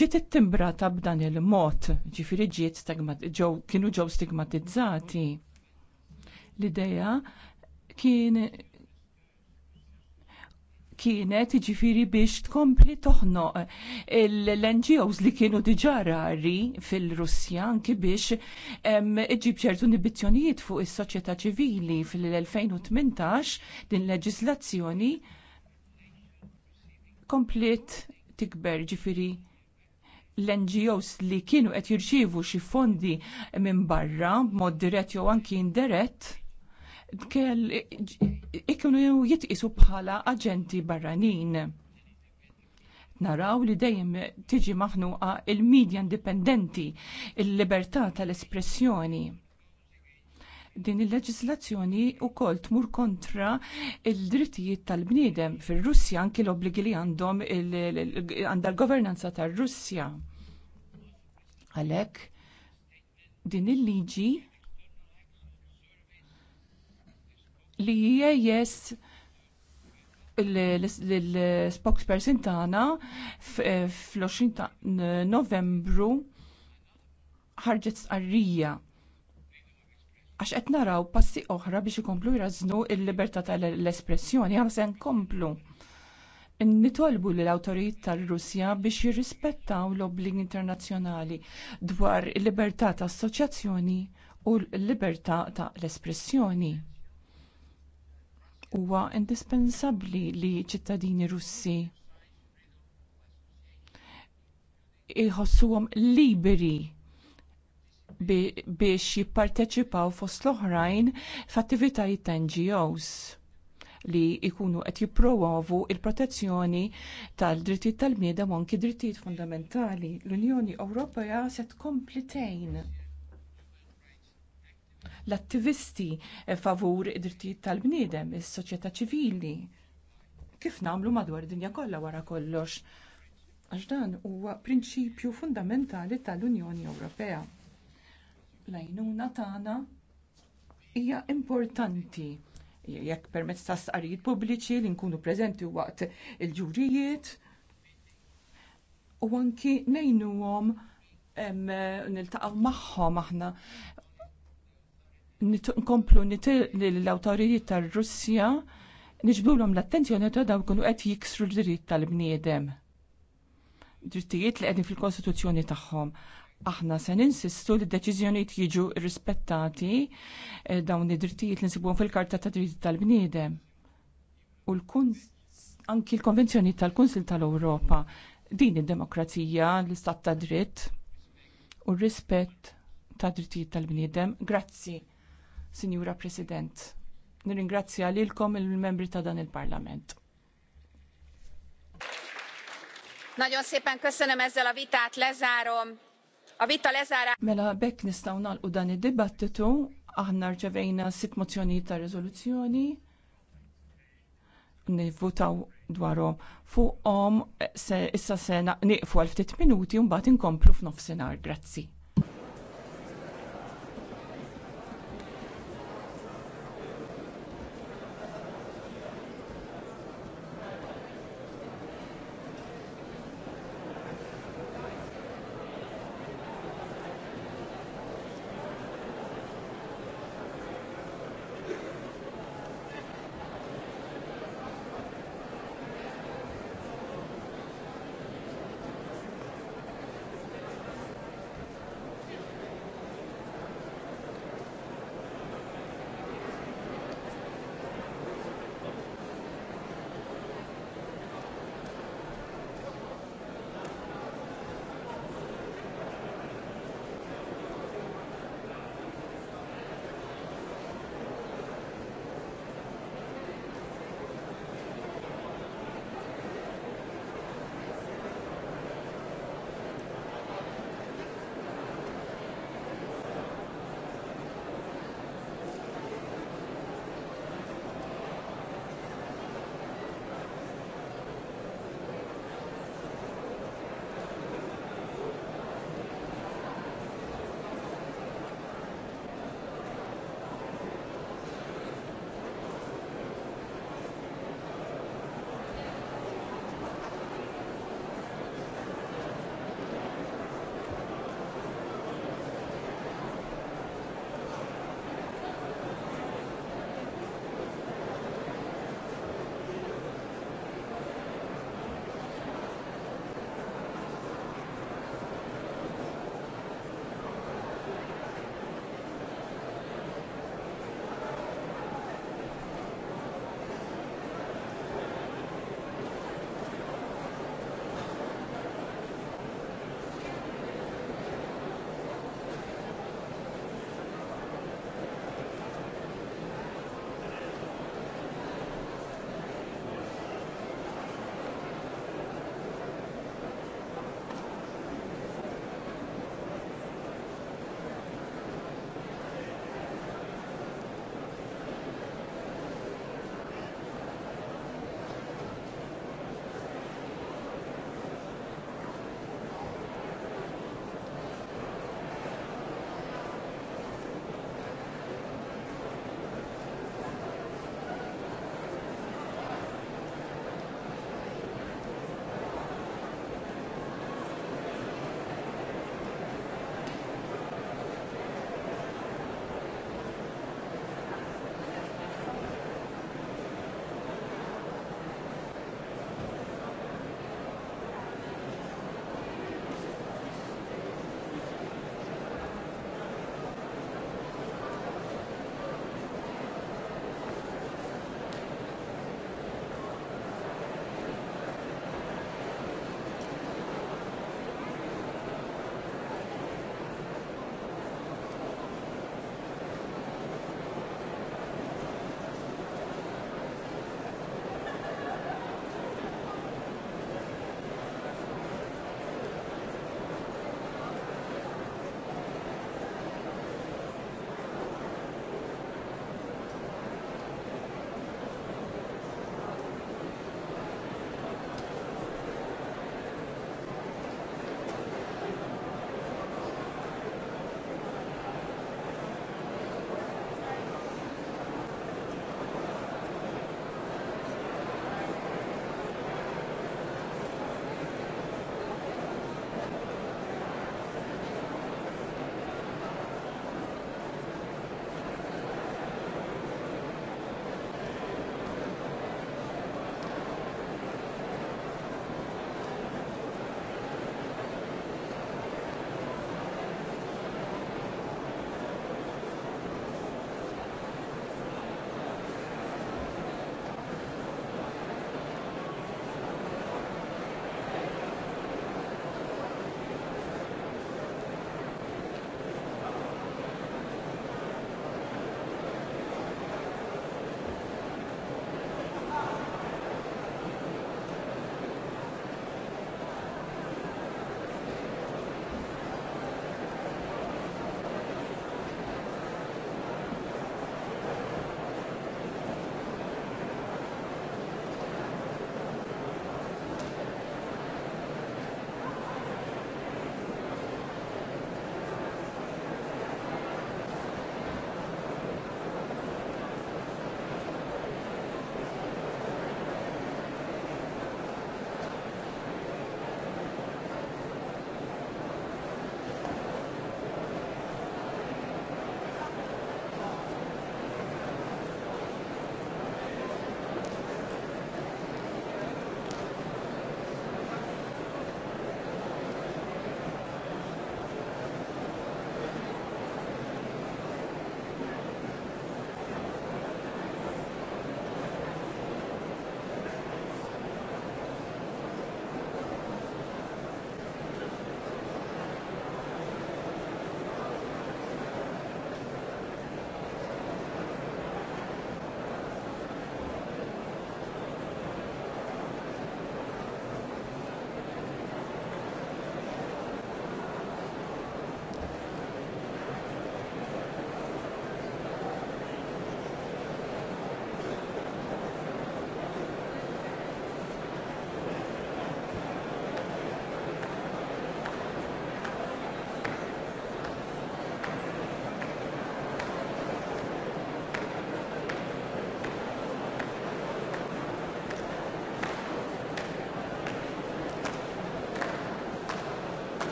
ġiet it-timbrata b'dan il-mod, ġifiri ġiet kienu ġew stigmatizzati. L-ideja kien kienet ġifiri biex tkompli toħno l-NGOs li kienu diġa rari fil-Russja anki biex iġib ċertu nibizzjonijiet fuq is-soċjetà ċivili fil-2018 din leġislazzjoni komplet tikber ġifiri l-NGOs li kienu qed jirċivu xi fondi minn barra b'mod dirett jew anki indirett kell ikunu jitqisu bħala aġenti barranin. Naraw li dejjem tiġi maħnuqa il-medja indipendenti, il-libertà tal-espressjoni din il-leġislazzjoni u kol tmur kontra il-drittijiet tal-bniedem fil-Russja anki l-obbligi li għandhom għandha l-governanza tar-Russja. Għalhekk din il-liġi li hija e jess l-spokesperson tagħna fl-20 ta' Novembru ħarġet stqarrija għax qed naraw passi oħra biex ikomplu jrażnu l-libertà tal-espressjoni għal se nkomplu. Nitolbu l awtorijiet tar-Russja biex jirrispettaw l-obbligi internazzjonali dwar il-libertà ta' assoċjazzjoni u l-libertà ta' l-espressjoni. Huwa indispensabbli li ċittadini Russi iħossuhom liberi biex jipparteċipaw fost l-oħrajn f'attivitajiet ta' NGOs li jkunu qed jipprovovu l protezzjoni tal-drittijiet tal-bniedem u anki drittijiet fundamentali. L-Unjoni Ewropea se tkompli tgħin l-attivisti favur id-drittijiet tal-bniedem, is-soċjetà ċivili. Kif nagħmlu madwar id-dinja kollha wara kollox? għax dan huwa prinċipju fundamentali tal-Unjoni Ewropea l-għajnuna tagħna hija importanti jekk permezz ta' stqarrijiet pubbliċi li nkunu preżenti waqt il-ġurijiet u anki ngħinuhom niltaqgħu magħhom aħna nkomplu l-awtorijiet tar-Russja niġbulhom l-attenzjoni ta' dawk kienu qed jiksru l-dritt tal-bniedem. Drittijiet li qegħdin fil-Kostituzzjoni tagħhom aħna se ninsistu li d-deċiżjonijiet jiġu rispettati eh, dawn id-drittijiet li nsibuhom fil-Karta ta' Dritti tal-Bniedem. U l anki l-Konvenzjoni tal-Kunsil tal-Ewropa din id-demokrazija, l-istat ta' dritt u r-rispett ta' drittijiet tal-bniedem. Grazzi, Sinjura President. Nirringrazzja lilkom il-membri ta' dan il-Parlament. Nagyon szépen köszönöm ezzel a vitát, lezárom. Mela bekk nistgħu nagħlqu dan id-dibattitu aħna rċevejna sitt mozzjonijiet ta' rezoluzzjoni, nivvutaw dwarhom fuqhom issa sena niqfu għal ftit minuti u mbagħad inkomplu f'nofsinhar. Grazzi.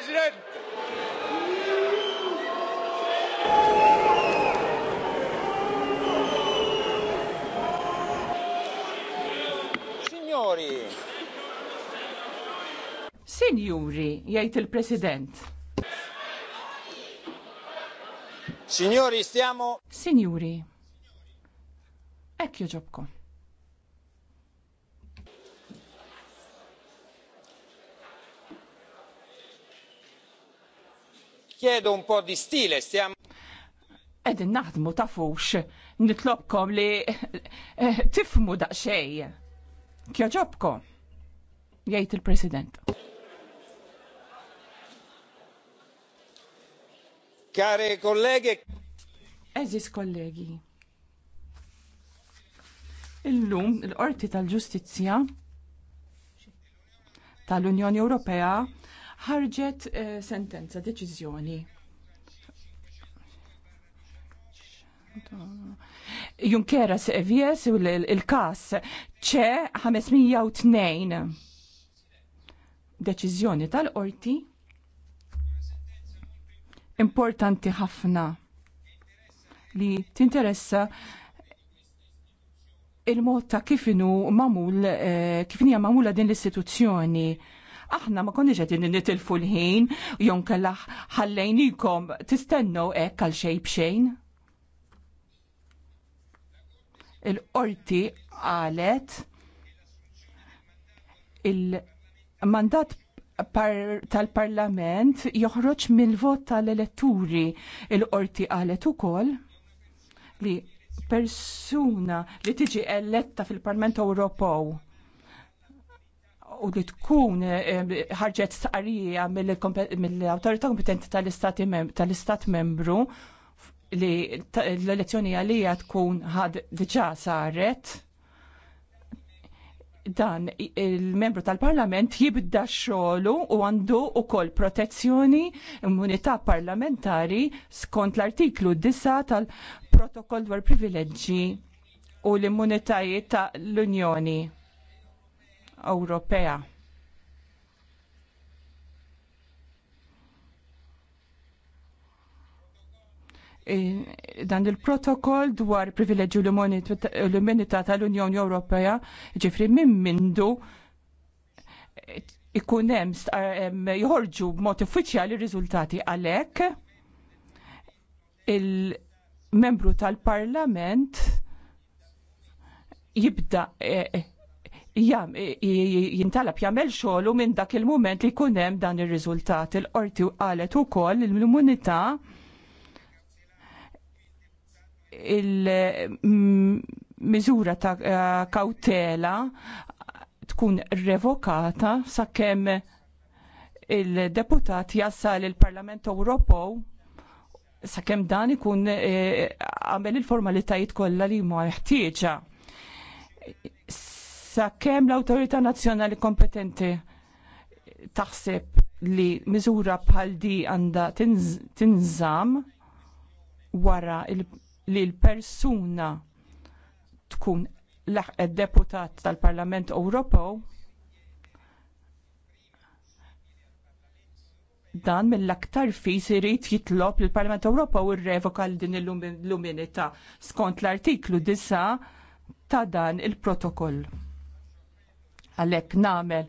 President! Signori! Signori, il-President. Signori, stiamo... Signori, ekk joġobkom. chiedo un po' di stile, stiamo Ed naħdmu tafux, nitlobkom li eh, tifmu xej. Kjoġobkom, jgħid il-President. Kare kollegi. Eżis kollegi. Illum il-Qorti tal-Ġustizzja tal-Unjoni Ewropea ħarġet eh, sentenza, deċiżjoni. Junkera Sevjes u l-kas ċe 502 deċiżjoni tal-qorti importanti ħafna li tinteressa il-mod ta' kif mamul, eh, kifinija mamula din l-istituzzjoni aħna ma konniex qed nitilfu l-ħin jew kellha ħallejnikom tistennu hekk għal xej b'xejn. Il-qorti qalet il-mandat tal-parlament joħroġ mill-vot tal eletturi Il-qorti qalet ukoll li persuna li tiġi eletta fil-Parlament Ewropew u li tkun ħarġet sqarija mill-autorità kompetenti tal-istat membru li l-elezzjoni għalija tkun ħad diġa saret dan il-membru tal-parlament jibda xogħlu u għandu kol protezzjoni immunità parlamentari skont l-artiklu 9 tal-protokoll dwar privileġġi u l-immunitajiet tal-Unjoni. Ewropea. dan il-protokoll dwar privileġġju l immunità tal-Unjoni Ewropea, ġifri minn mindu ikun hemm joħorġu b'mod uffiċjali riżultati għalhekk il-membru tal-Parlament jibda eh, eh jintalab jagħmel xogħlu minn dak il-mument li jkun hemm dan ir-riżultat. Il-qorti qalet ukoll l-immunità il-miżura ta' kawtela tkun revokata sakemm il-deputat jassal il-Parlament Ewropew sakemm dan ikun eh, għamel il-formalitajiet kollha li ma jħtieġa kemm l-Awtorità Nazzjonali kompetenti taħseb li miżura bħal di għandha tinżamm wara li l-persuna tkun laħqet deputat tal-Parlament Ewropew dan mill-aktar fis irid jitlob lill parlament Ewropew irrevoka l din il-luminità skont l-artiklu 9 ta' dan il-protokoll. Għalhekk nagħmel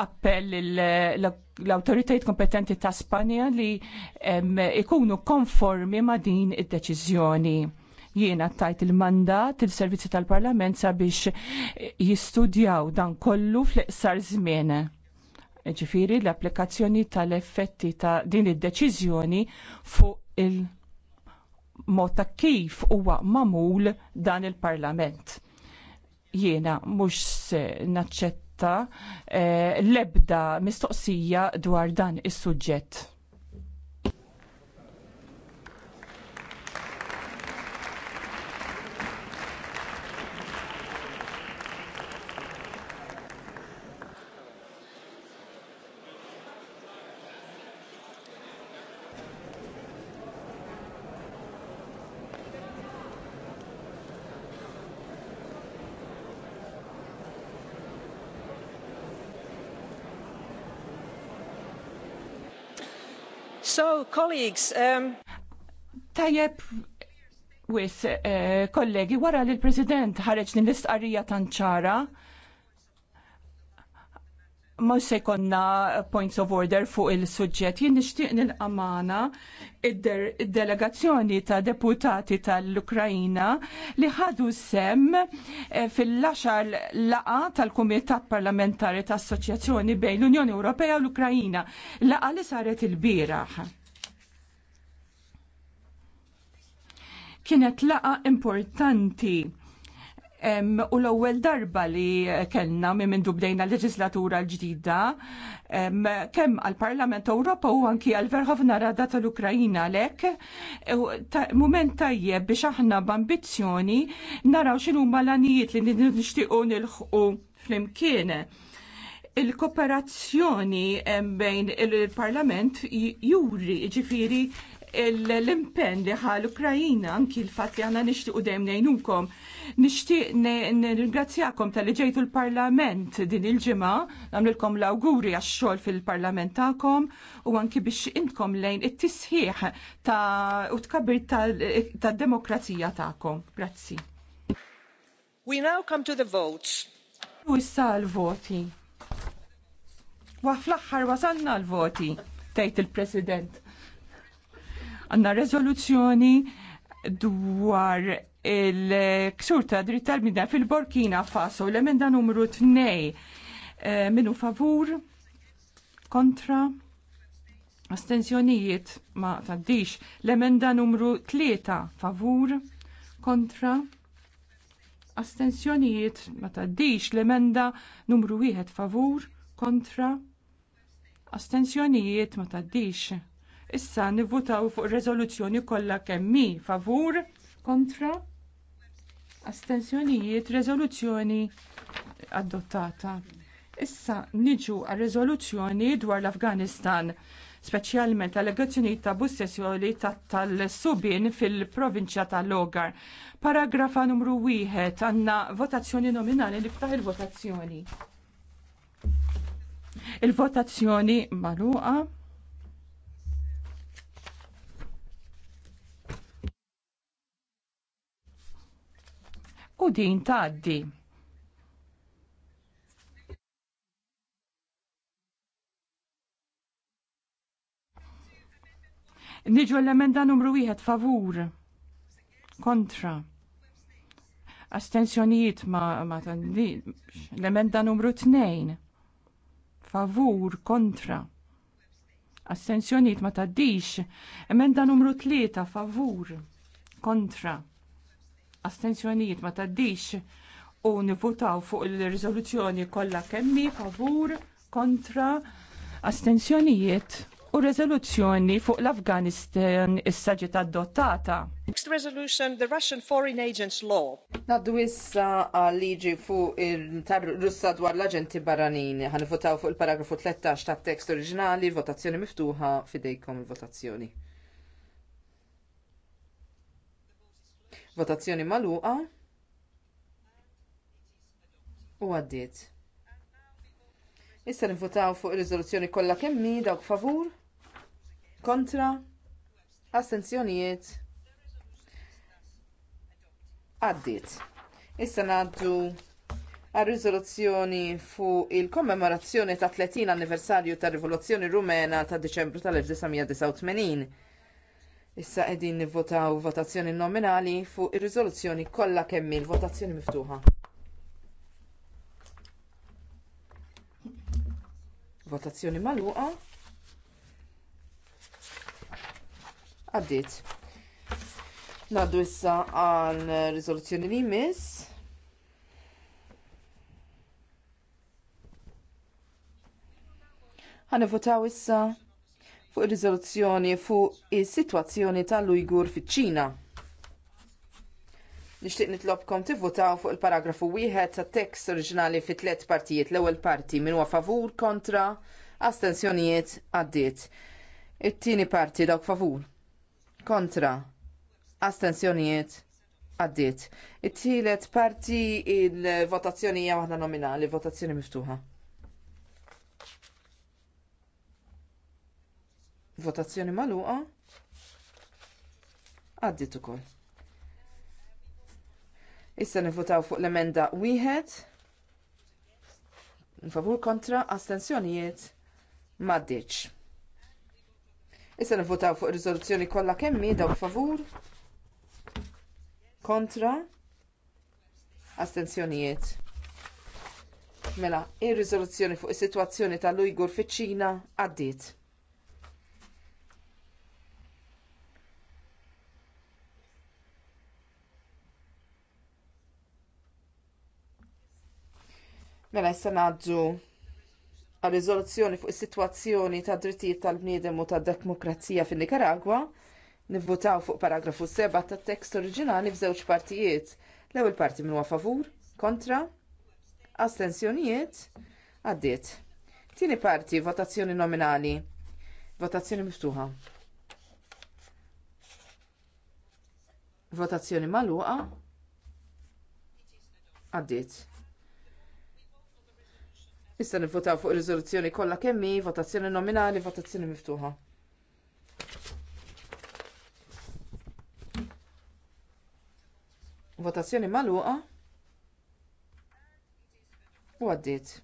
appell l-autoritajt kompetenti ta' Spanja li ikunu konformi ma' din id-deċiżjoni jiena tajt il-mandat il-servizzi tal-parlament sabiex jistudjaw dan kollu fl-iqsar żmien. Ġifiri l-applikazzjoni tal-effetti ta' din id-deċiżjoni fuq il mota kif huwa mamul dan il-parlament jiena mhux se naċċetta eh, l-ebda mistoqsija dwar dan is-suġġett. colleagues, um... Tajjeb, wis, eh, kollegi, wara li l-President ħareġ din l-istqarrija tanċara, ma se jkollna points of order fuq il-suġġett. Jien nixtieq nil-amana id-delegazzjoni ta' deputati tal-Ukrajina li ħadu sem eh, fil-laxar laqa tal-Kumitat Parlamentari tas Assoċjazzjoni bejn l-Unjoni Ewropea u l-Ukrajina. Laqa li saret il-bieraħ. Kienet laqa importanti. Um, u l-ewwel darba li kellna minn min bdejna l-leġislatura l-ġdida, um, kemm għall-Parlament Ewropa u anki għall-Verħovna Rada tal-Ukrajina lek, e, ta mument tajjeb biex aħna b'ambizzjoni naraw x'inhu malanijiet li nixtiequ nilħqu flimkien. Il-kooperazzjoni bejn il-Parlament juri ġifiri l impen li ħal Ukrajina anki l-fat li għana nishtiq u dejjem nejnukom. Nishtiq nirgrazzjakom tal-li ġejtu l-Parlament din il-ġimgħa, nagħmlilkom l-awguri għax-xogħol fil-Parlament tagħkom u anki biex intkom lejn it-tisħiħ ta' u tkabbir tad-demokrazija tagħkom. Grazzi. We now come to the votes. U issa l-voti. Wa fl-aħħar wasalna l-voti, tgħid il-President. Għanna rezoluzzjoni dwar il-ksur ta' dritt tal-bidna fil-Borkina Faso, l-emenda numru 2. E, eh, minu favur, kontra, astenzjonijiet ma taddix, l-emenda numru 3 favur, kontra, astenzjonijiet ma taddix, l-emenda numru 1 favur, kontra, astenzjonijiet ma taddix. Issa nivvutaw fuq ir kollha kemm hi favur kontra astensjonijiet riżoluzzjoni adottata. Issa niġu għal riżoluzzjoni dwar l-Afganistan, speċjalment allegazzjonijiet ta' bussessjoni tal-subin fil-provinċja tal-Logar. Paragrafa numru wieħed għandna votazzjoni nominali li ftaħ il-votazzjoni. Il-votazzjoni magħluqa. u din tgħaddi. Niġu l-emenda numru wieħed favur. Kontra. Astenzjonijiet ma, ma l-emenda numru tnejn. Favur, kontra. Astenzjonijiet ma taddix. Emenda numru tlieta favur, kontra astenzjonijiet ma taddix u nivutaw fuq il-riżoluzzjoni kollha kemmi favur kontra astenzjonijiet u rezoluzzjoni fuq l-Afganistan issa ġiet adottata. Next resolution, the Russian Foreign Agents Law. Naddu issa għal-liġi fuq il-tar Russa dwar l-agenti barranin. Għan votaw fuq il-paragrafu 13 ta' tekst oriġinali, votazzjoni miftuħa fidejkom il-votazzjoni. Votazzjoni magħluqa. U għaddiet. Issa nifutaw fuq ir-riżoluzzjoni kollha kemm hi dawk favur, kontra, astenzjonijiet. Għaddiet. Issa ngħaddu għar-riżoluzzjoni fuq il-kommemorazzjoni ta' 30 anniversarju tar rivoluzzjoni rumena ta' Diċembru tal-1989. Issa qegħdin nivvotaw votazzjoni nominali fuq ir-riżoluzzjoni kollha kemm il-votazzjoni miftuħa. Votazzjoni magħluqa. Għaddiet. Naddu issa għal riżoluzzjoni li jmiss. Ħanivvotaw issa fuq ir-riżoluzzjoni fuq is-sitwazzjoni tal-Ujgur fiċ-Ċina. Nixtieq nitlobkom tivvotaw fuq il-paragrafu wieħed tat tekst oriġinali fi tliet partijiet l-ewwel parti min huwa favur kontra astensjonijiet għaddiet. It-tieni parti dawk favur kontra astensjonijiet għaddiet. It-tielet parti il-votazzjoni hija waħda nominali, votazzjoni miftuħa. Votazzjoni magħluqa. Għaddit ukoll. Issa nivvotaw fuq l-emenda wieħed. Favur kontra astensjonijiet m'għaddiċ. Issa nivvotaw fuq ir-riżoluzzjoni kollha kemm daw favur kontra astensjonijiet. Mela, ir-riżoluzzjoni fuq is-sitwazzjoni tal-Ujgur fiċ-Ċina għaddiet. Mela jista' ngħaddu għal riżoluzzjoni fuq is-sitwazzjoni tad drittijiet tal-bniedem u tad-demokrazija fin-Nikaragwa. nivvutaw fuq paragrafu 7 tat-tekst oriġinali f'żewġ partijiet. L-ewwel parti huwa favur, kontra, astensjonijiet, għaddiet. Tieni parti votazzjoni nominali. Votazzjoni miftuħa. Votazzjoni magħluqa. Għaddiet. Issa nivvotaw fuq il riżoluzzjoni kollha kemm hi, votazzjoni nominali, votazzjoni miftuħa. Votazzjoni magħluqa u għaddiet.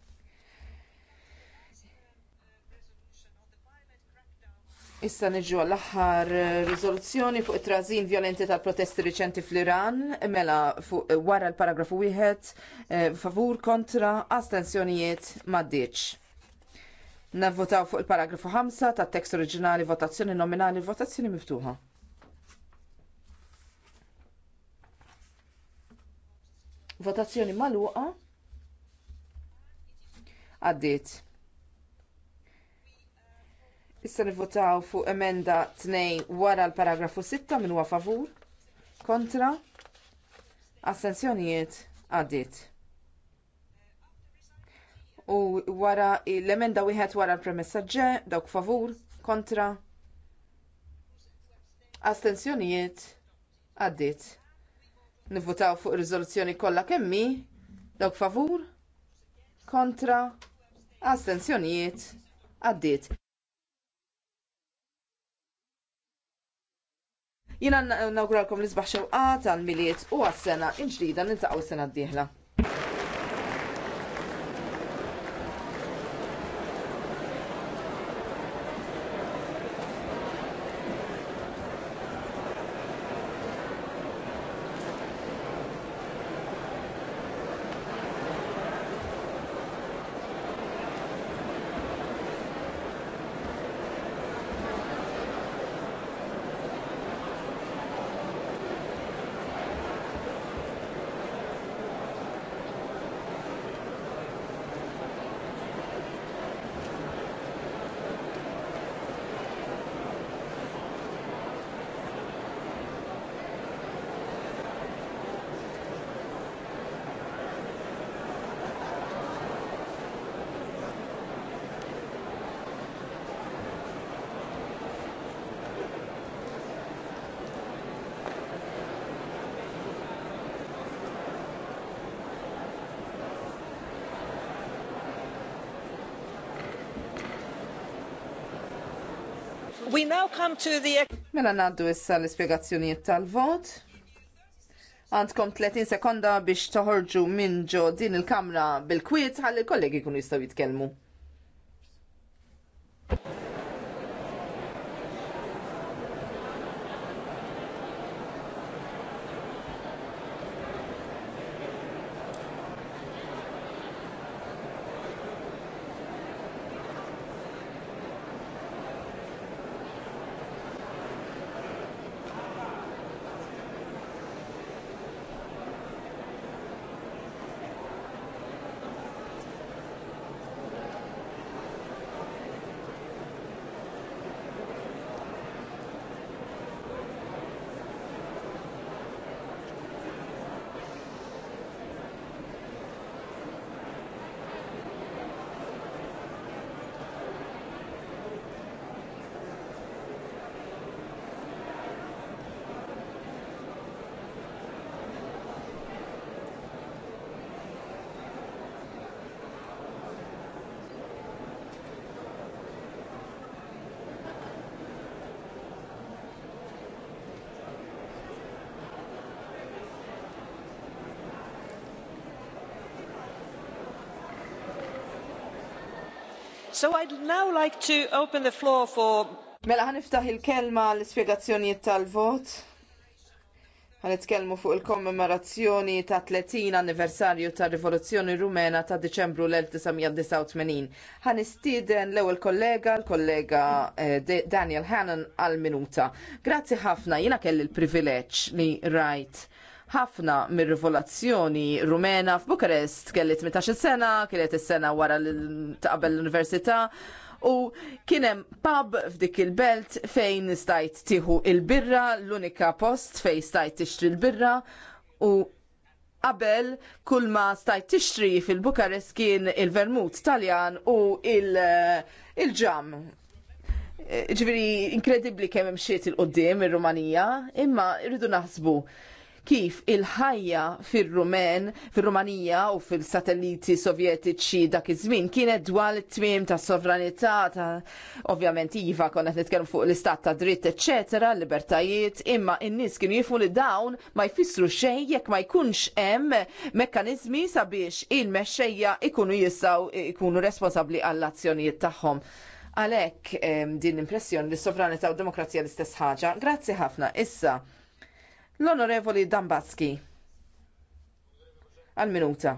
Issa niġu l-aħħar eh, riżoluzzjoni fuq it-trażin vjolenti tal-protesti riċenti fl-Iran, mela fuq eh, wara l-paragrafu wieħed, eh, favur kontra astensjonijiet maddiċ. Navvotaw fuq il-paragrafu 5 tat tekst oriġinali votazzjoni nominali votazzjoni miftuħa. Votazzjoni maluqa. Għaddiet. Issa nivvotaw fuq emenda 2 wara l-paragrafu 6 minn huwa favur. Kontra. Astenzjonijiet għaddit. U wara l-emenda wieħed wara l-premessa ġe, dawk favur, kontra. Astenzjonijiet għaddit. Nivvotaw fuq ir-riżoluzzjoni kollha kemmi, dawk favur, kontra, astenzjonijiet għaddit. Jina nawguralkom l izbaħ xewqa tal-miliet u għas-sena inġdida nintaqgħu s-sena d-dieħla. We now come to the... Mela naddu issa l ispjegazzjonijiet tal-vot. Għandkom 30 sekonda biex toħorġu minn ġo din il-kamra bil-kwiet ħalli kollegi kunu jistaw jitkellmu. So I'd now like to open the floor for Mela ħaniftaħ il-kelma l-ispjegazzjonijiet tal-vot. Ħanitkellmu fuq il-kommemorazzjoni ta' 30 anniversarju ta' Rivoluzzjoni Rumena ta' Diċembru l-1989. nistieden l-ewwel kollega, l-kollega eh, Daniel Hannan għal minuta. Grazzi ħafna, jiena kelli l-privileġġ li rajt ħafna mir-rivolazzjoni rumena f'Bukarest kelli 18 sena, kellet is-sena wara l-taqbel l-università u kienem pub f'dik il-belt fejn stajt tiħu il-birra, l-unika post fejn stajt tixtri il-birra u qabel kull ma stajt tixtri fil-Bukarest kien il-vermut taljan u il-ġam. Il Ġviri, inkredibli kemm imxiet il-qoddim ir-Rumanija, imma rridu naħsbu kif il-ħajja fir-Rumen, fir-Rumanija u fil-satelliti sovjetiċi dak iż-żmien kienet dwar it-twim ta' sovranità ta' ovvjament iva konna qed nitkellmu fuq l-istat ta' dritt eċetera, libertajiet, imma in-nies kienu jifu li dawn ma jfissru xejn jekk ma jkunx hemm mekkaniżmi sabiex il-mexxejja ikunu jistgħu ikunu responsabbli għall-azzjonijiet tagħhom għalek din l-impressjoni li s-sovranità u demokrazija l-istess ħaġa. Grazzi ħafna. Issa, L-Onorevoli Dambatski. Għal-minuta.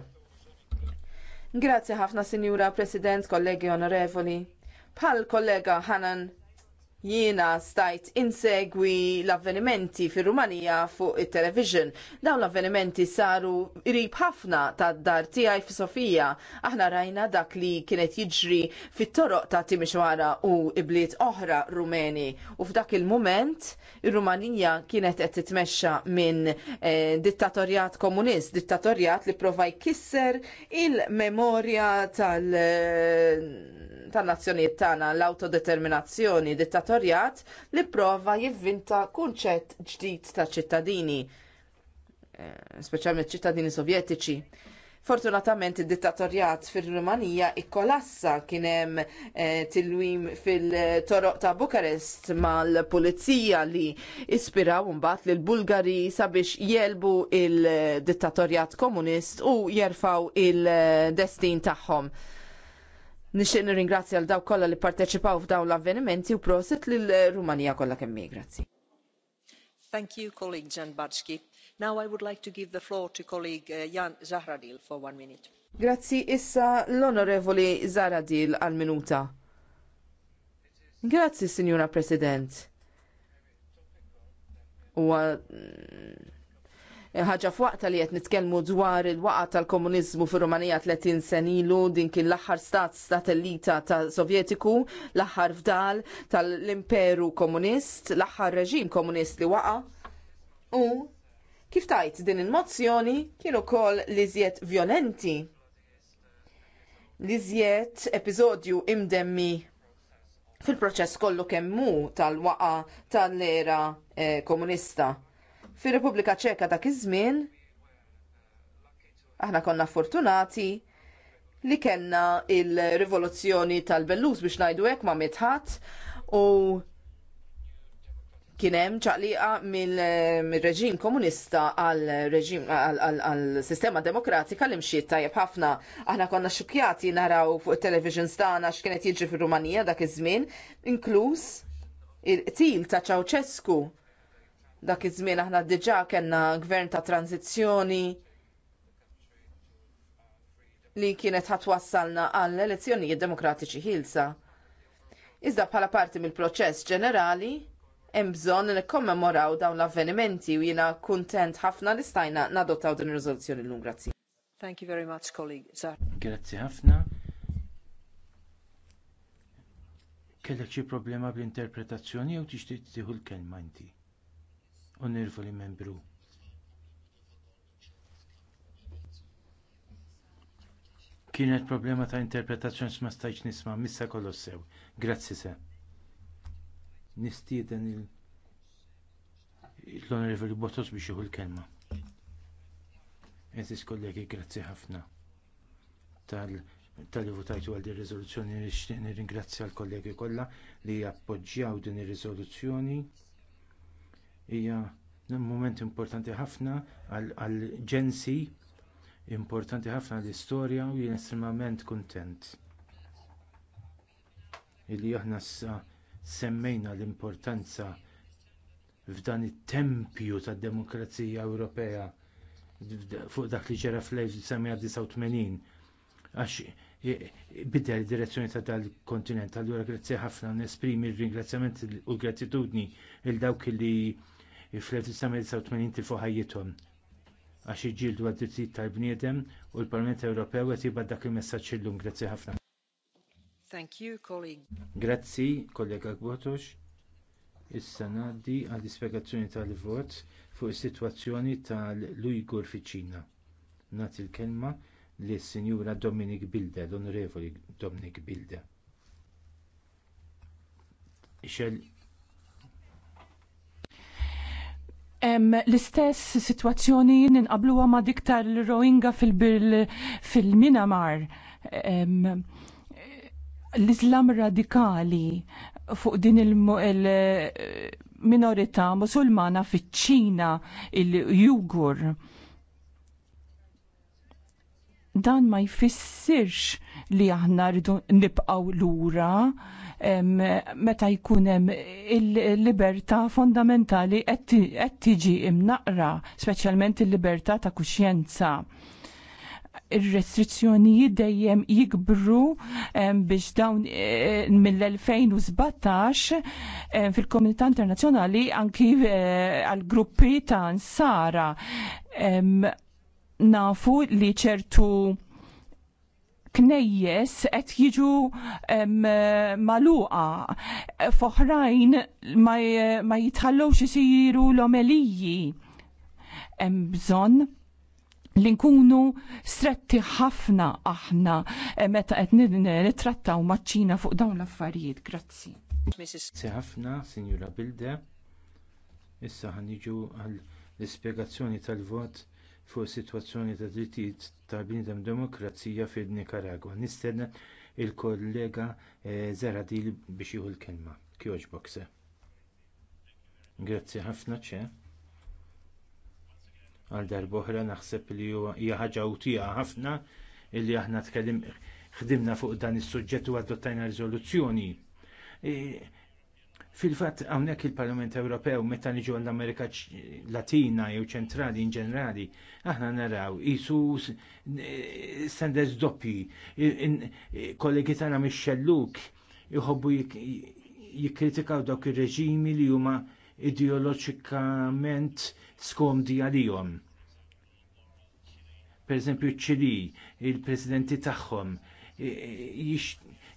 Grazzi ħafna, Sinjura President, kollegi onorevoli. Pal kollega Hanan jiena stajt insegwi l-avvenimenti fir rumanija fuq it television Dawn l-avvenimenti saru rib ħafna tad dar tijaj fi Sofija. Aħna rajna dak li kienet jiġri fit-toroq ta' Timiċwara u ibliet oħra rumeni. U f'dak il mument ir rumanija kienet qed titmexxa minn eh, dittatorjat komunist, dittatorjat li provaj jkisser il-memorja tal-nazzjonijiet tal eh, tagħna, l-autodeterminazzjoni, dittatorjat segretarjat li prova jivvinta kunċett ġdid ta' ċittadini, eh, speċjalment ċittadini sovjetiċi. Fortunatament id-dittatorjat fir-Rumanija ikkolassa kien hemm eh, tilwim fil-toroq ta' Bukarest mal-pulizija li ispiraw mbagħad lil Bulgari sabiex jelbu il-dittatorjat komunist u jerfaw il-destin tagħhom. Nixtieq nirringrazzja għal dawk kollha li parteċipaw f'dawn l-avvenimenti u prosit lill Rumanija kollha kemm grazzi. Thank you, colleague Jan Barski. Now I would like to give the floor to colleague uh, Jan Zahradil for one minute. Grazzi issa l-onorevoli Zahradil għal minuta. Grazzi, Signora President ħaġa f'waqta li qed nitkellmu dwar il-waqa tal-komuniżmu fir-Rumanija 30 sen ilu din kien l-aħħar stat satellita ta' Sovjetiku, l-aħħar fdal tal-Imperu Komunist, l-aħħar reġim komunist li waqa. U kif tajt din il-mozzjoni kienu kol li zjed violenti li zjed episodju imdemmi fil-proċess kollu kemmu tal-waqa tal-era eh, komunista fi repubblika Ċeka dak iż-żmien aħna konna fortunati li kellna il-rivoluzzjoni tal-Belluż biex ngħidu hekk ma' mitħat u kien hemm ċaqliqa mill-reġim komunista għal reġim għal sistema demokratika li mxiet tajjeb ħafna. Aħna konna xukjati naraw fuq it-television stana x'kienet jiġri fir-Rumanija dak iż-żmien, inkluż il-qtil ta' Ceausescu Dak iż-żmien aħna diġà kellna gvern ta' tranzizzjoni li kienet ħatwassalna għall elezzjonijiet demokratiċi ħilsa. Iżda bħala parti mill-proċess ġenerali, hemm bżonn nikkommemoraw dawn l-avvenimenti u jiena kuntent ħafna li stajna nadottaw din ir-riżoluzzjoni llum grazzi. Thank you very much, colleague. Grazzi ħafna. Kellek xi problema bl-interpretazzjoni jew tixtieq tieħu l-kelma inti? li membru. Kienet problema ta' interpretazzjoni ma stajtx nisma' missa kollox sew. Grazzi se. Nistieden il l-Onorevoli Bottos biex jieħu l-kelma. Eżis kollegi, grazzi ħafna tal-li votajtu għal din riżoluzzjoni nixtieq nirringrazzja l-kollegi kollha li appoġġjaw din ir-riżoluzzjoni hija moment importanti ħafna għall ġensi importanti ħafna l-istorja u jien estremament kuntent illi aħna issa semmejna l-importanza f'dan it-tempju tad-demokrazija Ewropea fuq dak li ġara fl-1989 għax bidel direzzjoni ta' dal-kontinent. Allura grazzi ħafna nesprimi r-ringrazzjament u l gratitudni il dawk li fl-1989 tilfu ħajjithom għax iġġieldu għad-drittijiet tal-bniedem u l-Parlament Ewropew qed jibgħat dak il-messaġġ illum. Grazzi ħafna. Thank you, colleague. Grazzi, kollega Gbotox. Issa ngħaddi għall-ispjegazzjoni tal-vot fuq is-sitwazzjoni tal-Ujgur fiċ-Ċina. Nagħti l-kelma lis-Sinjura Dominik Bilde, l-Onorevoli Dominik Bilde. Ixel L-istess situazzjoni ninqabluha ma' diktar l-Rohingya fil-Minamar. Fil L-Islam radikali fuq din il-minorità musulmana fiċ-Ċina, il-Jugur. il minorità musulmana fiċ ċina il jugur musulmana fiċ ċina il jugur dan ma jfissirx li aħna rridu nibqaw lura meta jkun hemm il-libertà fondamentali qed tiġi imnaqra, speċjalment il-libertà ta' kuxjenza. Ir-restrizzjonijiet dejjem jikbru biex dawn e, mill-2017 fil-komunità internazzjonali anki e, għal gruppi ta' Sara nafu li ċertu knejjes qed jiġu maluqa foħrajn ma, ma jitħallux isiru l-omeliji. Hemm bżonn li nkunu stretti ħafna aħna meta qed nittrattaw maċ-Ċina fuq dawn l-affarijiet. Grazzi. Grazzi ħafna, Sinjura Bilde. Issa ħanniġu għall ispjegazzjoni tal-vot fuq is-sitwazzjoni ta' drittijiet tal-bniedem demokrazija fin-Nikaragwa. Nistenna l kollega eh, Zaradil biex jieħu l-kelma. Kjoġbok se. Grazzi ħafna ċe. Għal darboħra naħseb li hija ħaġa utija ħafna illi aħna tkellim ħdimna fuq dan is-suġġett u adottajna riżoluzzjoni. Eh, Fil-fatt hawnhekk il-Parlament Ewropew meta niġu għall-Amerika Latina jew ċentrali in ġenerali, aħna naraw isu eh, standards doppi, kollegi tagħna mix-xelluk jħobbu jikkritikaw dawk ir-reġimi li huma ideoloġikament skomdi għalihom. Per eżempju ċili, il-presidenti tagħhom eh,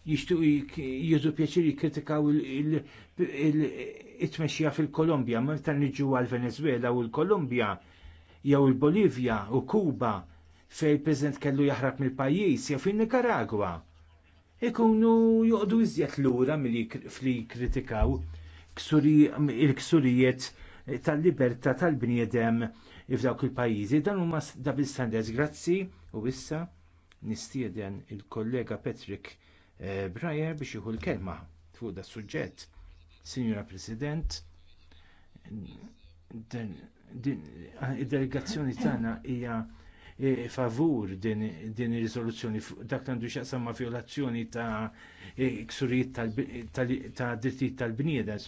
jixtuq jiżu pjaċir jikkritikaw it-tmexxija fil-Kolombja, meta niġu għal Venezuela u l-Kolombja jew il-Bolivja u Kuba fejn il-President kellu jaħrab mill-pajjiż jew fin-Nikaragwa. Ikunu joqdu iżjed lura milli fli kritikaw il-ksurijiet tal-libertà tal-bniedem f'dawk il-pajjiżi. Dan huma double standards. Grazzi u issa nistieden il-kollega Patrick eh, Breyer biex jieħu l-kelma fuq da suġġett. Signora President, id-delegazzjoni tagħna hija eh, favur din ir-riżoluzzjoni dak għandu x'jaqsam ma' violazzjoni ta' eh, ksurijiet ta' drittijiet tal-bniedem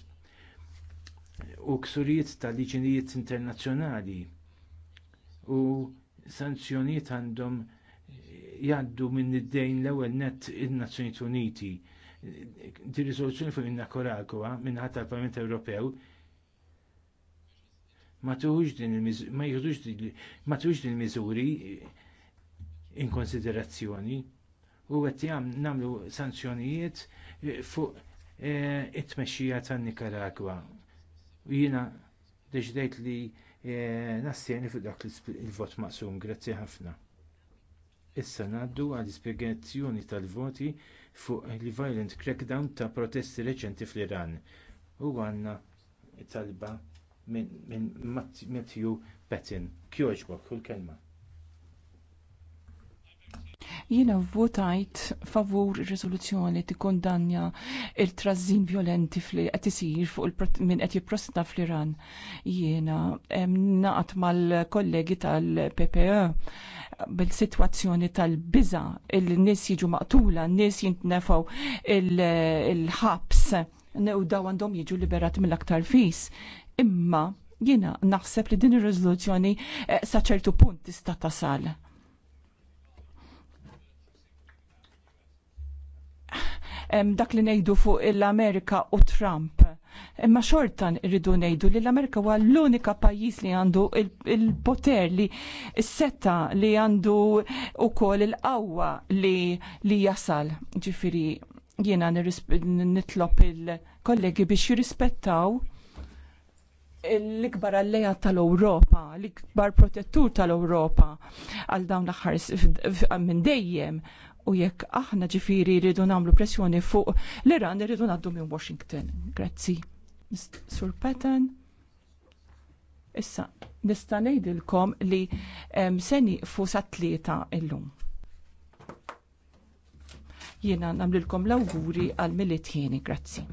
u ksurijiet ta' liġinijiet internazzjonali u sanzjonijiet għandhom jgħaddu minn id-dejn l-ewwel nett in-Nazzjonijiet Uniti di riżoluzzjoni fuq in minna ħatta tal-Parlament Ewropew ma tuħuġ din il-miżuri in konsiderazzjoni u għetti għam namlu sanzjonijiet fuq eh, it-tmexxija tan-Nikaragwa. U jina deġdejt li eh, nassjeni fuq dak il-vot maqsum, grazzi ħafna. Issa ngħaddu għall ispjegazzjoni tal-voti fuq il-violent crackdown ta' protesti reċenti fl-Iran. U għandna talba minn Matthew Petin. Kjoġbok, kull kelma. Jiena votajt favur ir-riżoluzzjoni tikkundanja il trażin violenti fli qed isir fuq minn qed jipprosta fl-Iran. Jiena naqat mal-kollegi tal-PPE bil-situazzjoni tal-biza, il-nis jiġu maqtula, n nis jintnefaw il-ħabs, u daw għandhom jiġu liberati mill-aktar fis. Imma jina naħseb li din ir-riżoluzzjoni eh, saċertu punt tista' tasal. Dak li ngħidu fuq l-Amerika u Trump Imma xortan irridu ngħidu li l-Amerika huwa l-unika pajjiż li għandu il-poter li s-setta li għandu kol il-qawwa li, li jasal. ġifiri jiena nitlob il-kollegi biex jirrispettaw l-ikbar alleja tal-Ewropa, l-ikbar protettur tal-Ewropa għal dawn l-aħħar minn dejjem U jekk aħna ġifiri rridu namlu pressjoni fuq l-Iran rridu naddu minn Washington. Grazzi. Sur Patton. Issa, nista' ngħidilkom li seni fu satlieta illum. Jiena nagħmlilkom l-awguri għal militjeni, grazzi.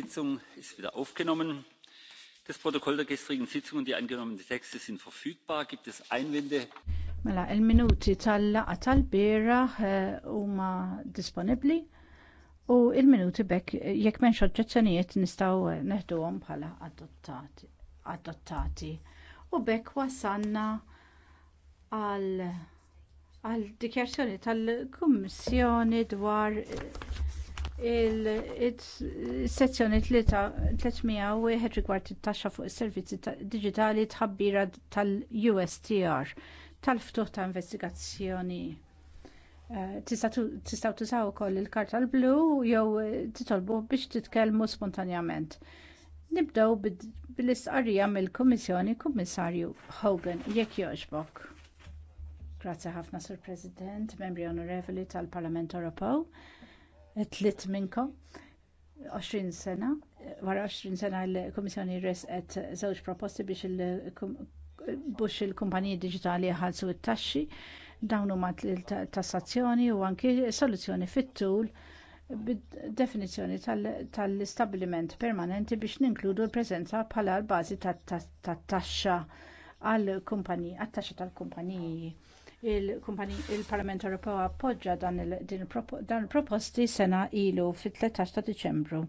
sitzung ist wieder aufgenommen. das protokoll der gestrigen sitzung und die angenommenen texte sind verfügbar. gibt es einwände? mela il-minuti tal-laqgħa tal-bieraħ eh, huma disponibbli u il-minuti bekk jekk m'hemmx oġġezzjonijiet nistgħu eh, neħduhom bħala adottati. adottati. U bekk wasanna għal għal dikjarsjoni tal-Kummissjoni dwar eh, il-sezzjoni 301 rigward it-taxxa fuq is-servizzi diġitali tħabbira tal-USTR tal-ftuħ ta' investigazzjoni. Eh, Tistgħu tużaw ukoll il-karta l-blu jew eh, titolbu biex titkellmu spontanjament. Nibdew bil-istqarrija mill-Kummissjoni Kummissarju Hogan jekk jogħġbok. Grazzi ħafna Sur President, membri onorevoli tal-Parlament Ewropew tlitt minnkom 20 sena wara 20 sena l-Kummissjoni resqet żewġ proposti biex il-kumpaniji diġitali ħalsu it-taxxi dawn huma tassazzjoni u anki soluzzjoni fit-tul bid-definizzjoni tal establiment permanenti biex ninkludu l-preżenza bħala l-bażi tat-taxxa għal kumpaniji għat-taxxa tal-kumpaniji. Il-Parlament Ewropew appoġġa dan il-proposti sena ilu fit-13 ta' Diċembru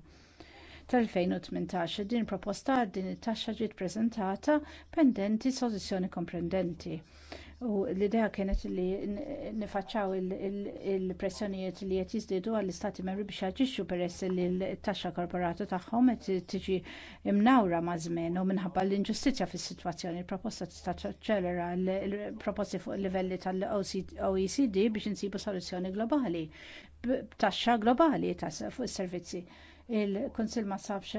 tal-2018 din proposta din it-taxxa ġiet ppreżentata pendenti soluzzjoni komprendenti U l-idea kienet li nifacċaw il-pressjonijiet li qed jiżdiedu għall-istati membri biex jaġixxu peress li l-taxxa korporata tagħhom qed tiġi imnawra ma' żmien u minħabba l-inġustizzja fis-sitwazzjoni. Il-proposta tista' taċċelera l-proposti fuq livelli tal-OECD biex insibu soluzzjoni globali b'taxxa globali fuq is-servizzi. Il-Kunsil ma sabx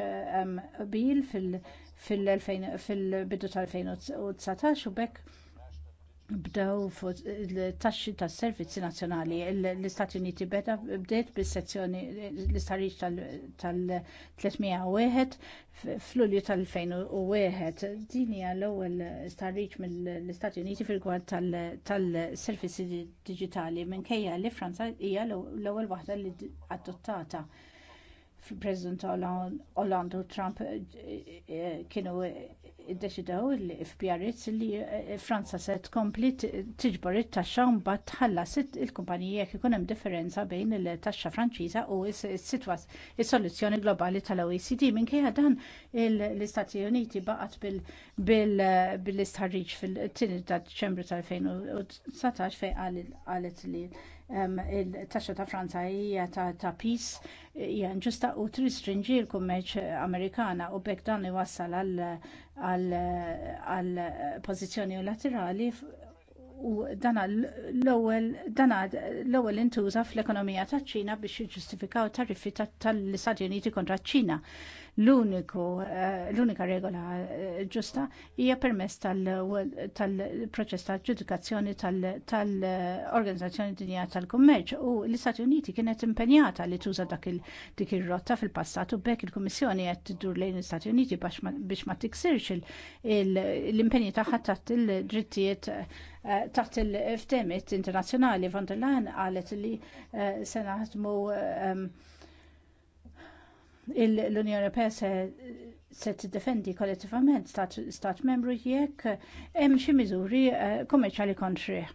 bil fil-bidu tal-2019 u bekk bdew fuq il-taxxi tas servizzi nazzjonali. L-Istati Uniti beda bdiet bis-sezzjoni l istarriġ tal-301 fl-Ulju tal-2001. Din hija l-ewwel istariġ mill-Istati Uniti fil gward tal-servizzi diġitali minkejja li Franza hija l-ewwel waħda li adottata fil-President Hollande u Trump eh, eh, kienu id-deċidaw il-FPRs li eh, Franza se tkompli tiġbor it-taxxa mbagħad tħallas il-kumpaniji jekk ikun hemm differenza bejn il-taxxa Franċiża u s-sitwas is-soluzzjoni globali tal-OECD minkejja dan l-Istati Uniti baqgħet bil-istħarriġ fil-tieni ta' Ċembru tal-2019 fejn qalet li il-taxxa ta' Franza hija ta' pis hija inġusta u tristringi l-kummerċ Amerikana u bekk dan iwassal għal pożizzjoni laterali u dana l-ewwel intuża fl-ekonomija taċ-Ċina biex jiġġustifikaw tariffi tal-Istati Uniti kontra ċ-Ċina l eh, l-unika regola eh, ġusta hija permess tal-proċess tal ġudikazzjoni tal-Organizzazzjoni Dinja tal-Kummerċ u l-Istati Uniti kienet impenjata li tuża dak dik ir-rotta fil-passat u bekk il-Kummissjoni qed tidur lejn l-Istati Uniti biex ma tiksirx l-impenji tagħha taħt il-drittijiet eh, taħt il-ftemet internazzjonali von der qalet li se naħdmu l-Unjoni Ewropea se se tiddefendi kollettivament stat, stat membru jekk hemm xi miżuri eh, kummerċjali kontrih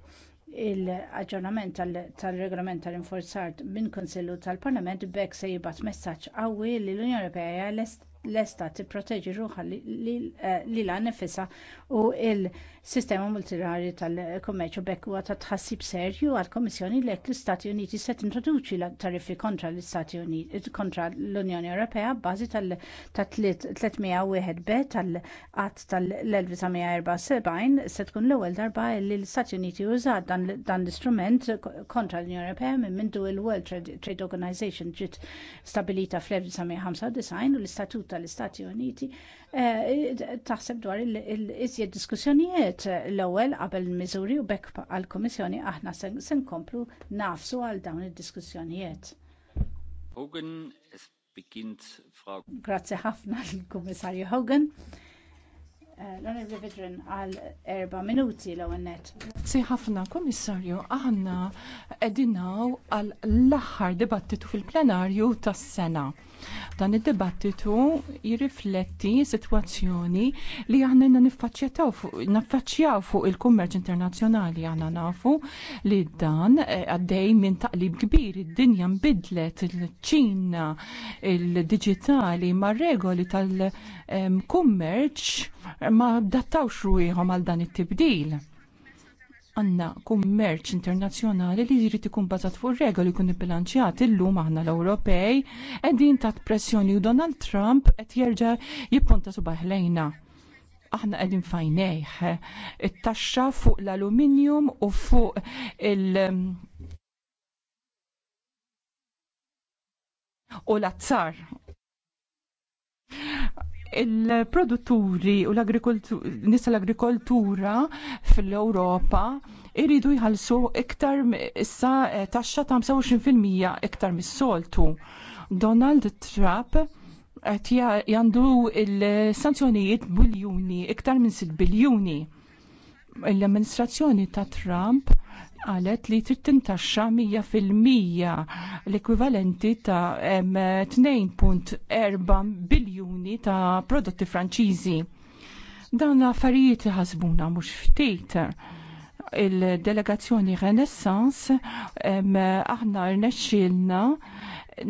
il-aġġornament tal-regolament tal-inforzar minn Kunsillu tal-Parlament b'hekk se jibgħat messaġġ qawwi li l-Unjoni Ewropea hija lest t-proteġi ruħa li eh, la nefisa u l-sistema multilaterali tal-kummerċu bekku għata ta' tħassib serju għall komissjoni li l-Istati Uniti se tintroduċi tariffi kontra l-Istati Uniti kontra l-Unjoni Ewropea bbażi tal-301 bet tal-qatt tal-1974 se tkun l-ewwel darba li l stati Uniti użat dan l-istrument kontra l-Unjoni Ewropea minn du l-World Trade Organization ġiet stabilita fl-1995 u l-Istatut tal-Istati Uniti eh, taħseb dwar il-iżjed diskussjonijiet l-ewwel qabel Mizuri u bekk għall-Kummissjoni aħna se nkomplu nafsu għal dawn id-diskussjonijiet. Hogan bikint fra. Grazie ħafna l-Kummissarju Hogan. Eh, L-Onorevoli Vidrin għal erba minuti l għannet. Grazie ħafna, komissarju, għanna edinaw għal l-axħar dibattitu fil-plenarju tas-sena. Dan id-dibattitu jirrifletti situazzjoni li aħna niffaċċjaw fuq il-kummerċ internazzjonali aħna nafu li dan eh, għaddej minn taqlib kbir id-dinja mbidlet il-ċina il-digitali ma' regoli tal-kummerċ ehm, ma' dattawx ruħiħom għal dan it-tibdil għanna kummerċ internazzjonali li jrid ikun bażat fuq regoli kun ibbilanċjat illum aħna l-Ewropej qegħdin tat pressjoni u Donald Trump qed jerġa' jipponta subaħ lejna. Aħna qegħdin fajnejh eh, it-taxxa fuq l-aluminium u fuq il- u l-azzar il-produtturi u nisa l-agrikoltura fil-Europa iridu jħalsu iktar issa eh, taxxa ta' 25% iktar mis-soltu. Donald Trump qed jandu il-sanzjonijiet biljuni, iktar minn 6 biljuni. L-amministrazzjoni ta' Trump qalet li trid tintaxxa mija fil-mija l-ekwivalenti ta' 2.4 biljuni ta' prodotti Franċiżi. Dan affarijiet ħasbuna mhux ftit il-delegazzjoni Renaissance aħna rnexxilna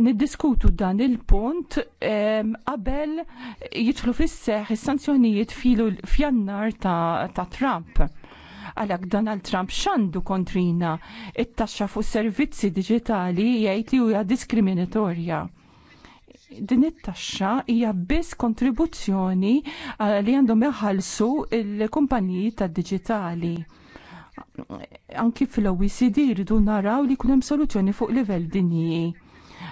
niddiskutu dan il-punt qabel jidħlu fis-seħ is-sanzjonijiet filu fjannar ta', ta Trump Għalhekk Donald Trump x'għandu kontrina it-taxxa fuq servizzi diġitali jgħid li huja diskriminatorja din it-taxxa hija biss kontribuzzjoni eh, li għandhom jaħallsu il kumpaniji tad-diġitali. Anki fil-OECD rridu naraw li jkun hemm soluzzjoni fuq livell dinji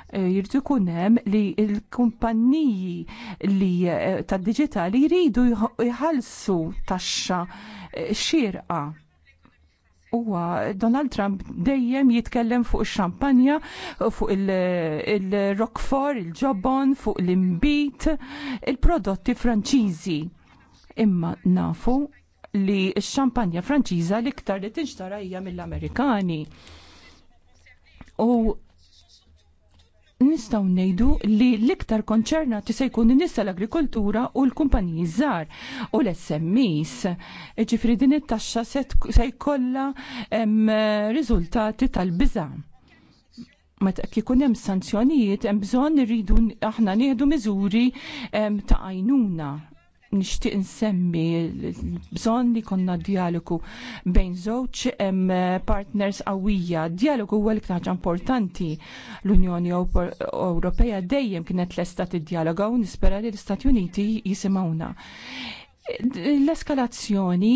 Eh, Jirdu jkun hemm li l-kumpanniji li eh, tad-diġitali jridu jħallsu taxxa eh, xirqa. Uwa, Donald Trump dejjem jitkellem fuq il-xampanja, fuq il-Rockford, il il-ġobon, fuq il rockford il il il-prodotti franċiżi. Imma nafu li x-xampanja franċiża l-iktar li tinxtara hija mill-Amerikani. U nistaw nejdu li l-iktar konċerna tisa jkun nissa l-agrikoltura u l-kumpaniji żgħar u l-SMEs. Ġifri din it-taxxa se jkollha riżultati tal-biża. Meta kikun hemm sanzjonijiet hemm bżonn irridu aħna nieħdu miżuri ta' għajnuna nixtieq insemmi l-bżonn li konna dialogu bejn żewġ partners qawwija. Dialogu huwa l-iktar importanti l-Unjoni Ewropea dejjem kienet lesta dialogu u nispera li l-Istati Uniti jisimawna. L-eskalazzjoni,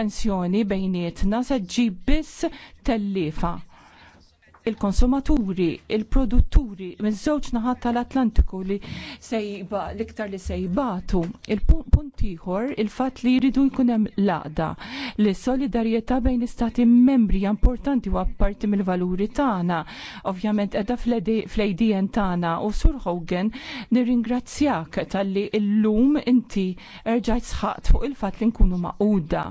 tensjoni bejnietna se ġib biss tellifa il-konsumaturi, il-produtturi miż-żewġ naħat tal-Atlantiku li sejba l-iktar li sejbatu. Il-punt ieħor il-fatt li jridu jkun hemm laqda li solidarjetà bejn l-istati membri importanti u apparti mill-valuri tagħna. Ovvjament qiegħda fl-ejdien tagħna u Sur Hogan nirringrazzjak talli llum inti erġajt sħaqt fuq il-fatt li nkunu maquda.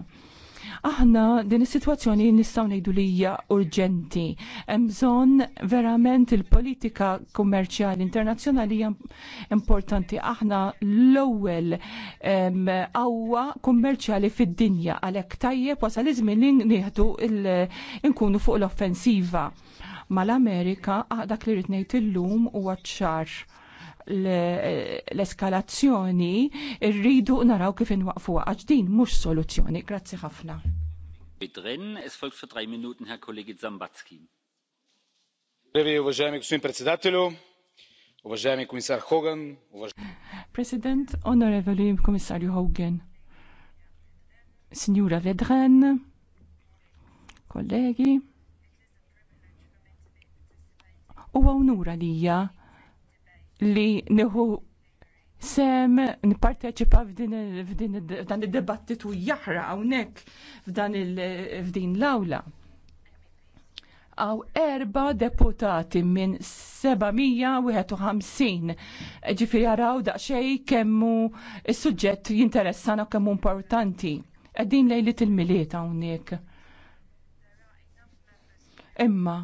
Aħna din is-sitwazzjoni nistgħu ngħidu li hija urġenti. Hemm bżonn verament il-politika kummerċjali internazzjonali hija importanti. Aħna l-ewwel qawwa kummerċjali fid-dinja għalhekk tajjeb wasal iż-żmien li nieħdu nkunu fuq l-offensiva. Mal-Amerika dak li rrid ngħid illum huwa ċar l-eskalazzjoni, rridu naraw kif inwaqfu għax din mhux soluzzjoni. Grazzi ħafna. Es folgt für drei Minuten Herr Kollege Zambatski. Brevi, Уважаеми господин председателю, уважаеми комисар Хоган, President, Honorable Комисарю Hogan, Signora Vedren, kollegi, u għawnura lija li nieħu sem nipparteċipa f'dan id-debattitu jahra hawnhekk f'dan f'din l-awla. Għaw erba deputati minn 751 ġifiri għaraw daqxej kemmu il sujġet jinteressana kemmu importanti. Għaddin lejlit il-miliet għawnek. Imma,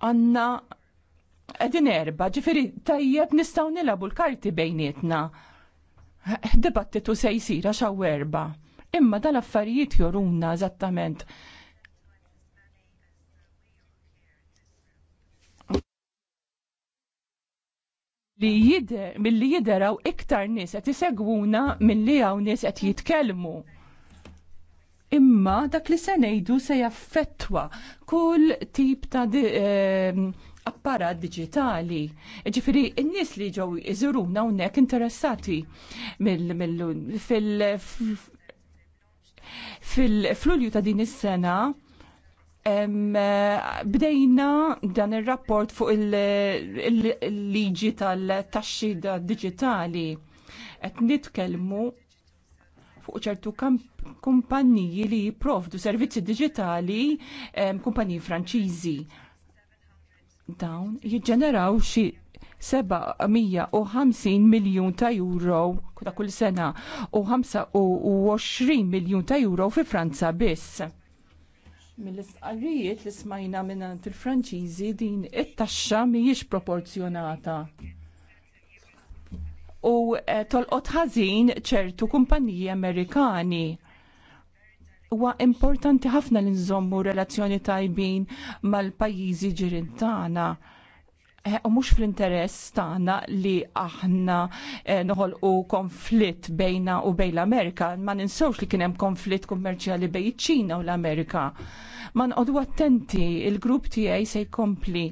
għanna Edin erba, ġifiri tajjeb nistaw nilabu l-karti bejnietna. Dibattitu se jisira xaw erba. Imma dal-affarijiet joruna eżattament. li jider, mill-li jideraw iktar nis qed isegwuna mill-li hawn nies qed jitkellmu. Imma dak li se ngħidu se jaffettwa kull tip ta' di, eh, apparat digitali. Ġifiri, n-nis li ġew iżuruna hawnhekk interessati fil-flulju ta' din is-sena bdejna dan ir-rapport fuq il-liġi tal-taxxi digitali. Qed nitkellmu fuq ċertu kumpanniji li jipprovdu servizzi digitali kumpanniji Franċiżi dawn jiġġeneraw xi 750 miljun ta' euro ta' kull sena u 25 miljun ta' euro fi Franza biss. Mill-istqarrijiet li smajna minnant il-Franċiżi din it-taxxa mhijiex proporzjonata. U eh, tolqot ħażin ċertu kumpaniji Amerikani huwa importanti ħafna li nżommu relazzjoni tajbin mal-pajjiżi ġirin tagħna. Eh, u mhux fl-interess tagħna li aħna eh, noħolqu konflitt bejna u bejn l-Amerika, ma ninsewx li kien hemm konflitt kummerċjali bejn iċ-Ċina u l-Amerika. Ma nqogħdu attenti, il-grupp tiegħi se jkompli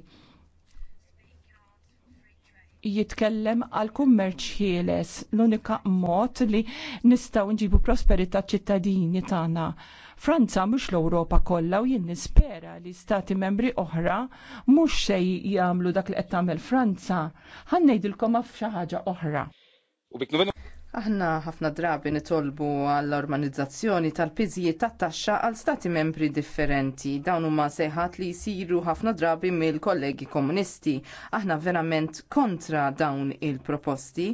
jitkellem għal kummerċ ħieles l-unika mod li nistaw nġibu prosperità ċittadini tagħna. Franza mhux l-Ewropa kollha u jien nispera li stati membri oħra mhux se jagħmlu dak li qed tagħmel Franza. Ħannejdilkom għaf xaħġa ħaġa oħra. Aħna ħafna drabi nitolbu għall-organizzazzjoni tal-piżijiet tat-taxxa għal stati membri differenti. Dawn huma seħat li jsiru ħafna drabi mill-kollegi komunisti. Aħna verament kontra dawn il-proposti.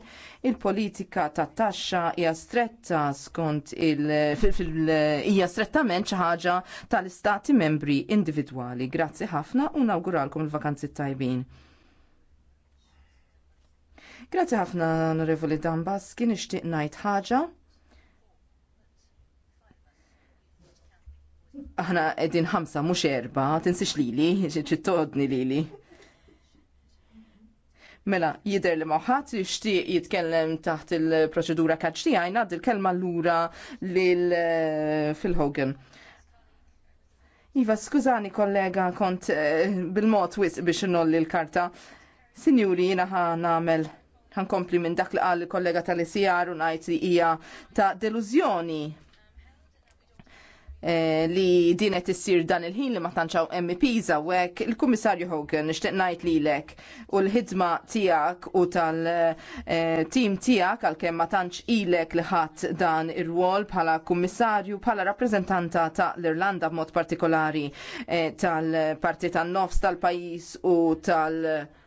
Il-politika tat-taxxa hija stretta skont il- hija strettament xi ħaġa tal-istati membri individwali. Grazzi ħafna u nawguralkom il-vakanzi tajbin. Grazzi ħafna Onorevoli Dambas, kien ixtieq ngħid ħaġa. Aħna qegħdin ħamsa mhux erba, tinsix lili, ċittodni lili. Mela, jider li maħat jishtiq jitkellem taħt il-proċedura kaċti għajna il-kelma l-ura fil-Hogan. Eh, iva, skużani kollega, kont eh, bil-mot wisq biex nolli l-karta. Sinjuri, jina ħa namel ħankompli minn dak li qal il-kollega tal-ICR e u ngħid li hija ta' deluzjoni eh, li din qed issir dan il-ħin li ma tantxaw MPs hawnhekk il-Kummissarju Hogan nixtieq ngħid lilek u l-ħidma tiegħek u tal-tim tiegħek għalkemm ma tantx ilek li ħadd dan ir-rwol bħala kummissarju bħala rappreżentanta ta' l-Irlanda b'mod partikolari eh, tal-Parti tan-Nofs tal-pajjiż u tal-, -parti tal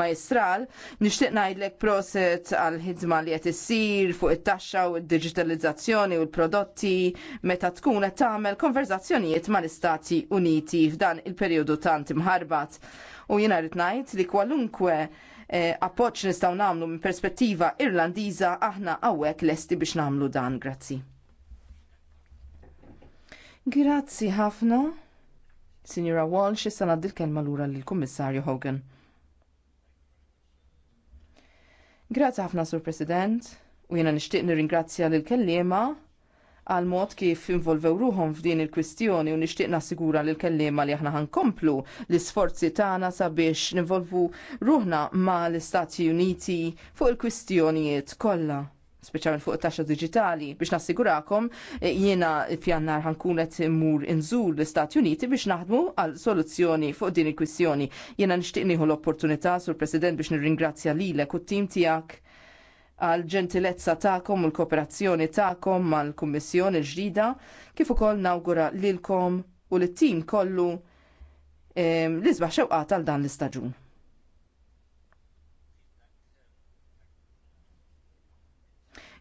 Maestral, nixtieq ngħidlek proset għal ħidma li qed issir fuq it-taxxa u d digitalizzazzjoni u l-prodotti meta tkun qed tagħmel konverzazzjonijiet mal-Istati Uniti f'dan il-perjodu tant imħarbat. U jiena rrid ngħid li kwalunkwe eh, appoġġ nistgħu nagħmlu minn perspettiva Irlandiża aħna hawnhekk lesti biex nagħmlu dan. Grazzi. Grazzi ħafna. Signora Walsh, issa naddi l-kelma lura lill-Kummissarju Hogan. Grazzi ħafna, Sur President, u jena nishtiq nirringrazzja lil kellima għal mod kif involvew ruhom f'din il-kwistjoni u nixtieq nassigura lil kellima li aħna ħankomplu l-isforzi tagħna sabiex nivolvu ruħna ma l-Istati Uniti fuq il-kwistjonijiet kollha speċjalment fuq it-taxxa diġitali biex nassigurakom eh, jiena fjannar ħankun qed immur inżur l-Istati Uniti biex naħdmu għal soluzzjoni fuq din il-kwistjoni. Jiena nixtieq nieħu l-opportunità sur President biex nirringrazzja lilek u t-tim tiegħek għal ġentilezza tagħkom u l-kooperazzjoni tagħkom mal-Kummissjoni l-ġdida kif ukoll nawgura lilkom u lit tim kollu eh, l-isbaħ xewqa tal dan l-istaġun.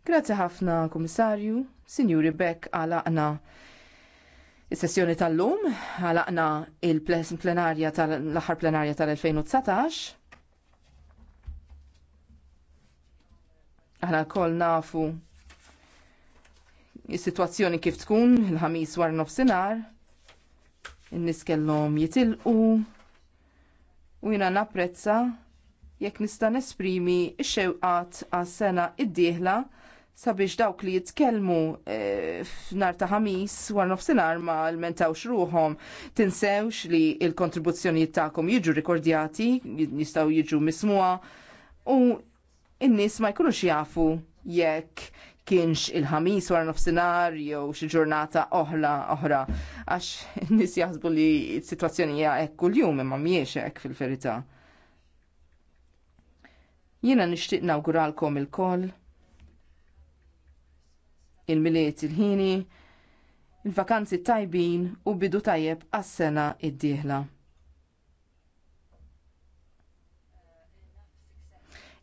Grazzi ħafna, komissarju, Sinjuri Beck għalaqna il sessjoni tal-lum, għalaqna il-plenarja tal-aħħar plenarja tal-2019. Aħna kol nafu is-sitwazzjoni kif tkun il-ħamis war nofsinhar, in-nies kellhom jitilqu u jiena napprezza jekk nista' nesprimi x-xewqat għas-sena id-dieħla sabiex dawk li jitkellmu eh, f'nar ta' ħamis war nofsinhar ma lmentawx ruhom. Tinsewx li l-kontribuzzjonijiet tagħkom jiġu rikordjati, jistgħu jiġu mismuha u n-nies ma jkunux jafu jekk kienx il-ħamis wara nofsinhar jew xi ġurnata oħla oħra għax n-nies jaħsbu li s-sitwazzjoni hija hekk kuljum imma mhijiex hekk fil-verità. Jiena nixtieq nawguralkom il-koll il-miliet il-ħini, il-vakanzi tajbin u bidu tajjeb għas-sena id-dieħla.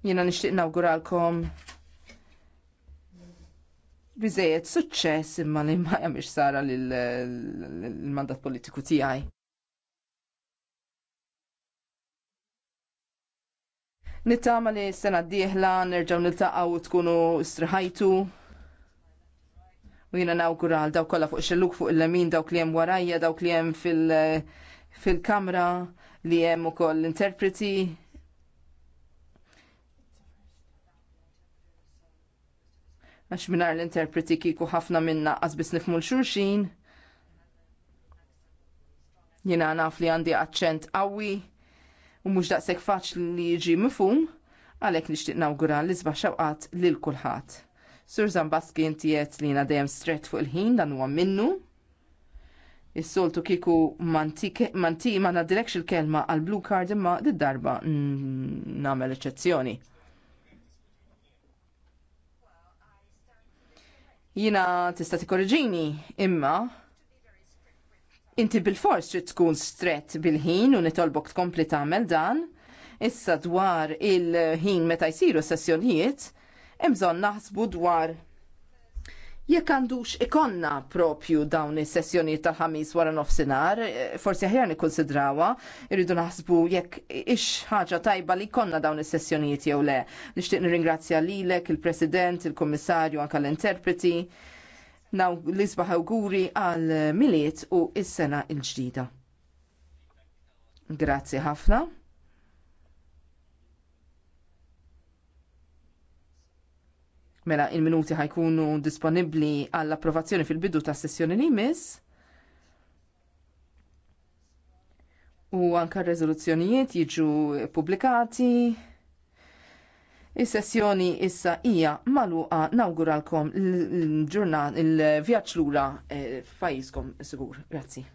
Jiena nixtieq nawguralkom biżejjed suċċess imma li ma jamiex sara l-mandat politiku tiegħi. Nittama li s-sena d-dieħla nerġaw niltaqgħu u tkunu istriħajtu u jiena nawgural daw kollha fuq xelluk fuq il-lemin dawk li hemm warajja daw li hemm fil-kamra fil li hemm ukoll interpreti għax minar l-interpreti kiku ħafna minna għazbis nifmu l-xurxin. jina naf li għandi għadċent għawi u mux daqsek faċ li jiġi mifum, għalek nishtiq li l li lil kulħat. Sur Zambaski inti jett li jiena dejjem stret fuq il-ħin dan huwa minnu. Is-soltu kieku manti ma nadilekx il-kelma għal blue card imma darba nagħmel eċċezzjoni. Jiena tista' tikkorriġini imma inti bil-fors trid tkun stret bil-ħin u nitolbok tkompli tagħmel dan. Issa dwar il-ħin meta jsiru sessjonijiet, imżon naħsbu dwar jekk għandux ikonna propju dawn is-sessjoni tal-ħamis wara nofsinhar, forsi aħjar nikkonsidrawha, irridu naħsbu jekk ix ħaġa tajba li konna dawn is-sessjonijiet jew le. Nixtieq nirringrazzja lilek, il-President, il-Kummissarju anke l-interpreti. Naw l-isbaħ awguri għal miliet u is-sena l ġdida Grazzi ħafna. Mela il-minuti ħajkunu disponibbli għall-approvazzjoni fil-bidu ta' sessjoni li jmiss. U anka r jiġu pubblikati. Is-sessjoni issa hija magħluqa nawguralkom l ġurnal il-vjaġġ lura eh, f'pajjiżkom sigur. Grazzi.